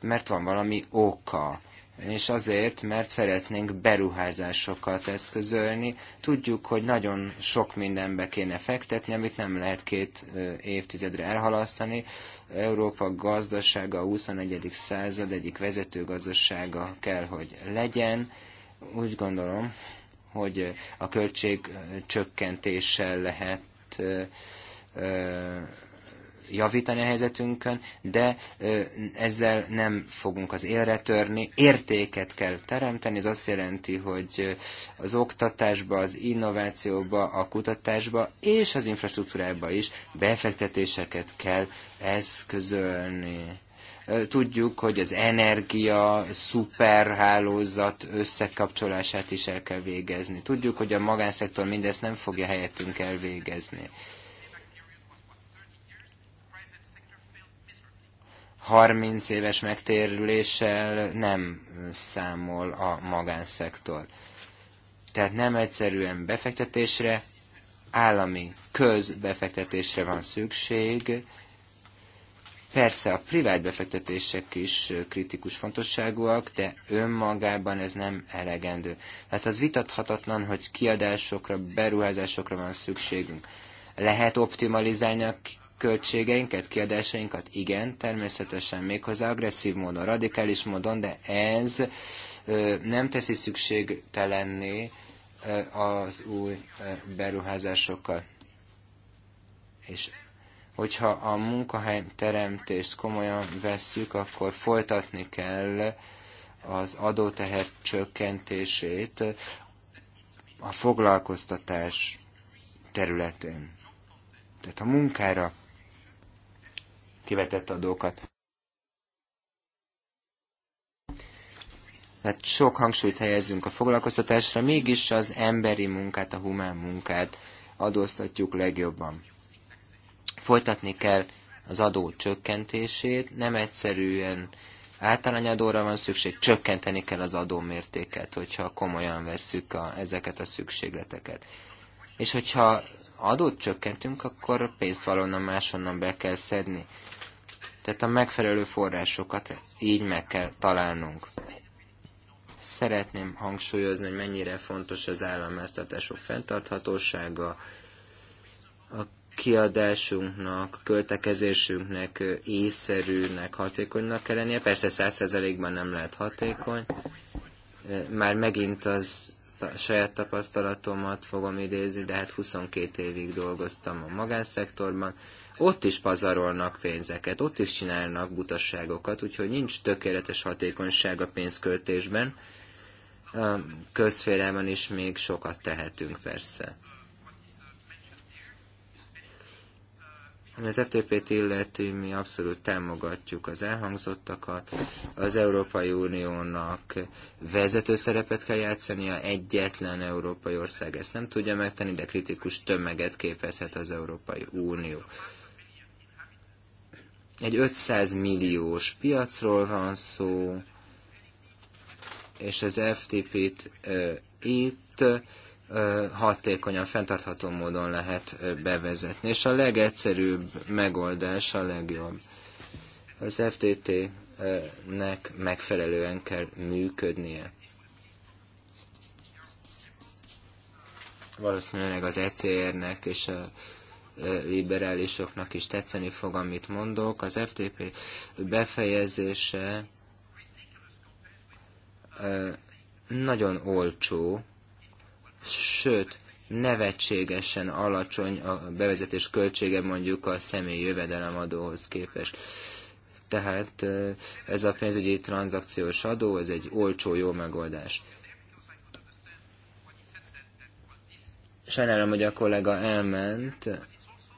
mert van valami oka és azért, mert szeretnénk beruházásokat eszközölni. Tudjuk, hogy nagyon sok mindenbe kéne fektetni, amit nem lehet két évtizedre elhalasztani. Európa gazdasága a XXI. század egyik vezető gazdasága kell, hogy legyen. Úgy gondolom, hogy a költség csökkentéssel lehet javítani a helyzetünkön, de ezzel nem fogunk az élre törni. Értéket kell teremteni, ez azt jelenti, hogy az oktatásba, az innovációba, a kutatásba és az infrastruktúrába is befektetéseket kell eszközölni. Tudjuk, hogy az energia szuperhálózat összekapcsolását is el kell végezni. Tudjuk, hogy a magánszektor mindezt nem fogja helyettünk elvégezni. 30 éves megtérüléssel nem számol a magánszektor. Tehát nem egyszerűen befektetésre, állami közbefektetésre van szükség, Persze a privát befektetések is kritikus fontosságúak, de önmagában ez nem elegendő. Tehát az vitathatatlan, hogy kiadásokra, beruházásokra van szükségünk. Lehet optimalizálni a költségeinket, kiadásainkat? Igen, természetesen méghozzá agresszív módon, radikális módon, de ez nem teszi szükségtelenné az új beruházásokat. És Hogyha a munkahely teremtést komolyan vesszük, akkor folytatni kell az adótehet csökkentését a foglalkoztatás területén. Tehát a munkára kivetett adókat. Tehát sok hangsúlyt helyezünk a foglalkoztatásra, mégis az emberi munkát, a humán munkát adóztatjuk legjobban. Folytatni kell az adó csökkentését, nem egyszerűen általány adóra van szükség, csökkenteni kell az adó mértéket, hogyha komolyan vesszük a, ezeket a szükségleteket. És hogyha adót csökkentünk, akkor pénzt valonnan másonnan be kell szedni. Tehát a megfelelő forrásokat így meg kell találnunk. Szeretném hangsúlyozni, hogy mennyire fontos az államháztartások fenntarthatósága, a kiadásunknak, költekezésünknek észszerűnek, hatékonynak kell lennie. Persze száz százalékban nem lehet hatékony. Már megint az a saját tapasztalatomat fogom idézni, de hát 22 évig dolgoztam a magánszektorban. Ott is pazarolnak pénzeket, ott is csinálnak butasságokat, úgyhogy nincs tökéletes hatékonyság a pénzköltésben. A közférában is még sokat tehetünk persze. Ami az FTP-t illeti, mi abszolút támogatjuk az elhangzottakat. Az Európai Uniónak vezető szerepet kell játszania, egyetlen európai ország ezt nem tudja megtenni, de kritikus tömeget képezhet az Európai Unió. Egy 500 milliós piacról van szó, és az FTP-t uh, itt hatékonyan, fenntartható módon lehet bevezetni. És a legegyszerűbb megoldás a legjobb. Az FTT-nek megfelelően kell működnie. Valószínűleg az ECR-nek és a liberálisoknak is tetszeni fog, amit mondok. Az FTP befejezése nagyon olcsó, sőt, nevetségesen alacsony a bevezetés költsége mondjuk a személyi jövedelemadóhoz képest. Tehát ez a pénzügyi tranzakciós adó, ez egy olcsó, jó megoldás. Sajnálom, hogy a kollega elment,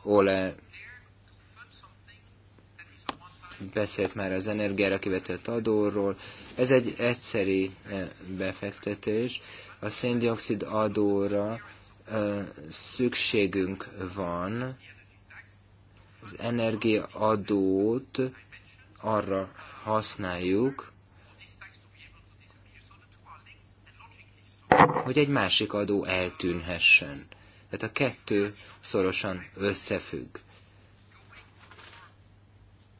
Ole beszélt már az energiára kivetett adóról. Ez egy egyszeri befektetés, a széndiokszid adóra szükségünk van, az energiaadót arra használjuk, hogy egy másik adó eltűnhessen. Tehát a kettő szorosan összefügg.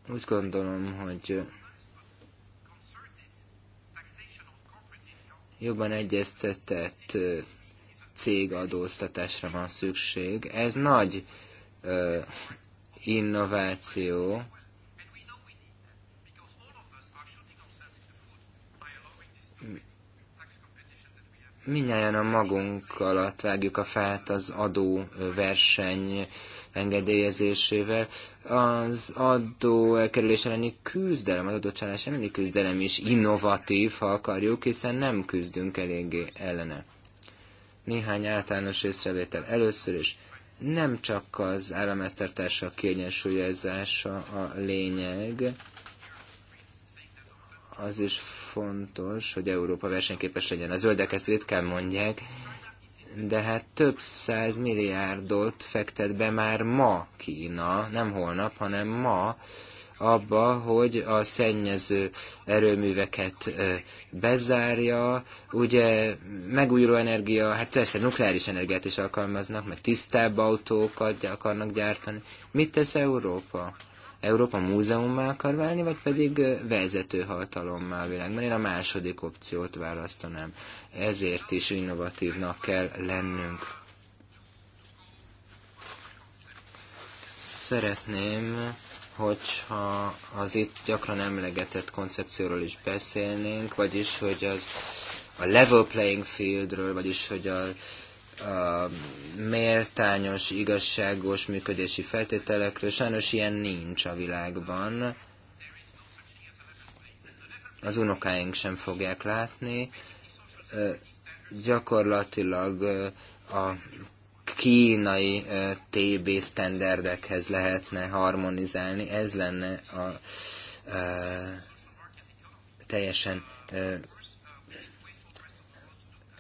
Úgy gondolom, hogy jobban egyeztetett adóztatásra van szükség. Ez nagy innováció, minnyáján a magunk alatt vágjuk a fát az adó verseny engedélyezésével. Az adó elkerülés elleni küzdelem, az adócsalás elleni küzdelem is innovatív, ha akarjuk, hiszen nem küzdünk eléggé ellene. Néhány általános észrevétel először is. Nem csak az államháztartások kiegyensúlyozása a lényeg, az is fontos, hogy Európa versenyképes legyen. A zöldek ezt ritkán mondják, de hát több száz milliárdot fektet be már ma Kína, nem holnap, hanem ma, abba, hogy a szennyező erőműveket bezárja, ugye megújuló energia, hát persze nukleáris energiát is alkalmaznak, meg tisztább autókat akarnak gyártani. Mit tesz Európa? Európa múzeummá akar válni, vagy pedig vezető hatalommal a világban. Én a második opciót választanám. Ezért is innovatívnak kell lennünk. Szeretném, hogyha az itt gyakran emlegetett koncepcióról is beszélnénk, vagyis, hogy az a level playing fieldről, vagyis, hogy a a méltányos, igazságos működési feltételekről. Sajnos ilyen nincs a világban. Az unokáink sem fogják látni. Gyakorlatilag a kínai TB standardekhez lehetne harmonizálni. Ez lenne a teljesen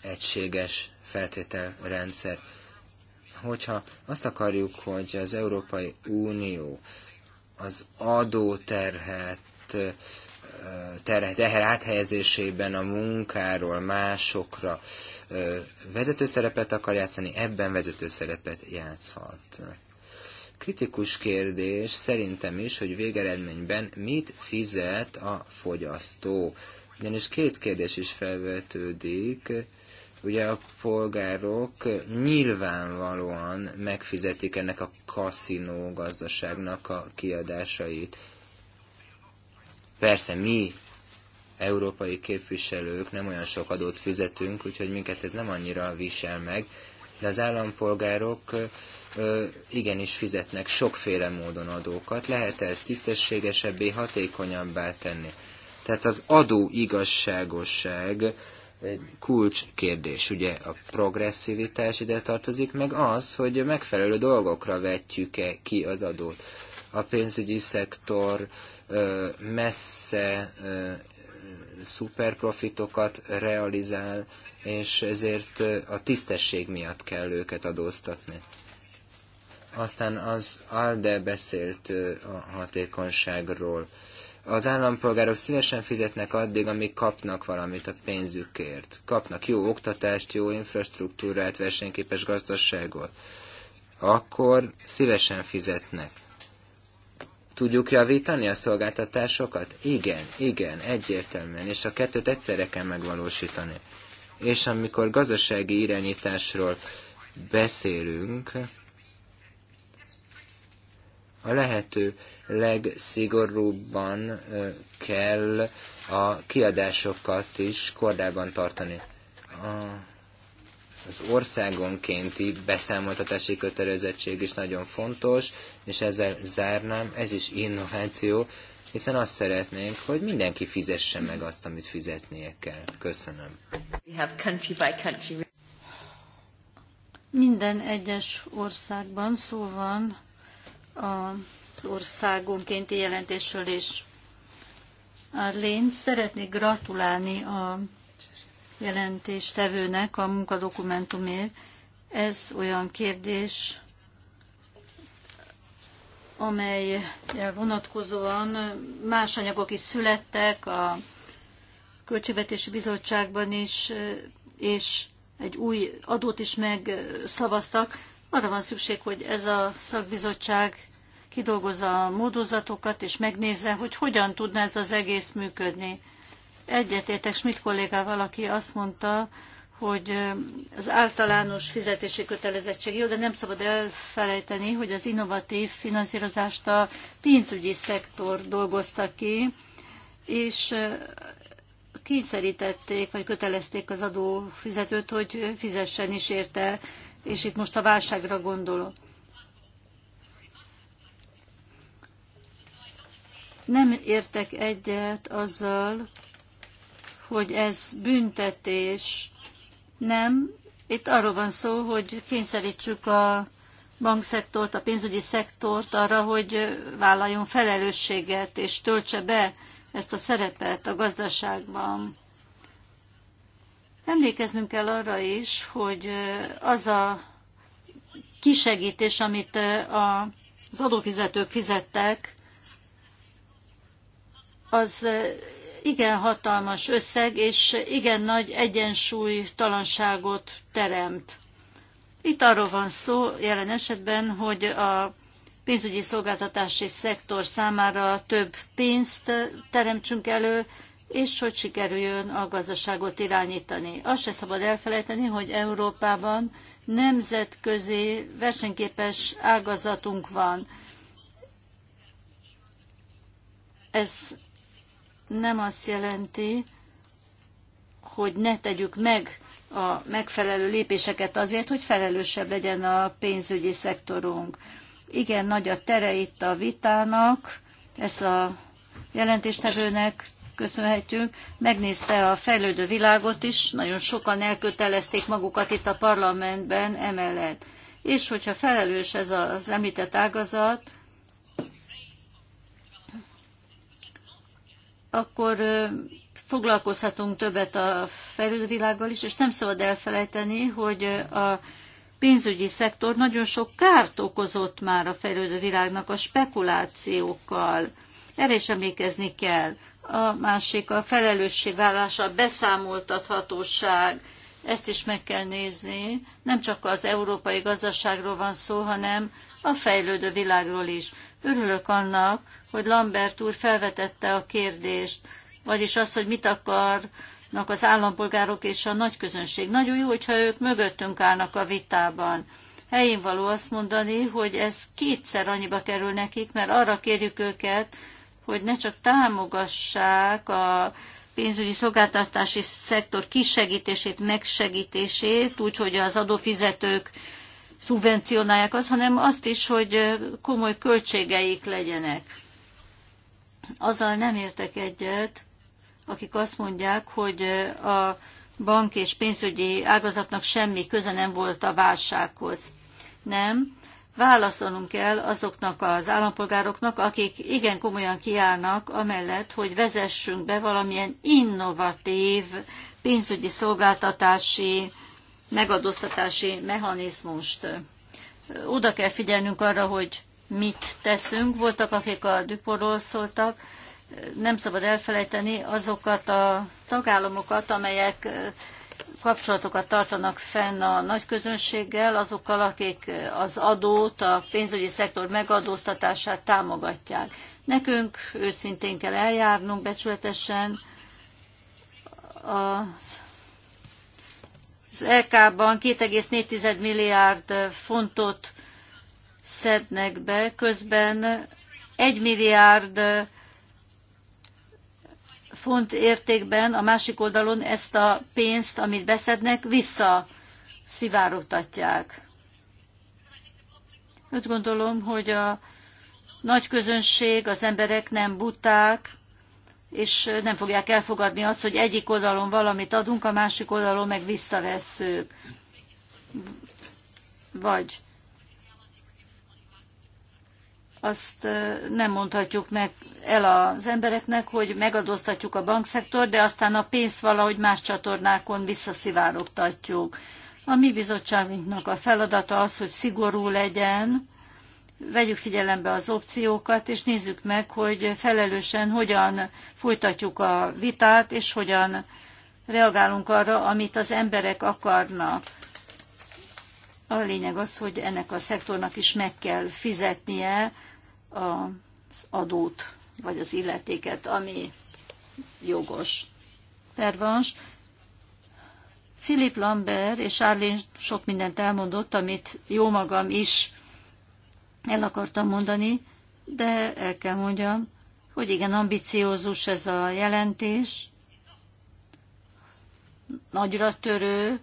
egységes feltételrendszer. Hogyha azt akarjuk, hogy az Európai Unió az adóterhet terhet teher áthelyezésében a munkáról másokra vezető szerepet akar játszani, ebben vezető szerepet játszhat. Kritikus kérdés szerintem is, hogy végeredményben mit fizet a fogyasztó. Ugyanis két kérdés is felvetődik, Ugye a polgárok nyilvánvalóan megfizetik ennek a kaszinó gazdaságnak a kiadásait. Persze mi európai képviselők nem olyan sok adót fizetünk, úgyhogy minket ez nem annyira visel meg, de az állampolgárok igenis fizetnek sokféle módon adókat. Lehet ez tisztességesebbé, hatékonyabbá tenni? Tehát az adó igazságosság egy kulcs kérdés, ugye a progresszivitás ide tartozik, meg az, hogy megfelelő dolgokra vetjük-e ki az adót. A pénzügyi szektor messze szuperprofitokat realizál, és ezért a tisztesség miatt kell őket adóztatni. Aztán az Alde beszélt a hatékonyságról az állampolgárok szívesen fizetnek addig, amíg kapnak valamit a pénzükért. Kapnak jó oktatást, jó infrastruktúrát, versenyképes gazdaságot. Akkor szívesen fizetnek. Tudjuk javítani a szolgáltatásokat? Igen, igen, egyértelműen, és a kettőt egyszerre kell megvalósítani. És amikor gazdasági irányításról beszélünk, a lehető legszigorúbban kell a kiadásokat is kordában tartani. A, az országonkénti beszámoltatási kötelezettség is nagyon fontos, és ezzel zárnám, ez is innováció, hiszen azt szeretnénk, hogy mindenki fizesse meg azt, amit fizetnie kell. Köszönöm. We have country by country. Minden egyes országban szó van a az országonkénti jelentésről is. Arlén, szeretnék gratulálni a jelentéstevőnek a munkadokumentumért. Ez olyan kérdés, amely vonatkozóan más anyagok is születtek a Költségvetési Bizottságban is, és egy új adót is megszavaztak. Arra van szükség, hogy ez a szakbizottság kidolgozza a módozatokat, és megnézze, hogy hogyan tudná ez az egész működni. Egyetértek Schmidt kollégával, aki azt mondta, hogy az általános fizetési kötelezettség jó, de nem szabad elfelejteni, hogy az innovatív finanszírozást a pénzügyi szektor dolgozta ki, és kényszerítették, vagy kötelezték az adófizetőt, hogy fizessen is érte, és itt most a válságra gondolok. Nem értek egyet azzal, hogy ez büntetés. Nem, itt arról van szó, hogy kényszerítsük a bankszektort, a pénzügyi szektort arra, hogy vállaljon felelősséget és töltse be ezt a szerepet a gazdaságban. Emlékezzünk kell arra is, hogy az a kisegítés, amit az adófizetők fizettek az igen hatalmas összeg, és igen nagy egyensúlytalanságot teremt. Itt arról van szó jelen esetben, hogy a pénzügyi szolgáltatási szektor számára több pénzt teremtsünk elő, és hogy sikerüljön a gazdaságot irányítani. Azt se szabad elfelejteni, hogy Európában nemzetközi versenyképes ágazatunk van. Ez nem azt jelenti, hogy ne tegyük meg a megfelelő lépéseket azért, hogy felelősebb legyen a pénzügyi szektorunk. Igen, nagy a tere itt a vitának, ezt a jelentéstevőnek köszönhetjük. Megnézte a fejlődő világot is, nagyon sokan elkötelezték magukat itt a parlamentben emellett. És hogyha felelős ez az említett ágazat, akkor foglalkozhatunk többet a felülvilággal is, és nem szabad elfelejteni, hogy a pénzügyi szektor nagyon sok kárt okozott már a fejlődő világnak a spekulációkkal. Erre is emlékezni kell. A másik a felelősségvállása, a beszámoltathatóság, ezt is meg kell nézni. Nem csak az európai gazdaságról van szó, hanem a fejlődő világról is. Örülök annak, hogy Lambert úr felvetette a kérdést, vagyis az, hogy mit akarnak az állampolgárok és a nagy közönség. Nagyon jó, hogyha ők mögöttünk állnak a vitában. Helyén való azt mondani, hogy ez kétszer annyiba kerül nekik, mert arra kérjük őket, hogy ne csak támogassák a pénzügyi szolgáltatási szektor kisegítését, megsegítését, úgyhogy az adófizetők szubvencionálják azt, hanem azt is, hogy komoly költségeik legyenek azzal nem értek egyet, akik azt mondják, hogy a bank és pénzügyi ágazatnak semmi köze nem volt a válsághoz. Nem. Válaszolnunk kell azoknak az állampolgároknak, akik igen komolyan kiállnak amellett, hogy vezessünk be valamilyen innovatív pénzügyi szolgáltatási, megadóztatási mechanizmust. Oda kell figyelnünk arra, hogy mit teszünk. Voltak, akik a Duporról szóltak, nem szabad elfelejteni azokat a tagállamokat, amelyek kapcsolatokat tartanak fenn a nagy közönséggel, azokkal, akik az adót, a pénzügyi szektor megadóztatását támogatják. Nekünk őszintén kell eljárnunk becsületesen. Az LK-ban 2,4 milliárd fontot szednek be, közben egy milliárd font értékben a másik oldalon ezt a pénzt, amit beszednek, vissza szivárogtatják. Úgy gondolom, hogy a nagy közönség, az emberek nem buták, és nem fogják elfogadni azt, hogy egyik oldalon valamit adunk, a másik oldalon meg visszavesszük. Vagy azt nem mondhatjuk meg el az embereknek, hogy megadóztatjuk a bankszektor, de aztán a pénzt valahogy más csatornákon visszaszivárogtatjuk. A mi bizottságunknak a feladata az, hogy szigorú legyen, vegyük figyelembe az opciókat, és nézzük meg, hogy felelősen hogyan folytatjuk a vitát, és hogyan reagálunk arra, amit az emberek akarnak. A lényeg az, hogy ennek a szektornak is meg kell fizetnie az adót, vagy az illetéket, ami jogos. Pervans, Philip Lambert és Arlene sok mindent elmondott, amit jó magam is el akartam mondani, de el kell mondjam, hogy igen, ambiciózus ez a jelentés, nagyra törő,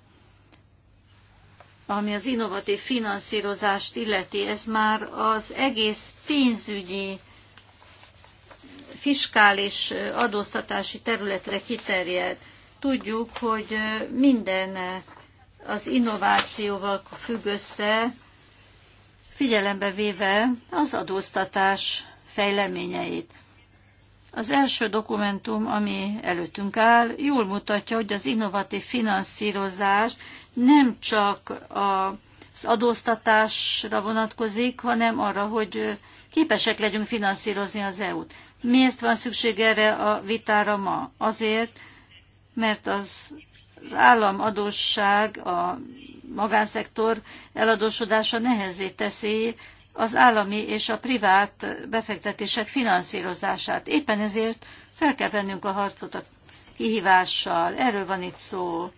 ami az innovatív finanszírozást illeti, ez már az egész pénzügyi, fiskális adóztatási területre kiterjed. Tudjuk, hogy minden az innovációval függ össze, figyelembe véve az adóztatás fejleményeit. Az első dokumentum, ami előttünk áll, jól mutatja, hogy az innovatív finanszírozást nem csak az adóztatásra vonatkozik, hanem arra, hogy képesek legyünk finanszírozni az EU-t. Miért van szükség erre a vitára ma? Azért, mert az, az államadósság, a magánszektor eladósodása nehezé teszi az állami és a privát befektetések finanszírozását. Éppen ezért fel kell vennünk a harcot a kihívással. Erről van itt szó.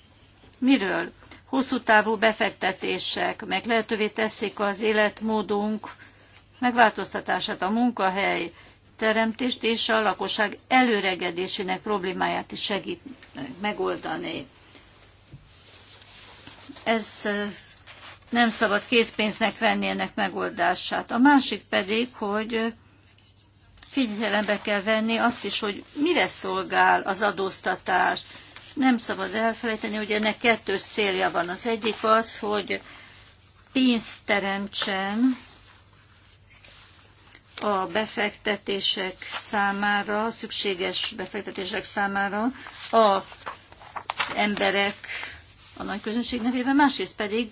Miről? hosszú távú befektetések, meg lehetővé teszik az életmódunk megváltoztatását, a munkahely teremtést és a lakosság előregedésének problémáját is segít megoldani. Ez nem szabad készpénznek venni ennek megoldását. A másik pedig, hogy figyelembe kell venni azt is, hogy mire szolgál az adóztatás, nem szabad elfelejteni, hogy ennek kettős célja van. Az egyik az, hogy pénzt teremtsen a befektetések számára, szükséges befektetések számára az emberek a nagy közönség nevében, másrészt pedig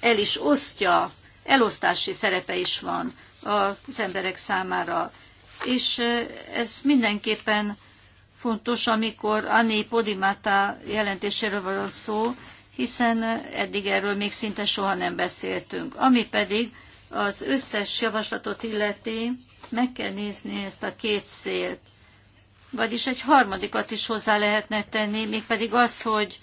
el is osztja, elosztási szerepe is van az emberek számára. És ez mindenképpen fontos, amikor Anni Podimata jelentéséről van szó, hiszen eddig erről még szinte soha nem beszéltünk. Ami pedig az összes javaslatot illeti, meg kell nézni ezt a két célt. Vagyis egy harmadikat is hozzá lehetne tenni, mégpedig az, hogy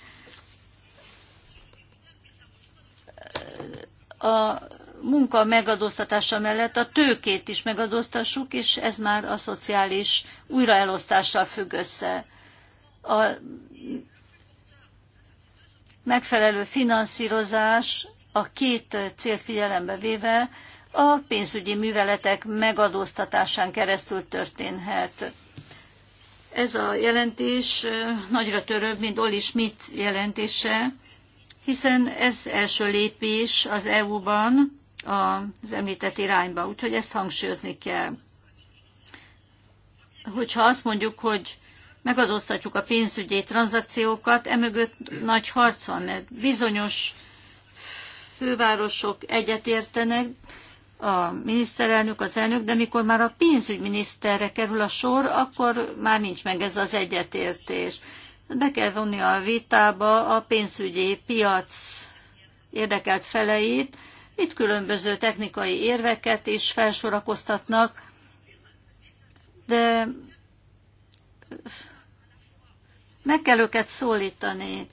a munka megadóztatása mellett a tőkét is megadóztassuk, és ez már a szociális újraelosztással függ össze. A megfelelő finanszírozás a két célt figyelembe véve a pénzügyi műveletek megadóztatásán keresztül történhet. Ez a jelentés nagyra törőbb, mint Oli Schmidt jelentése, hiszen ez első lépés az EU-ban, az említett irányba. Úgyhogy ezt hangsúlyozni kell. Hogyha azt mondjuk, hogy megadóztatjuk a pénzügyi tranzakciókat, emögött nagy harc van, mert bizonyos fővárosok egyetértenek, a miniszterelnök, az elnök, de mikor már a pénzügyminiszterre kerül a sor, akkor már nincs meg ez az egyetértés. Be kell vonni a vitába a pénzügyi piac érdekelt feleit, itt különböző technikai érveket is felsorakoztatnak, de meg kell őket szólítani.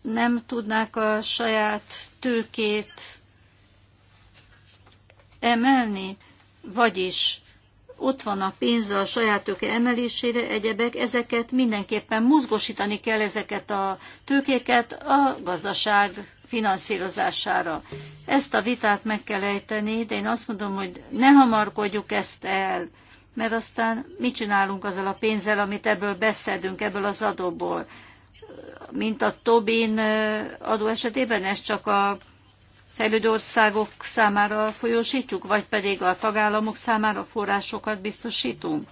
Nem tudnák a saját tőkét emelni, vagyis ott van a pénz a saját tőke emelésére, egyebek, ezeket mindenképpen mozgosítani kell ezeket a tőkéket a gazdaság finanszírozására. Ezt a vitát meg kell ejteni, de én azt mondom, hogy ne hamarkodjuk ezt el, mert aztán mit csinálunk azzal a pénzzel, amit ebből beszedünk, ebből az adóból. Mint a Tobin adó esetében, ez csak a fejlődő országok számára folyósítjuk, vagy pedig a tagállamok számára forrásokat biztosítunk,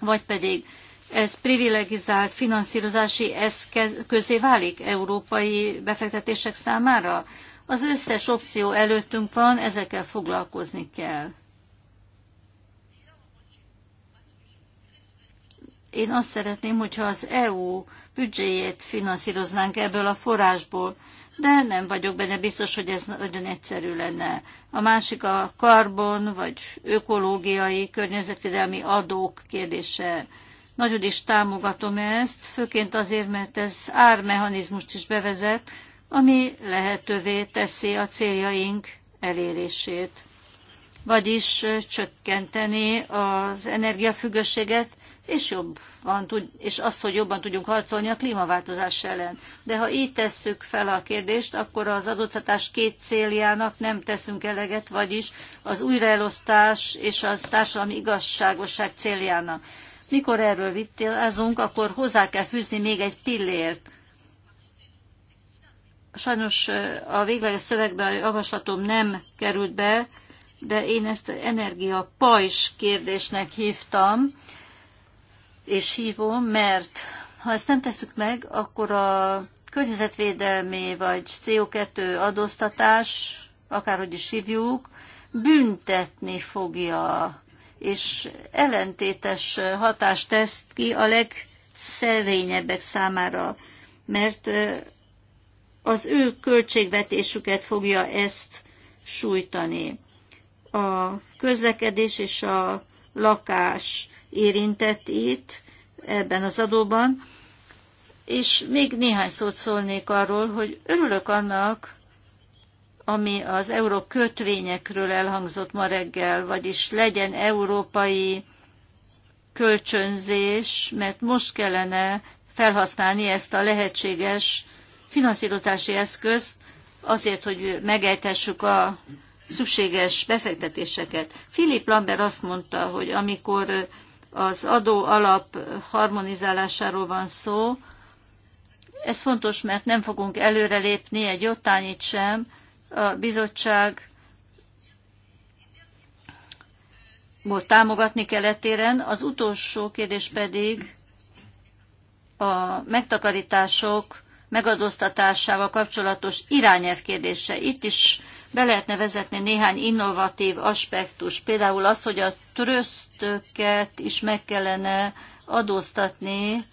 vagy pedig ez privilegizált finanszírozási eszközé válik európai befektetések számára? Az összes opció előttünk van, ezekkel foglalkozni kell. Én azt szeretném, hogyha az EU büdzséjét finanszíroznánk ebből a forrásból, de nem vagyok benne biztos, hogy ez nagyon egyszerű lenne. A másik a karbon vagy ökológiai környezetvédelmi adók kérdése nagyon is támogatom ezt, főként azért, mert ez ármechanizmust is bevezet, ami lehetővé teszi a céljaink elérését. Vagyis csökkenteni az energiafüggőséget, és jobban tud, és az, hogy jobban tudjunk harcolni a klímaváltozás ellen. De ha így tesszük fel a kérdést, akkor az adóztatás két céljának nem teszünk eleget, vagyis az újraelosztás és az társadalmi igazságosság céljának mikor erről vitázunk, akkor hozzá kell fűzni még egy pillért. Sajnos a végleges szövegben a javaslatom nem került be, de én ezt energia pajs kérdésnek hívtam, és hívom, mert ha ezt nem tesszük meg, akkor a környezetvédelmi vagy CO2 adóztatás, akárhogy is hívjuk, büntetni fogja és ellentétes hatást tesz ki a legszerényebbek számára, mert az ő költségvetésüket fogja ezt sújtani. A közlekedés és a lakás érintett itt, ebben az adóban, és még néhány szót szólnék arról, hogy örülök annak, ami az euró kötvényekről elhangzott ma reggel, vagyis legyen európai kölcsönzés, mert most kellene felhasználni ezt a lehetséges finanszírozási eszközt azért, hogy megejtessük a szükséges befektetéseket. Philip Lambert azt mondta, hogy amikor az adó alap harmonizálásáról van szó, ez fontos, mert nem fogunk előrelépni egy jottányit sem, a bizottság most támogatni keletéren, az utolsó kérdés pedig a megtakarítások megadóztatásával kapcsolatos irányelv kérdése. Itt is be lehetne vezetni néhány innovatív aspektus, például az, hogy a trösztöket is meg kellene adóztatni,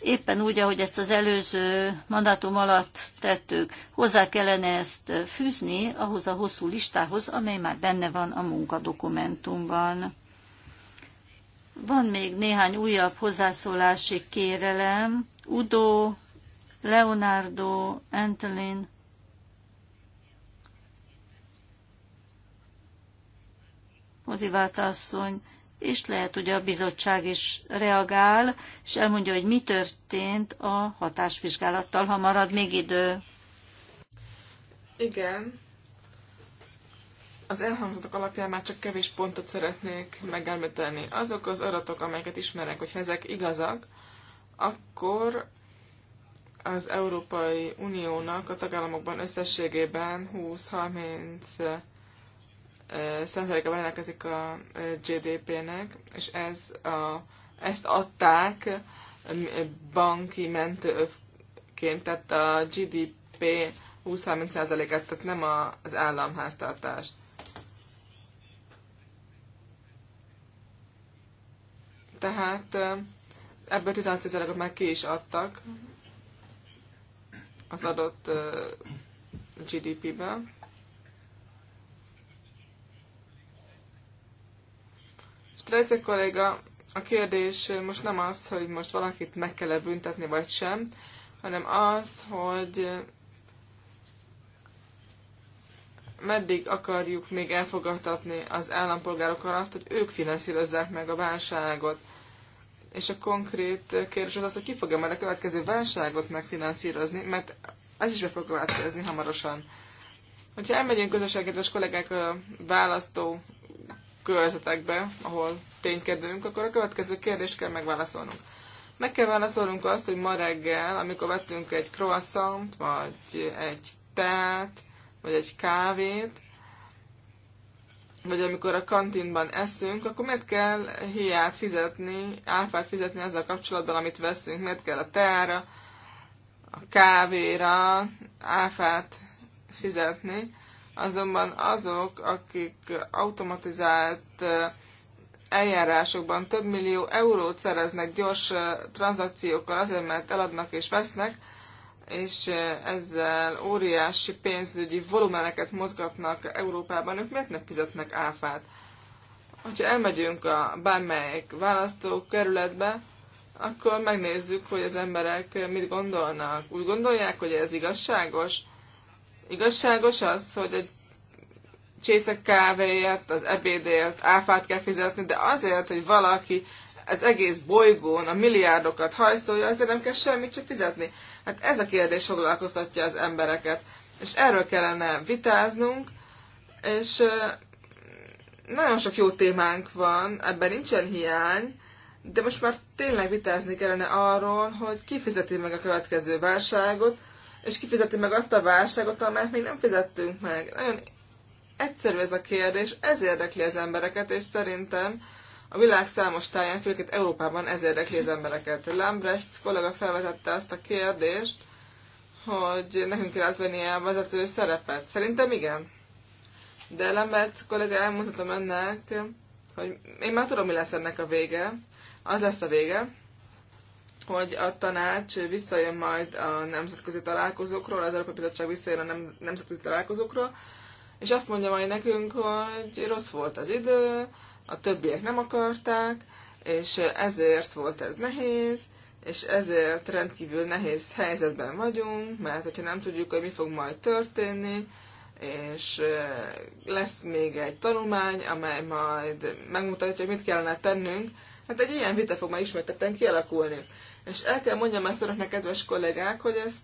éppen úgy, ahogy ezt az előző mandátum alatt tettük, hozzá kellene ezt fűzni ahhoz a hosszú listához, amely már benne van a munkadokumentumban. Van még néhány újabb hozzászólási kérelem. Udo, Leonardo, Antolin. Motivált asszony, és lehet, hogy a bizottság is reagál, és elmondja, hogy mi történt a hatásvizsgálattal, ha marad még idő. Igen. Az elhangzottak alapján már csak kevés pontot szeretnék megelmíteni. Azok az adatok, amelyeket ismerek, hogy ezek igazak, akkor az Európai Uniónak a tagállamokban összességében 20-30 százaléka rendelkezik a GDP-nek, és ez a, ezt adták banki mentőként, tehát a GDP 20-30%-át, tehát nem az államháztartást. Tehát ebből 16%-ot már ki is adtak mhm. az adott GDP-ben. Strejce kolléga, a kérdés most nem az, hogy most valakit meg kell -e büntetni, vagy sem, hanem az, hogy meddig akarjuk még elfogadhatni az állampolgárokkal azt, hogy ők finanszírozzák meg a válságot. És a konkrét kérdés az az, hogy ki fogja már a következő válságot megfinanszírozni, mert ez is be fog következni hamarosan. Hogyha elmegyünk közösségedves kollégák, a választó körzetekbe, ahol ténykedünk, akkor a következő kérdést kell megválaszolnunk. Meg kell válaszolnunk azt, hogy ma reggel, amikor vettünk egy croissant, vagy egy teát, vagy egy kávét, vagy amikor a kantinban eszünk, akkor miért kell hiát fizetni, áfát fizetni ezzel kapcsolatban, amit veszünk, miért kell a teára, a kávéra áfát fizetni azonban azok, akik automatizált eljárásokban több millió eurót szereznek gyors tranzakciókkal azért, mert eladnak és vesznek, és ezzel óriási pénzügyi volumeneket mozgatnak Európában, ők miért nem fizetnek áfát? Hogyha elmegyünk a bármelyik választókerületbe, akkor megnézzük, hogy az emberek mit gondolnak. Úgy gondolják, hogy ez igazságos? Igazságos az, hogy egy csésze kávéért, az ebédért áfát kell fizetni, de azért, hogy valaki az egész bolygón a milliárdokat hajszolja, azért nem kell semmit csak fizetni. Hát ez a kérdés foglalkoztatja az embereket. És erről kellene vitáznunk, és nagyon sok jó témánk van, ebben nincsen hiány, de most már tényleg vitázni kellene arról, hogy ki fizeti meg a következő válságot, és kifizeti meg azt a válságot, amelyet még nem fizettünk meg. Nagyon egyszerű ez a kérdés, ez érdekli az embereket, és szerintem a világ számos táján, főként Európában ez érdekli az embereket. Lambrecht kollega felvetette azt a kérdést, hogy nekünk kell átvenni a vezető szerepet. Szerintem igen. De Lambert kollega elmondhatom ennek, hogy én már tudom, mi lesz ennek a vége. Az lesz a vége, hogy a tanács visszajön majd a nemzetközi találkozókról, az Európai Bizottság visszajön a nem, nemzetközi találkozókról, és azt mondja majd nekünk, hogy rossz volt az idő, a többiek nem akarták, és ezért volt ez nehéz, és ezért rendkívül nehéz helyzetben vagyunk, mert hogyha nem tudjuk, hogy mi fog majd történni, és eh, lesz még egy tanulmány, amely majd megmutatja, hogy mit kellene tennünk, hát egy ilyen vita fog már ismertetten kialakulni. És el kell mondjam ezt önöknek, kedves kollégák, hogy ezt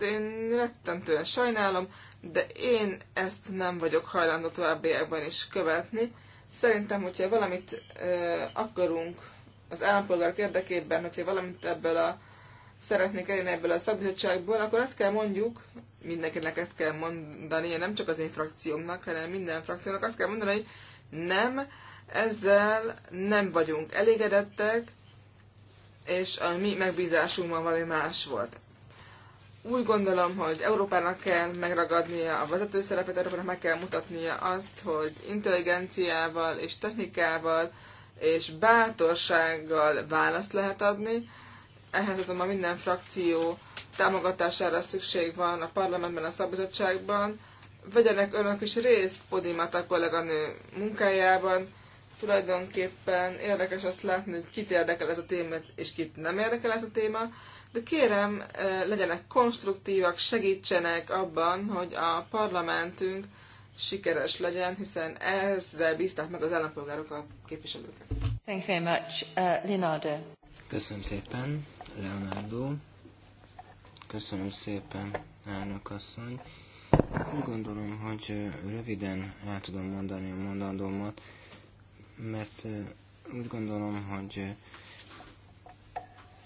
én rettentően sajnálom, de én ezt nem vagyok hajlandó továbbiakban is követni. Szerintem, hogyha valamit e, akarunk az állampolgárok érdekében, hogyha valamit ebből a szeretnék elérni ebből a szakbizottságból, akkor azt kell mondjuk, mindenkinek ezt kell mondani, nem csak az én frakciómnak, hanem minden frakciónak azt kell mondani, hogy nem, ezzel nem vagyunk elégedettek, és a mi megbízásunkban valami más volt. Úgy gondolom, hogy Európának kell megragadnia a vezető szerepet, Európának meg kell mutatnia azt, hogy intelligenciával és technikával és bátorsággal választ lehet adni. Ehhez azonban minden frakció támogatására szükség van a parlamentben, a szabadságban. Vegyenek önök is részt Podimata kolléganő munkájában, tulajdonképpen érdekes azt látni, hogy kit érdekel ez a téma, és kit nem érdekel ez a téma, de kérem, eh, legyenek konstruktívak, segítsenek abban, hogy a parlamentünk sikeres legyen, hiszen ezzel bízták meg az állampolgárok a képviselőket. Thank you very much, uh, Leonardo. Köszönöm szépen, Leonardo. Köszönöm szépen, elnök asszony. Úgy gondolom, hogy eh, röviden el tudom mondani a mondandómat mert úgy gondolom, hogy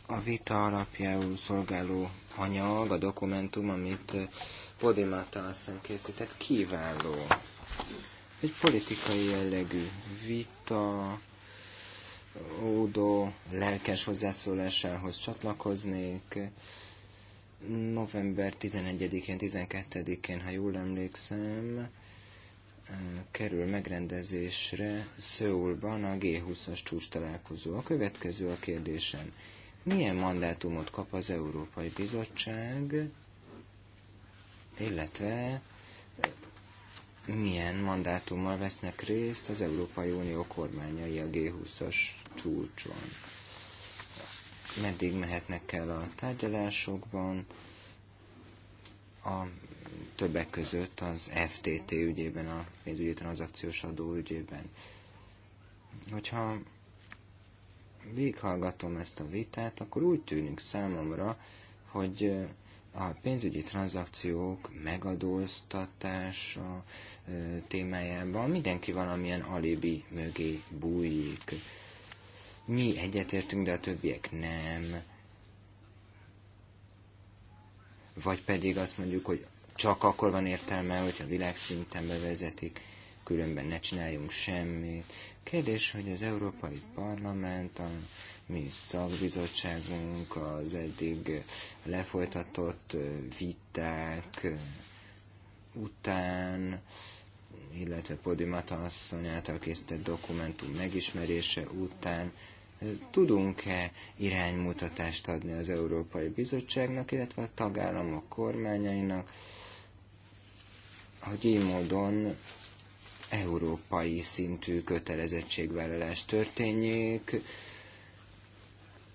a vita alapjául szolgáló anyag, a dokumentum, amit Podimata asszony készített, kiváló. Egy politikai jellegű vita, Ódó lelkes hozzászólásához csatlakoznék. November 11-én, 12-én, ha jól emlékszem, kerül megrendezésre Szöulban a G20-as csúcs találkozó. A következő a kérdésem. Milyen mandátumot kap az Európai Bizottság, illetve milyen mandátummal vesznek részt az Európai Unió kormányai a G20-as csúcson? Meddig mehetnek el a tárgyalásokban? A többek között az FTT ügyében, a pénzügyi tranzakciós adó ügyében. Hogyha véghallgatom ezt a vitát, akkor úgy tűnik számomra, hogy a pénzügyi tranzakciók megadóztatása témájában mindenki valamilyen alibi mögé bújik. Mi egyetértünk, de a többiek nem. Vagy pedig azt mondjuk, hogy csak akkor van értelme, hogyha világszinten bevezetik, különben ne csináljunk semmit. Kérdés, hogy az Európai Parlament, a mi szakbizottságunk, az eddig lefolytatott viták után, illetve Podimata asszony által készített dokumentum megismerése után tudunk-e iránymutatást adni az Európai Bizottságnak, illetve a tagállamok kormányainak, hogy így módon európai szintű kötelezettségvállalás történjék,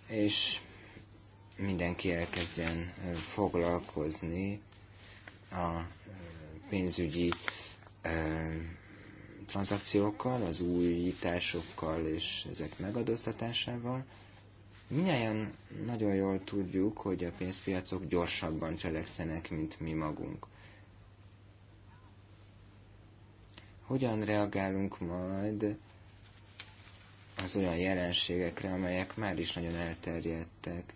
és mindenki elkezdjen foglalkozni a pénzügyi tranzakciókkal, az újításokkal és ezek megadóztatásával. Mindjárt nagyon jól tudjuk, hogy a pénzpiacok gyorsabban cselekszenek, mint mi magunk. Hogyan reagálunk majd az olyan jelenségekre, amelyek már is nagyon elterjedtek?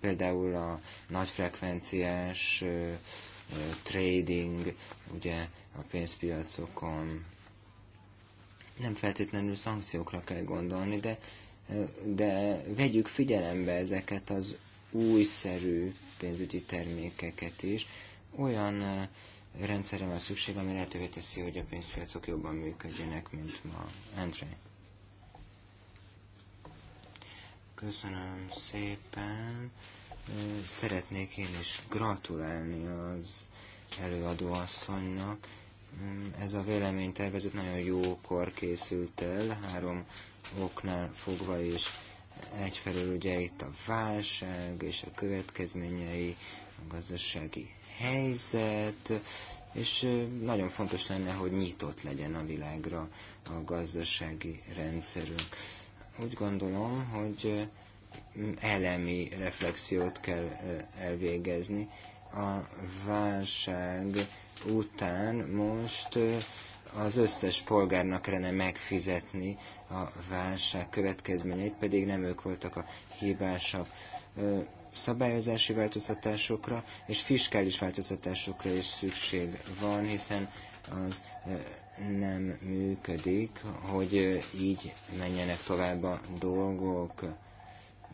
Például a nagyfrekvenciás trading, ugye a pénzpiacokon. Nem feltétlenül szankciókra kell gondolni, de, de vegyük figyelembe ezeket az újszerű pénzügyi termékeket is, olyan rendszerre van szükség, ami lehetővé teszi, hogy a pénzpiacok jobban működjenek, mint ma. Andre. Köszönöm szépen. Szeretnék én is gratulálni az előadó asszonynak. Ez a véleménytervezet nagyon jókor készült el, három oknál fogva is. Egyfelől ugye itt a válság és a következményei, a gazdasági helyzet, és nagyon fontos lenne, hogy nyitott legyen a világra a gazdasági rendszerünk. Úgy gondolom, hogy elemi reflexiót kell elvégezni. A válság után most az összes polgárnak kellene megfizetni a válság következményeit, pedig nem ők voltak a hibásak szabályozási változtatásokra és fiskális változtatásokra is szükség van, hiszen az nem működik, hogy így menjenek tovább a dolgok.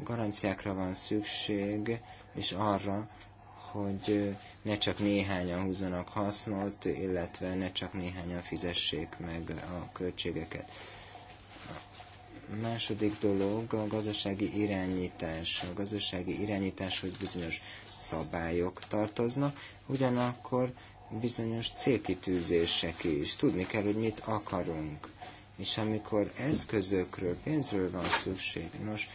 Garanciákra van szükség, és arra, hogy ne csak néhányan húzzanak hasznot, illetve ne csak néhányan fizessék meg a költségeket Második dolog a gazdasági irányítás. A gazdasági irányításhoz bizonyos szabályok tartoznak, ugyanakkor bizonyos célkitűzések is. Tudni kell, hogy mit akarunk. És amikor eszközökről, pénzről van szükség, nos,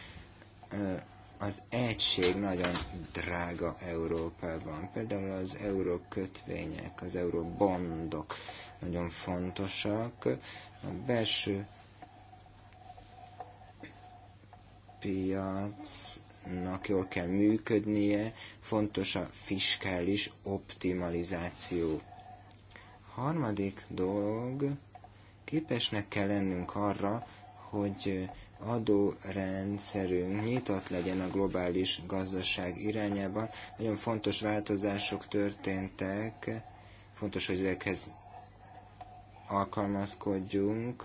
az egység nagyon drága Európában. Például az euró kötvények az euró bondok nagyon fontosak. A belső piacnak jól kell működnie, fontos a fiskális optimalizáció. Harmadik dolog, képesnek kell lennünk arra, hogy adórendszerünk nyitott legyen a globális gazdaság irányában. Nagyon fontos változások történtek, fontos, hogy ezekhez alkalmazkodjunk.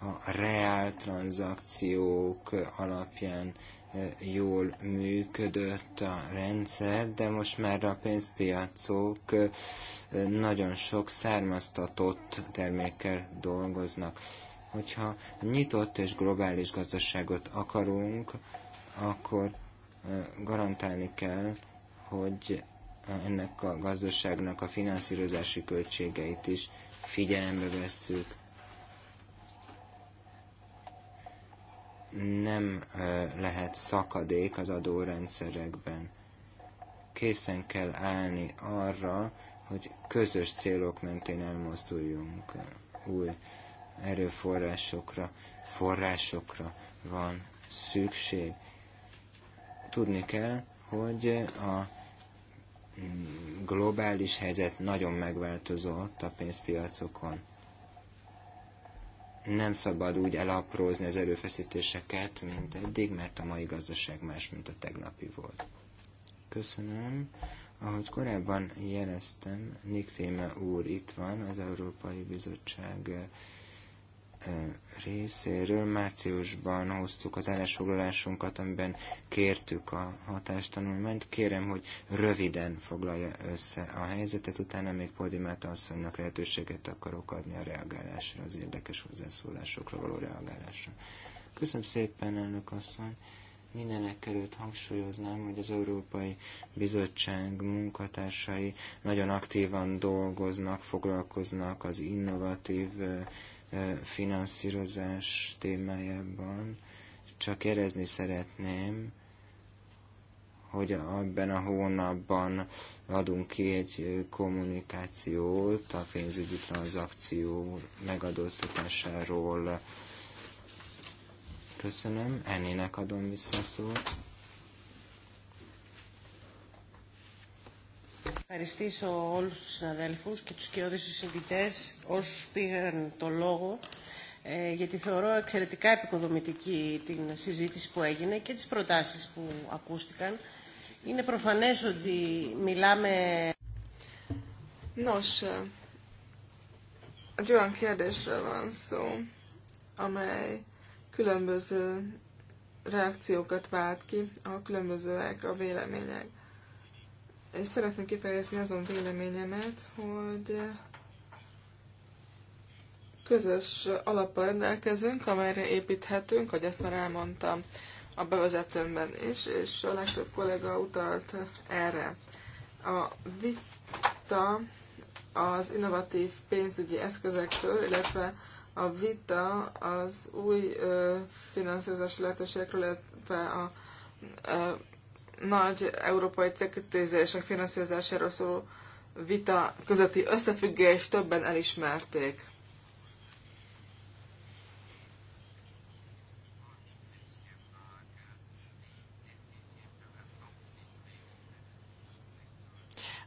a reál tranzakciók alapján eh, jól működött a rendszer, de most már a pénzpiacok eh, nagyon sok származtatott termékkel dolgoznak. Hogyha nyitott és globális gazdaságot akarunk, akkor eh, garantálni kell, hogy ennek a gazdaságnak a finanszírozási költségeit is figyelembe vesszük nem lehet szakadék az adórendszerekben. Készen kell állni arra, hogy közös célok mentén elmozduljunk új erőforrásokra, forrásokra van szükség. Tudni kell, hogy a globális helyzet nagyon megváltozott a pénzpiacokon nem szabad úgy elaprózni az erőfeszítéseket, mint eddig, mert a mai gazdaság más, mint a tegnapi volt. Köszönöm. Ahogy korábban jeleztem, Nick Téme úr itt van, az Európai Bizottság részéről. Márciusban hoztuk az állásfoglalásunkat, amiben kértük a hatástanulmányt. Kérem, hogy röviden foglalja össze a helyzetet, utána még Podimáta asszonynak lehetőséget akarok adni a reagálásra, az érdekes hozzászólásokra való reagálásra. Köszönöm szépen, elnök asszony! mindenek előtt hangsúlyoznám, hogy az Európai Bizottság munkatársai nagyon aktívan dolgoznak, foglalkoznak az innovatív finanszírozás témájában. Csak érezni szeretném, hogy ebben a hónapban adunk ki egy kommunikációt a pénzügyi tranzakció megadóztatásáról. Köszönöm, Ennének adom vissza a szót. Ευχαριστήσω όλους τους συναδέλφους και τους κοιόδες συζητητές όσους πήγαν το λόγο ε, γιατί θεωρώ εξαιρετικά επικοδομητική την συζήτηση που έγινε και τις προτάσεις που ακούστηκαν. Είναι προφανές ότι μιλάμε... Nos, egy olyan kérdésre van szó, amely különböző reakciókat vált ki, a különbözőek a vélemények és szeretném kifejezni azon véleményemet, hogy közös alappal rendelkezünk, amelyre építhetünk, hogy ezt már elmondtam a bevezetőmben is, és a legtöbb kollega utalt erre. A vita az innovatív pénzügyi eszközekről, illetve a vita az új finanszírozási lehetőségekről, illetve a nagy európai cégkötőzések finanszírozásáról szóló vita közötti összefüggés többen elismerték.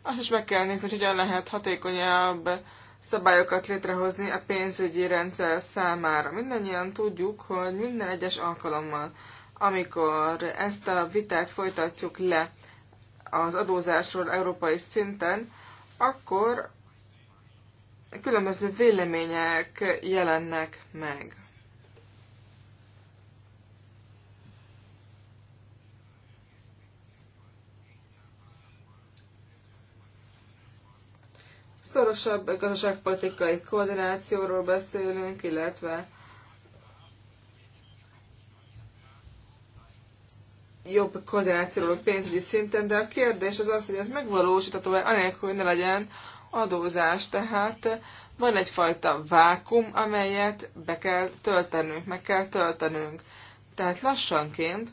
Azt is meg kell nézni, hogy hogyan lehet hatékonyabb szabályokat létrehozni a pénzügyi rendszer számára. Mindannyian tudjuk, hogy minden egyes alkalommal, amikor ezt a vitát folytatjuk le az adózásról európai szinten, akkor különböző vélemények jelennek meg. Szorosabb gazdaságpolitikai koordinációról beszélünk, illetve jobb koordinációról pénzügyi szinten, de a kérdés az az, hogy ez megvalósítható-e, anélkül, hogy ne legyen adózás. Tehát van egyfajta vákum, amelyet be kell töltenünk, meg kell töltenünk. Tehát lassanként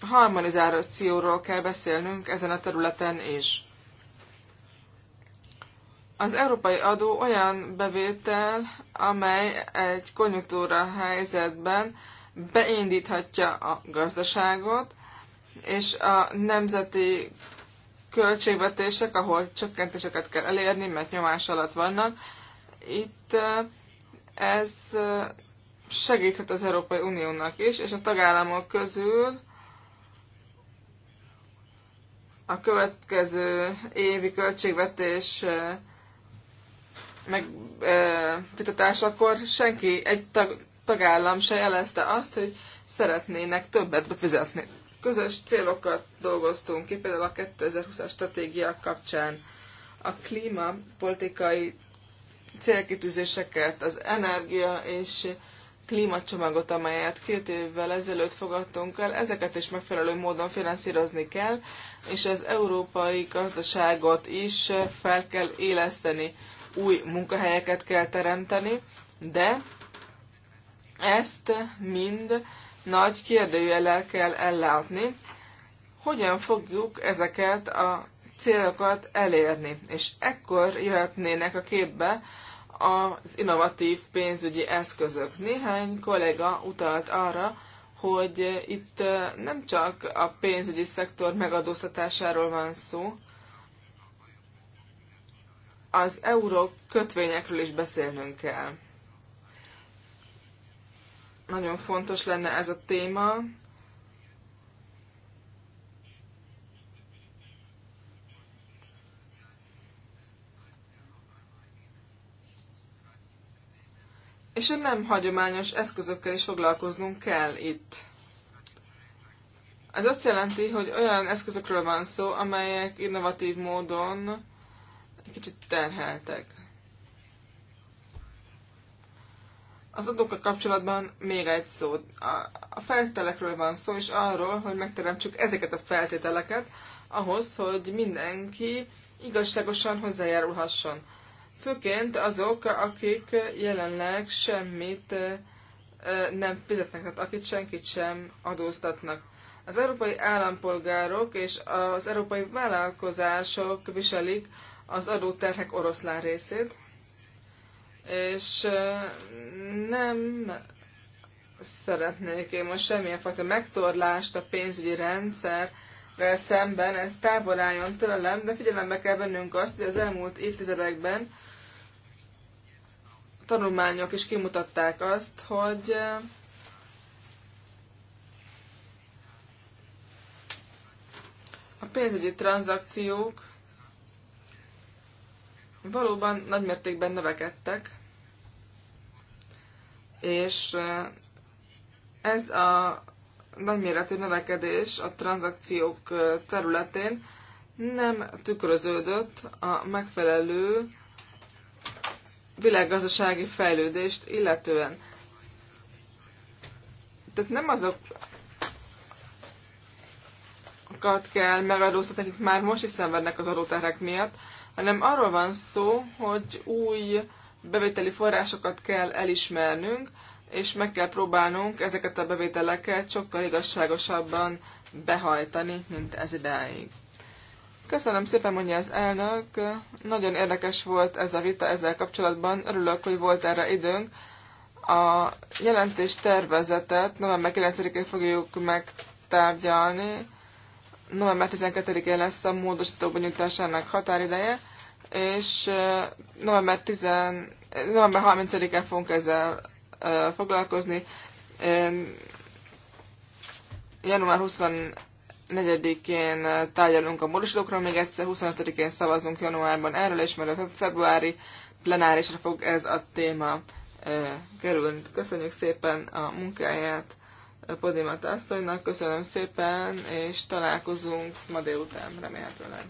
harmonizációról kell beszélnünk ezen a területen is. Az európai adó olyan bevétel, amely egy konjunktúra helyzetben beindíthatja a gazdaságot, és a nemzeti költségvetések, ahol csökkentéseket kell elérni, mert nyomás alatt vannak, itt ez segíthet az Európai Uniónak is, és a tagállamok közül a következő évi költségvetés megvitatásakor senki, egy tag, tagállam se jelezte azt, hogy szeretnének többet befizetni. Közös célokat dolgoztunk ki, például a 2020-as stratégia kapcsán a klímapolitikai célkitűzéseket, az energia és klímacsomagot, amelyet két évvel ezelőtt fogadtunk el, ezeket is megfelelő módon finanszírozni kell, és az európai gazdaságot is fel kell éleszteni, új munkahelyeket kell teremteni, de ezt mind nagy kérdőjelel kell ellátni, hogyan fogjuk ezeket a célokat elérni. És ekkor jöhetnének a képbe az innovatív pénzügyi eszközök. Néhány kollega utalt arra, hogy itt nem csak a pénzügyi szektor megadóztatásáról van szó, az euró kötvényekről is beszélnünk kell. Nagyon fontos lenne ez a téma. És a nem hagyományos eszközökkel is foglalkoznunk kell itt. Ez azt jelenti, hogy olyan eszközökről van szó, amelyek innovatív módon egy kicsit terheltek. Az adókkal kapcsolatban még egy szó. A feltételekről van szó, és arról, hogy megteremtsük ezeket a feltételeket ahhoz, hogy mindenki igazságosan hozzájárulhasson. Főként azok, akik jelenleg semmit nem fizetnek, tehát akit senkit sem adóztatnak. Az európai állampolgárok és az európai vállalkozások viselik az adóterhek oroszlán részét, és nem szeretnék én most semmilyen fajta megtorlást a pénzügyi rendszerrel szemben, ez távol álljon tőlem, de figyelembe kell vennünk azt, hogy az elmúlt évtizedekben tanulmányok is kimutatták azt, hogy a pénzügyi tranzakciók valóban nagymértékben növekedtek, és ez a nagyméretű növekedés a tranzakciók területén nem tükröződött a megfelelő világgazdasági fejlődést illetően. Tehát nem azokat kell megadóztatni, akik már most is szenvednek az adóterhek miatt, hanem arról van szó, hogy új bevételi forrásokat kell elismernünk, és meg kell próbálnunk ezeket a bevételeket sokkal igazságosabban behajtani, mint ez idáig. Köszönöm szépen, mondja az elnök. Nagyon érdekes volt ez a vita ezzel kapcsolatban. Örülök, hogy volt erre időnk. A jelentés tervezetet november 9-én fogjuk megtárgyalni november 12-én lesz a módosító benyújtásának határideje, és november, 10, november 30 én fogunk ezzel foglalkozni. Január 24-én tárgyalunk a módosítókról, még egyszer 25-én szavazunk januárban erről, és majd a februári plenárisra fog ez a téma kerülni. Köszönjük szépen a munkáját Podimata asszonynak. Köszönöm szépen, és találkozunk ma délután remélhetőleg.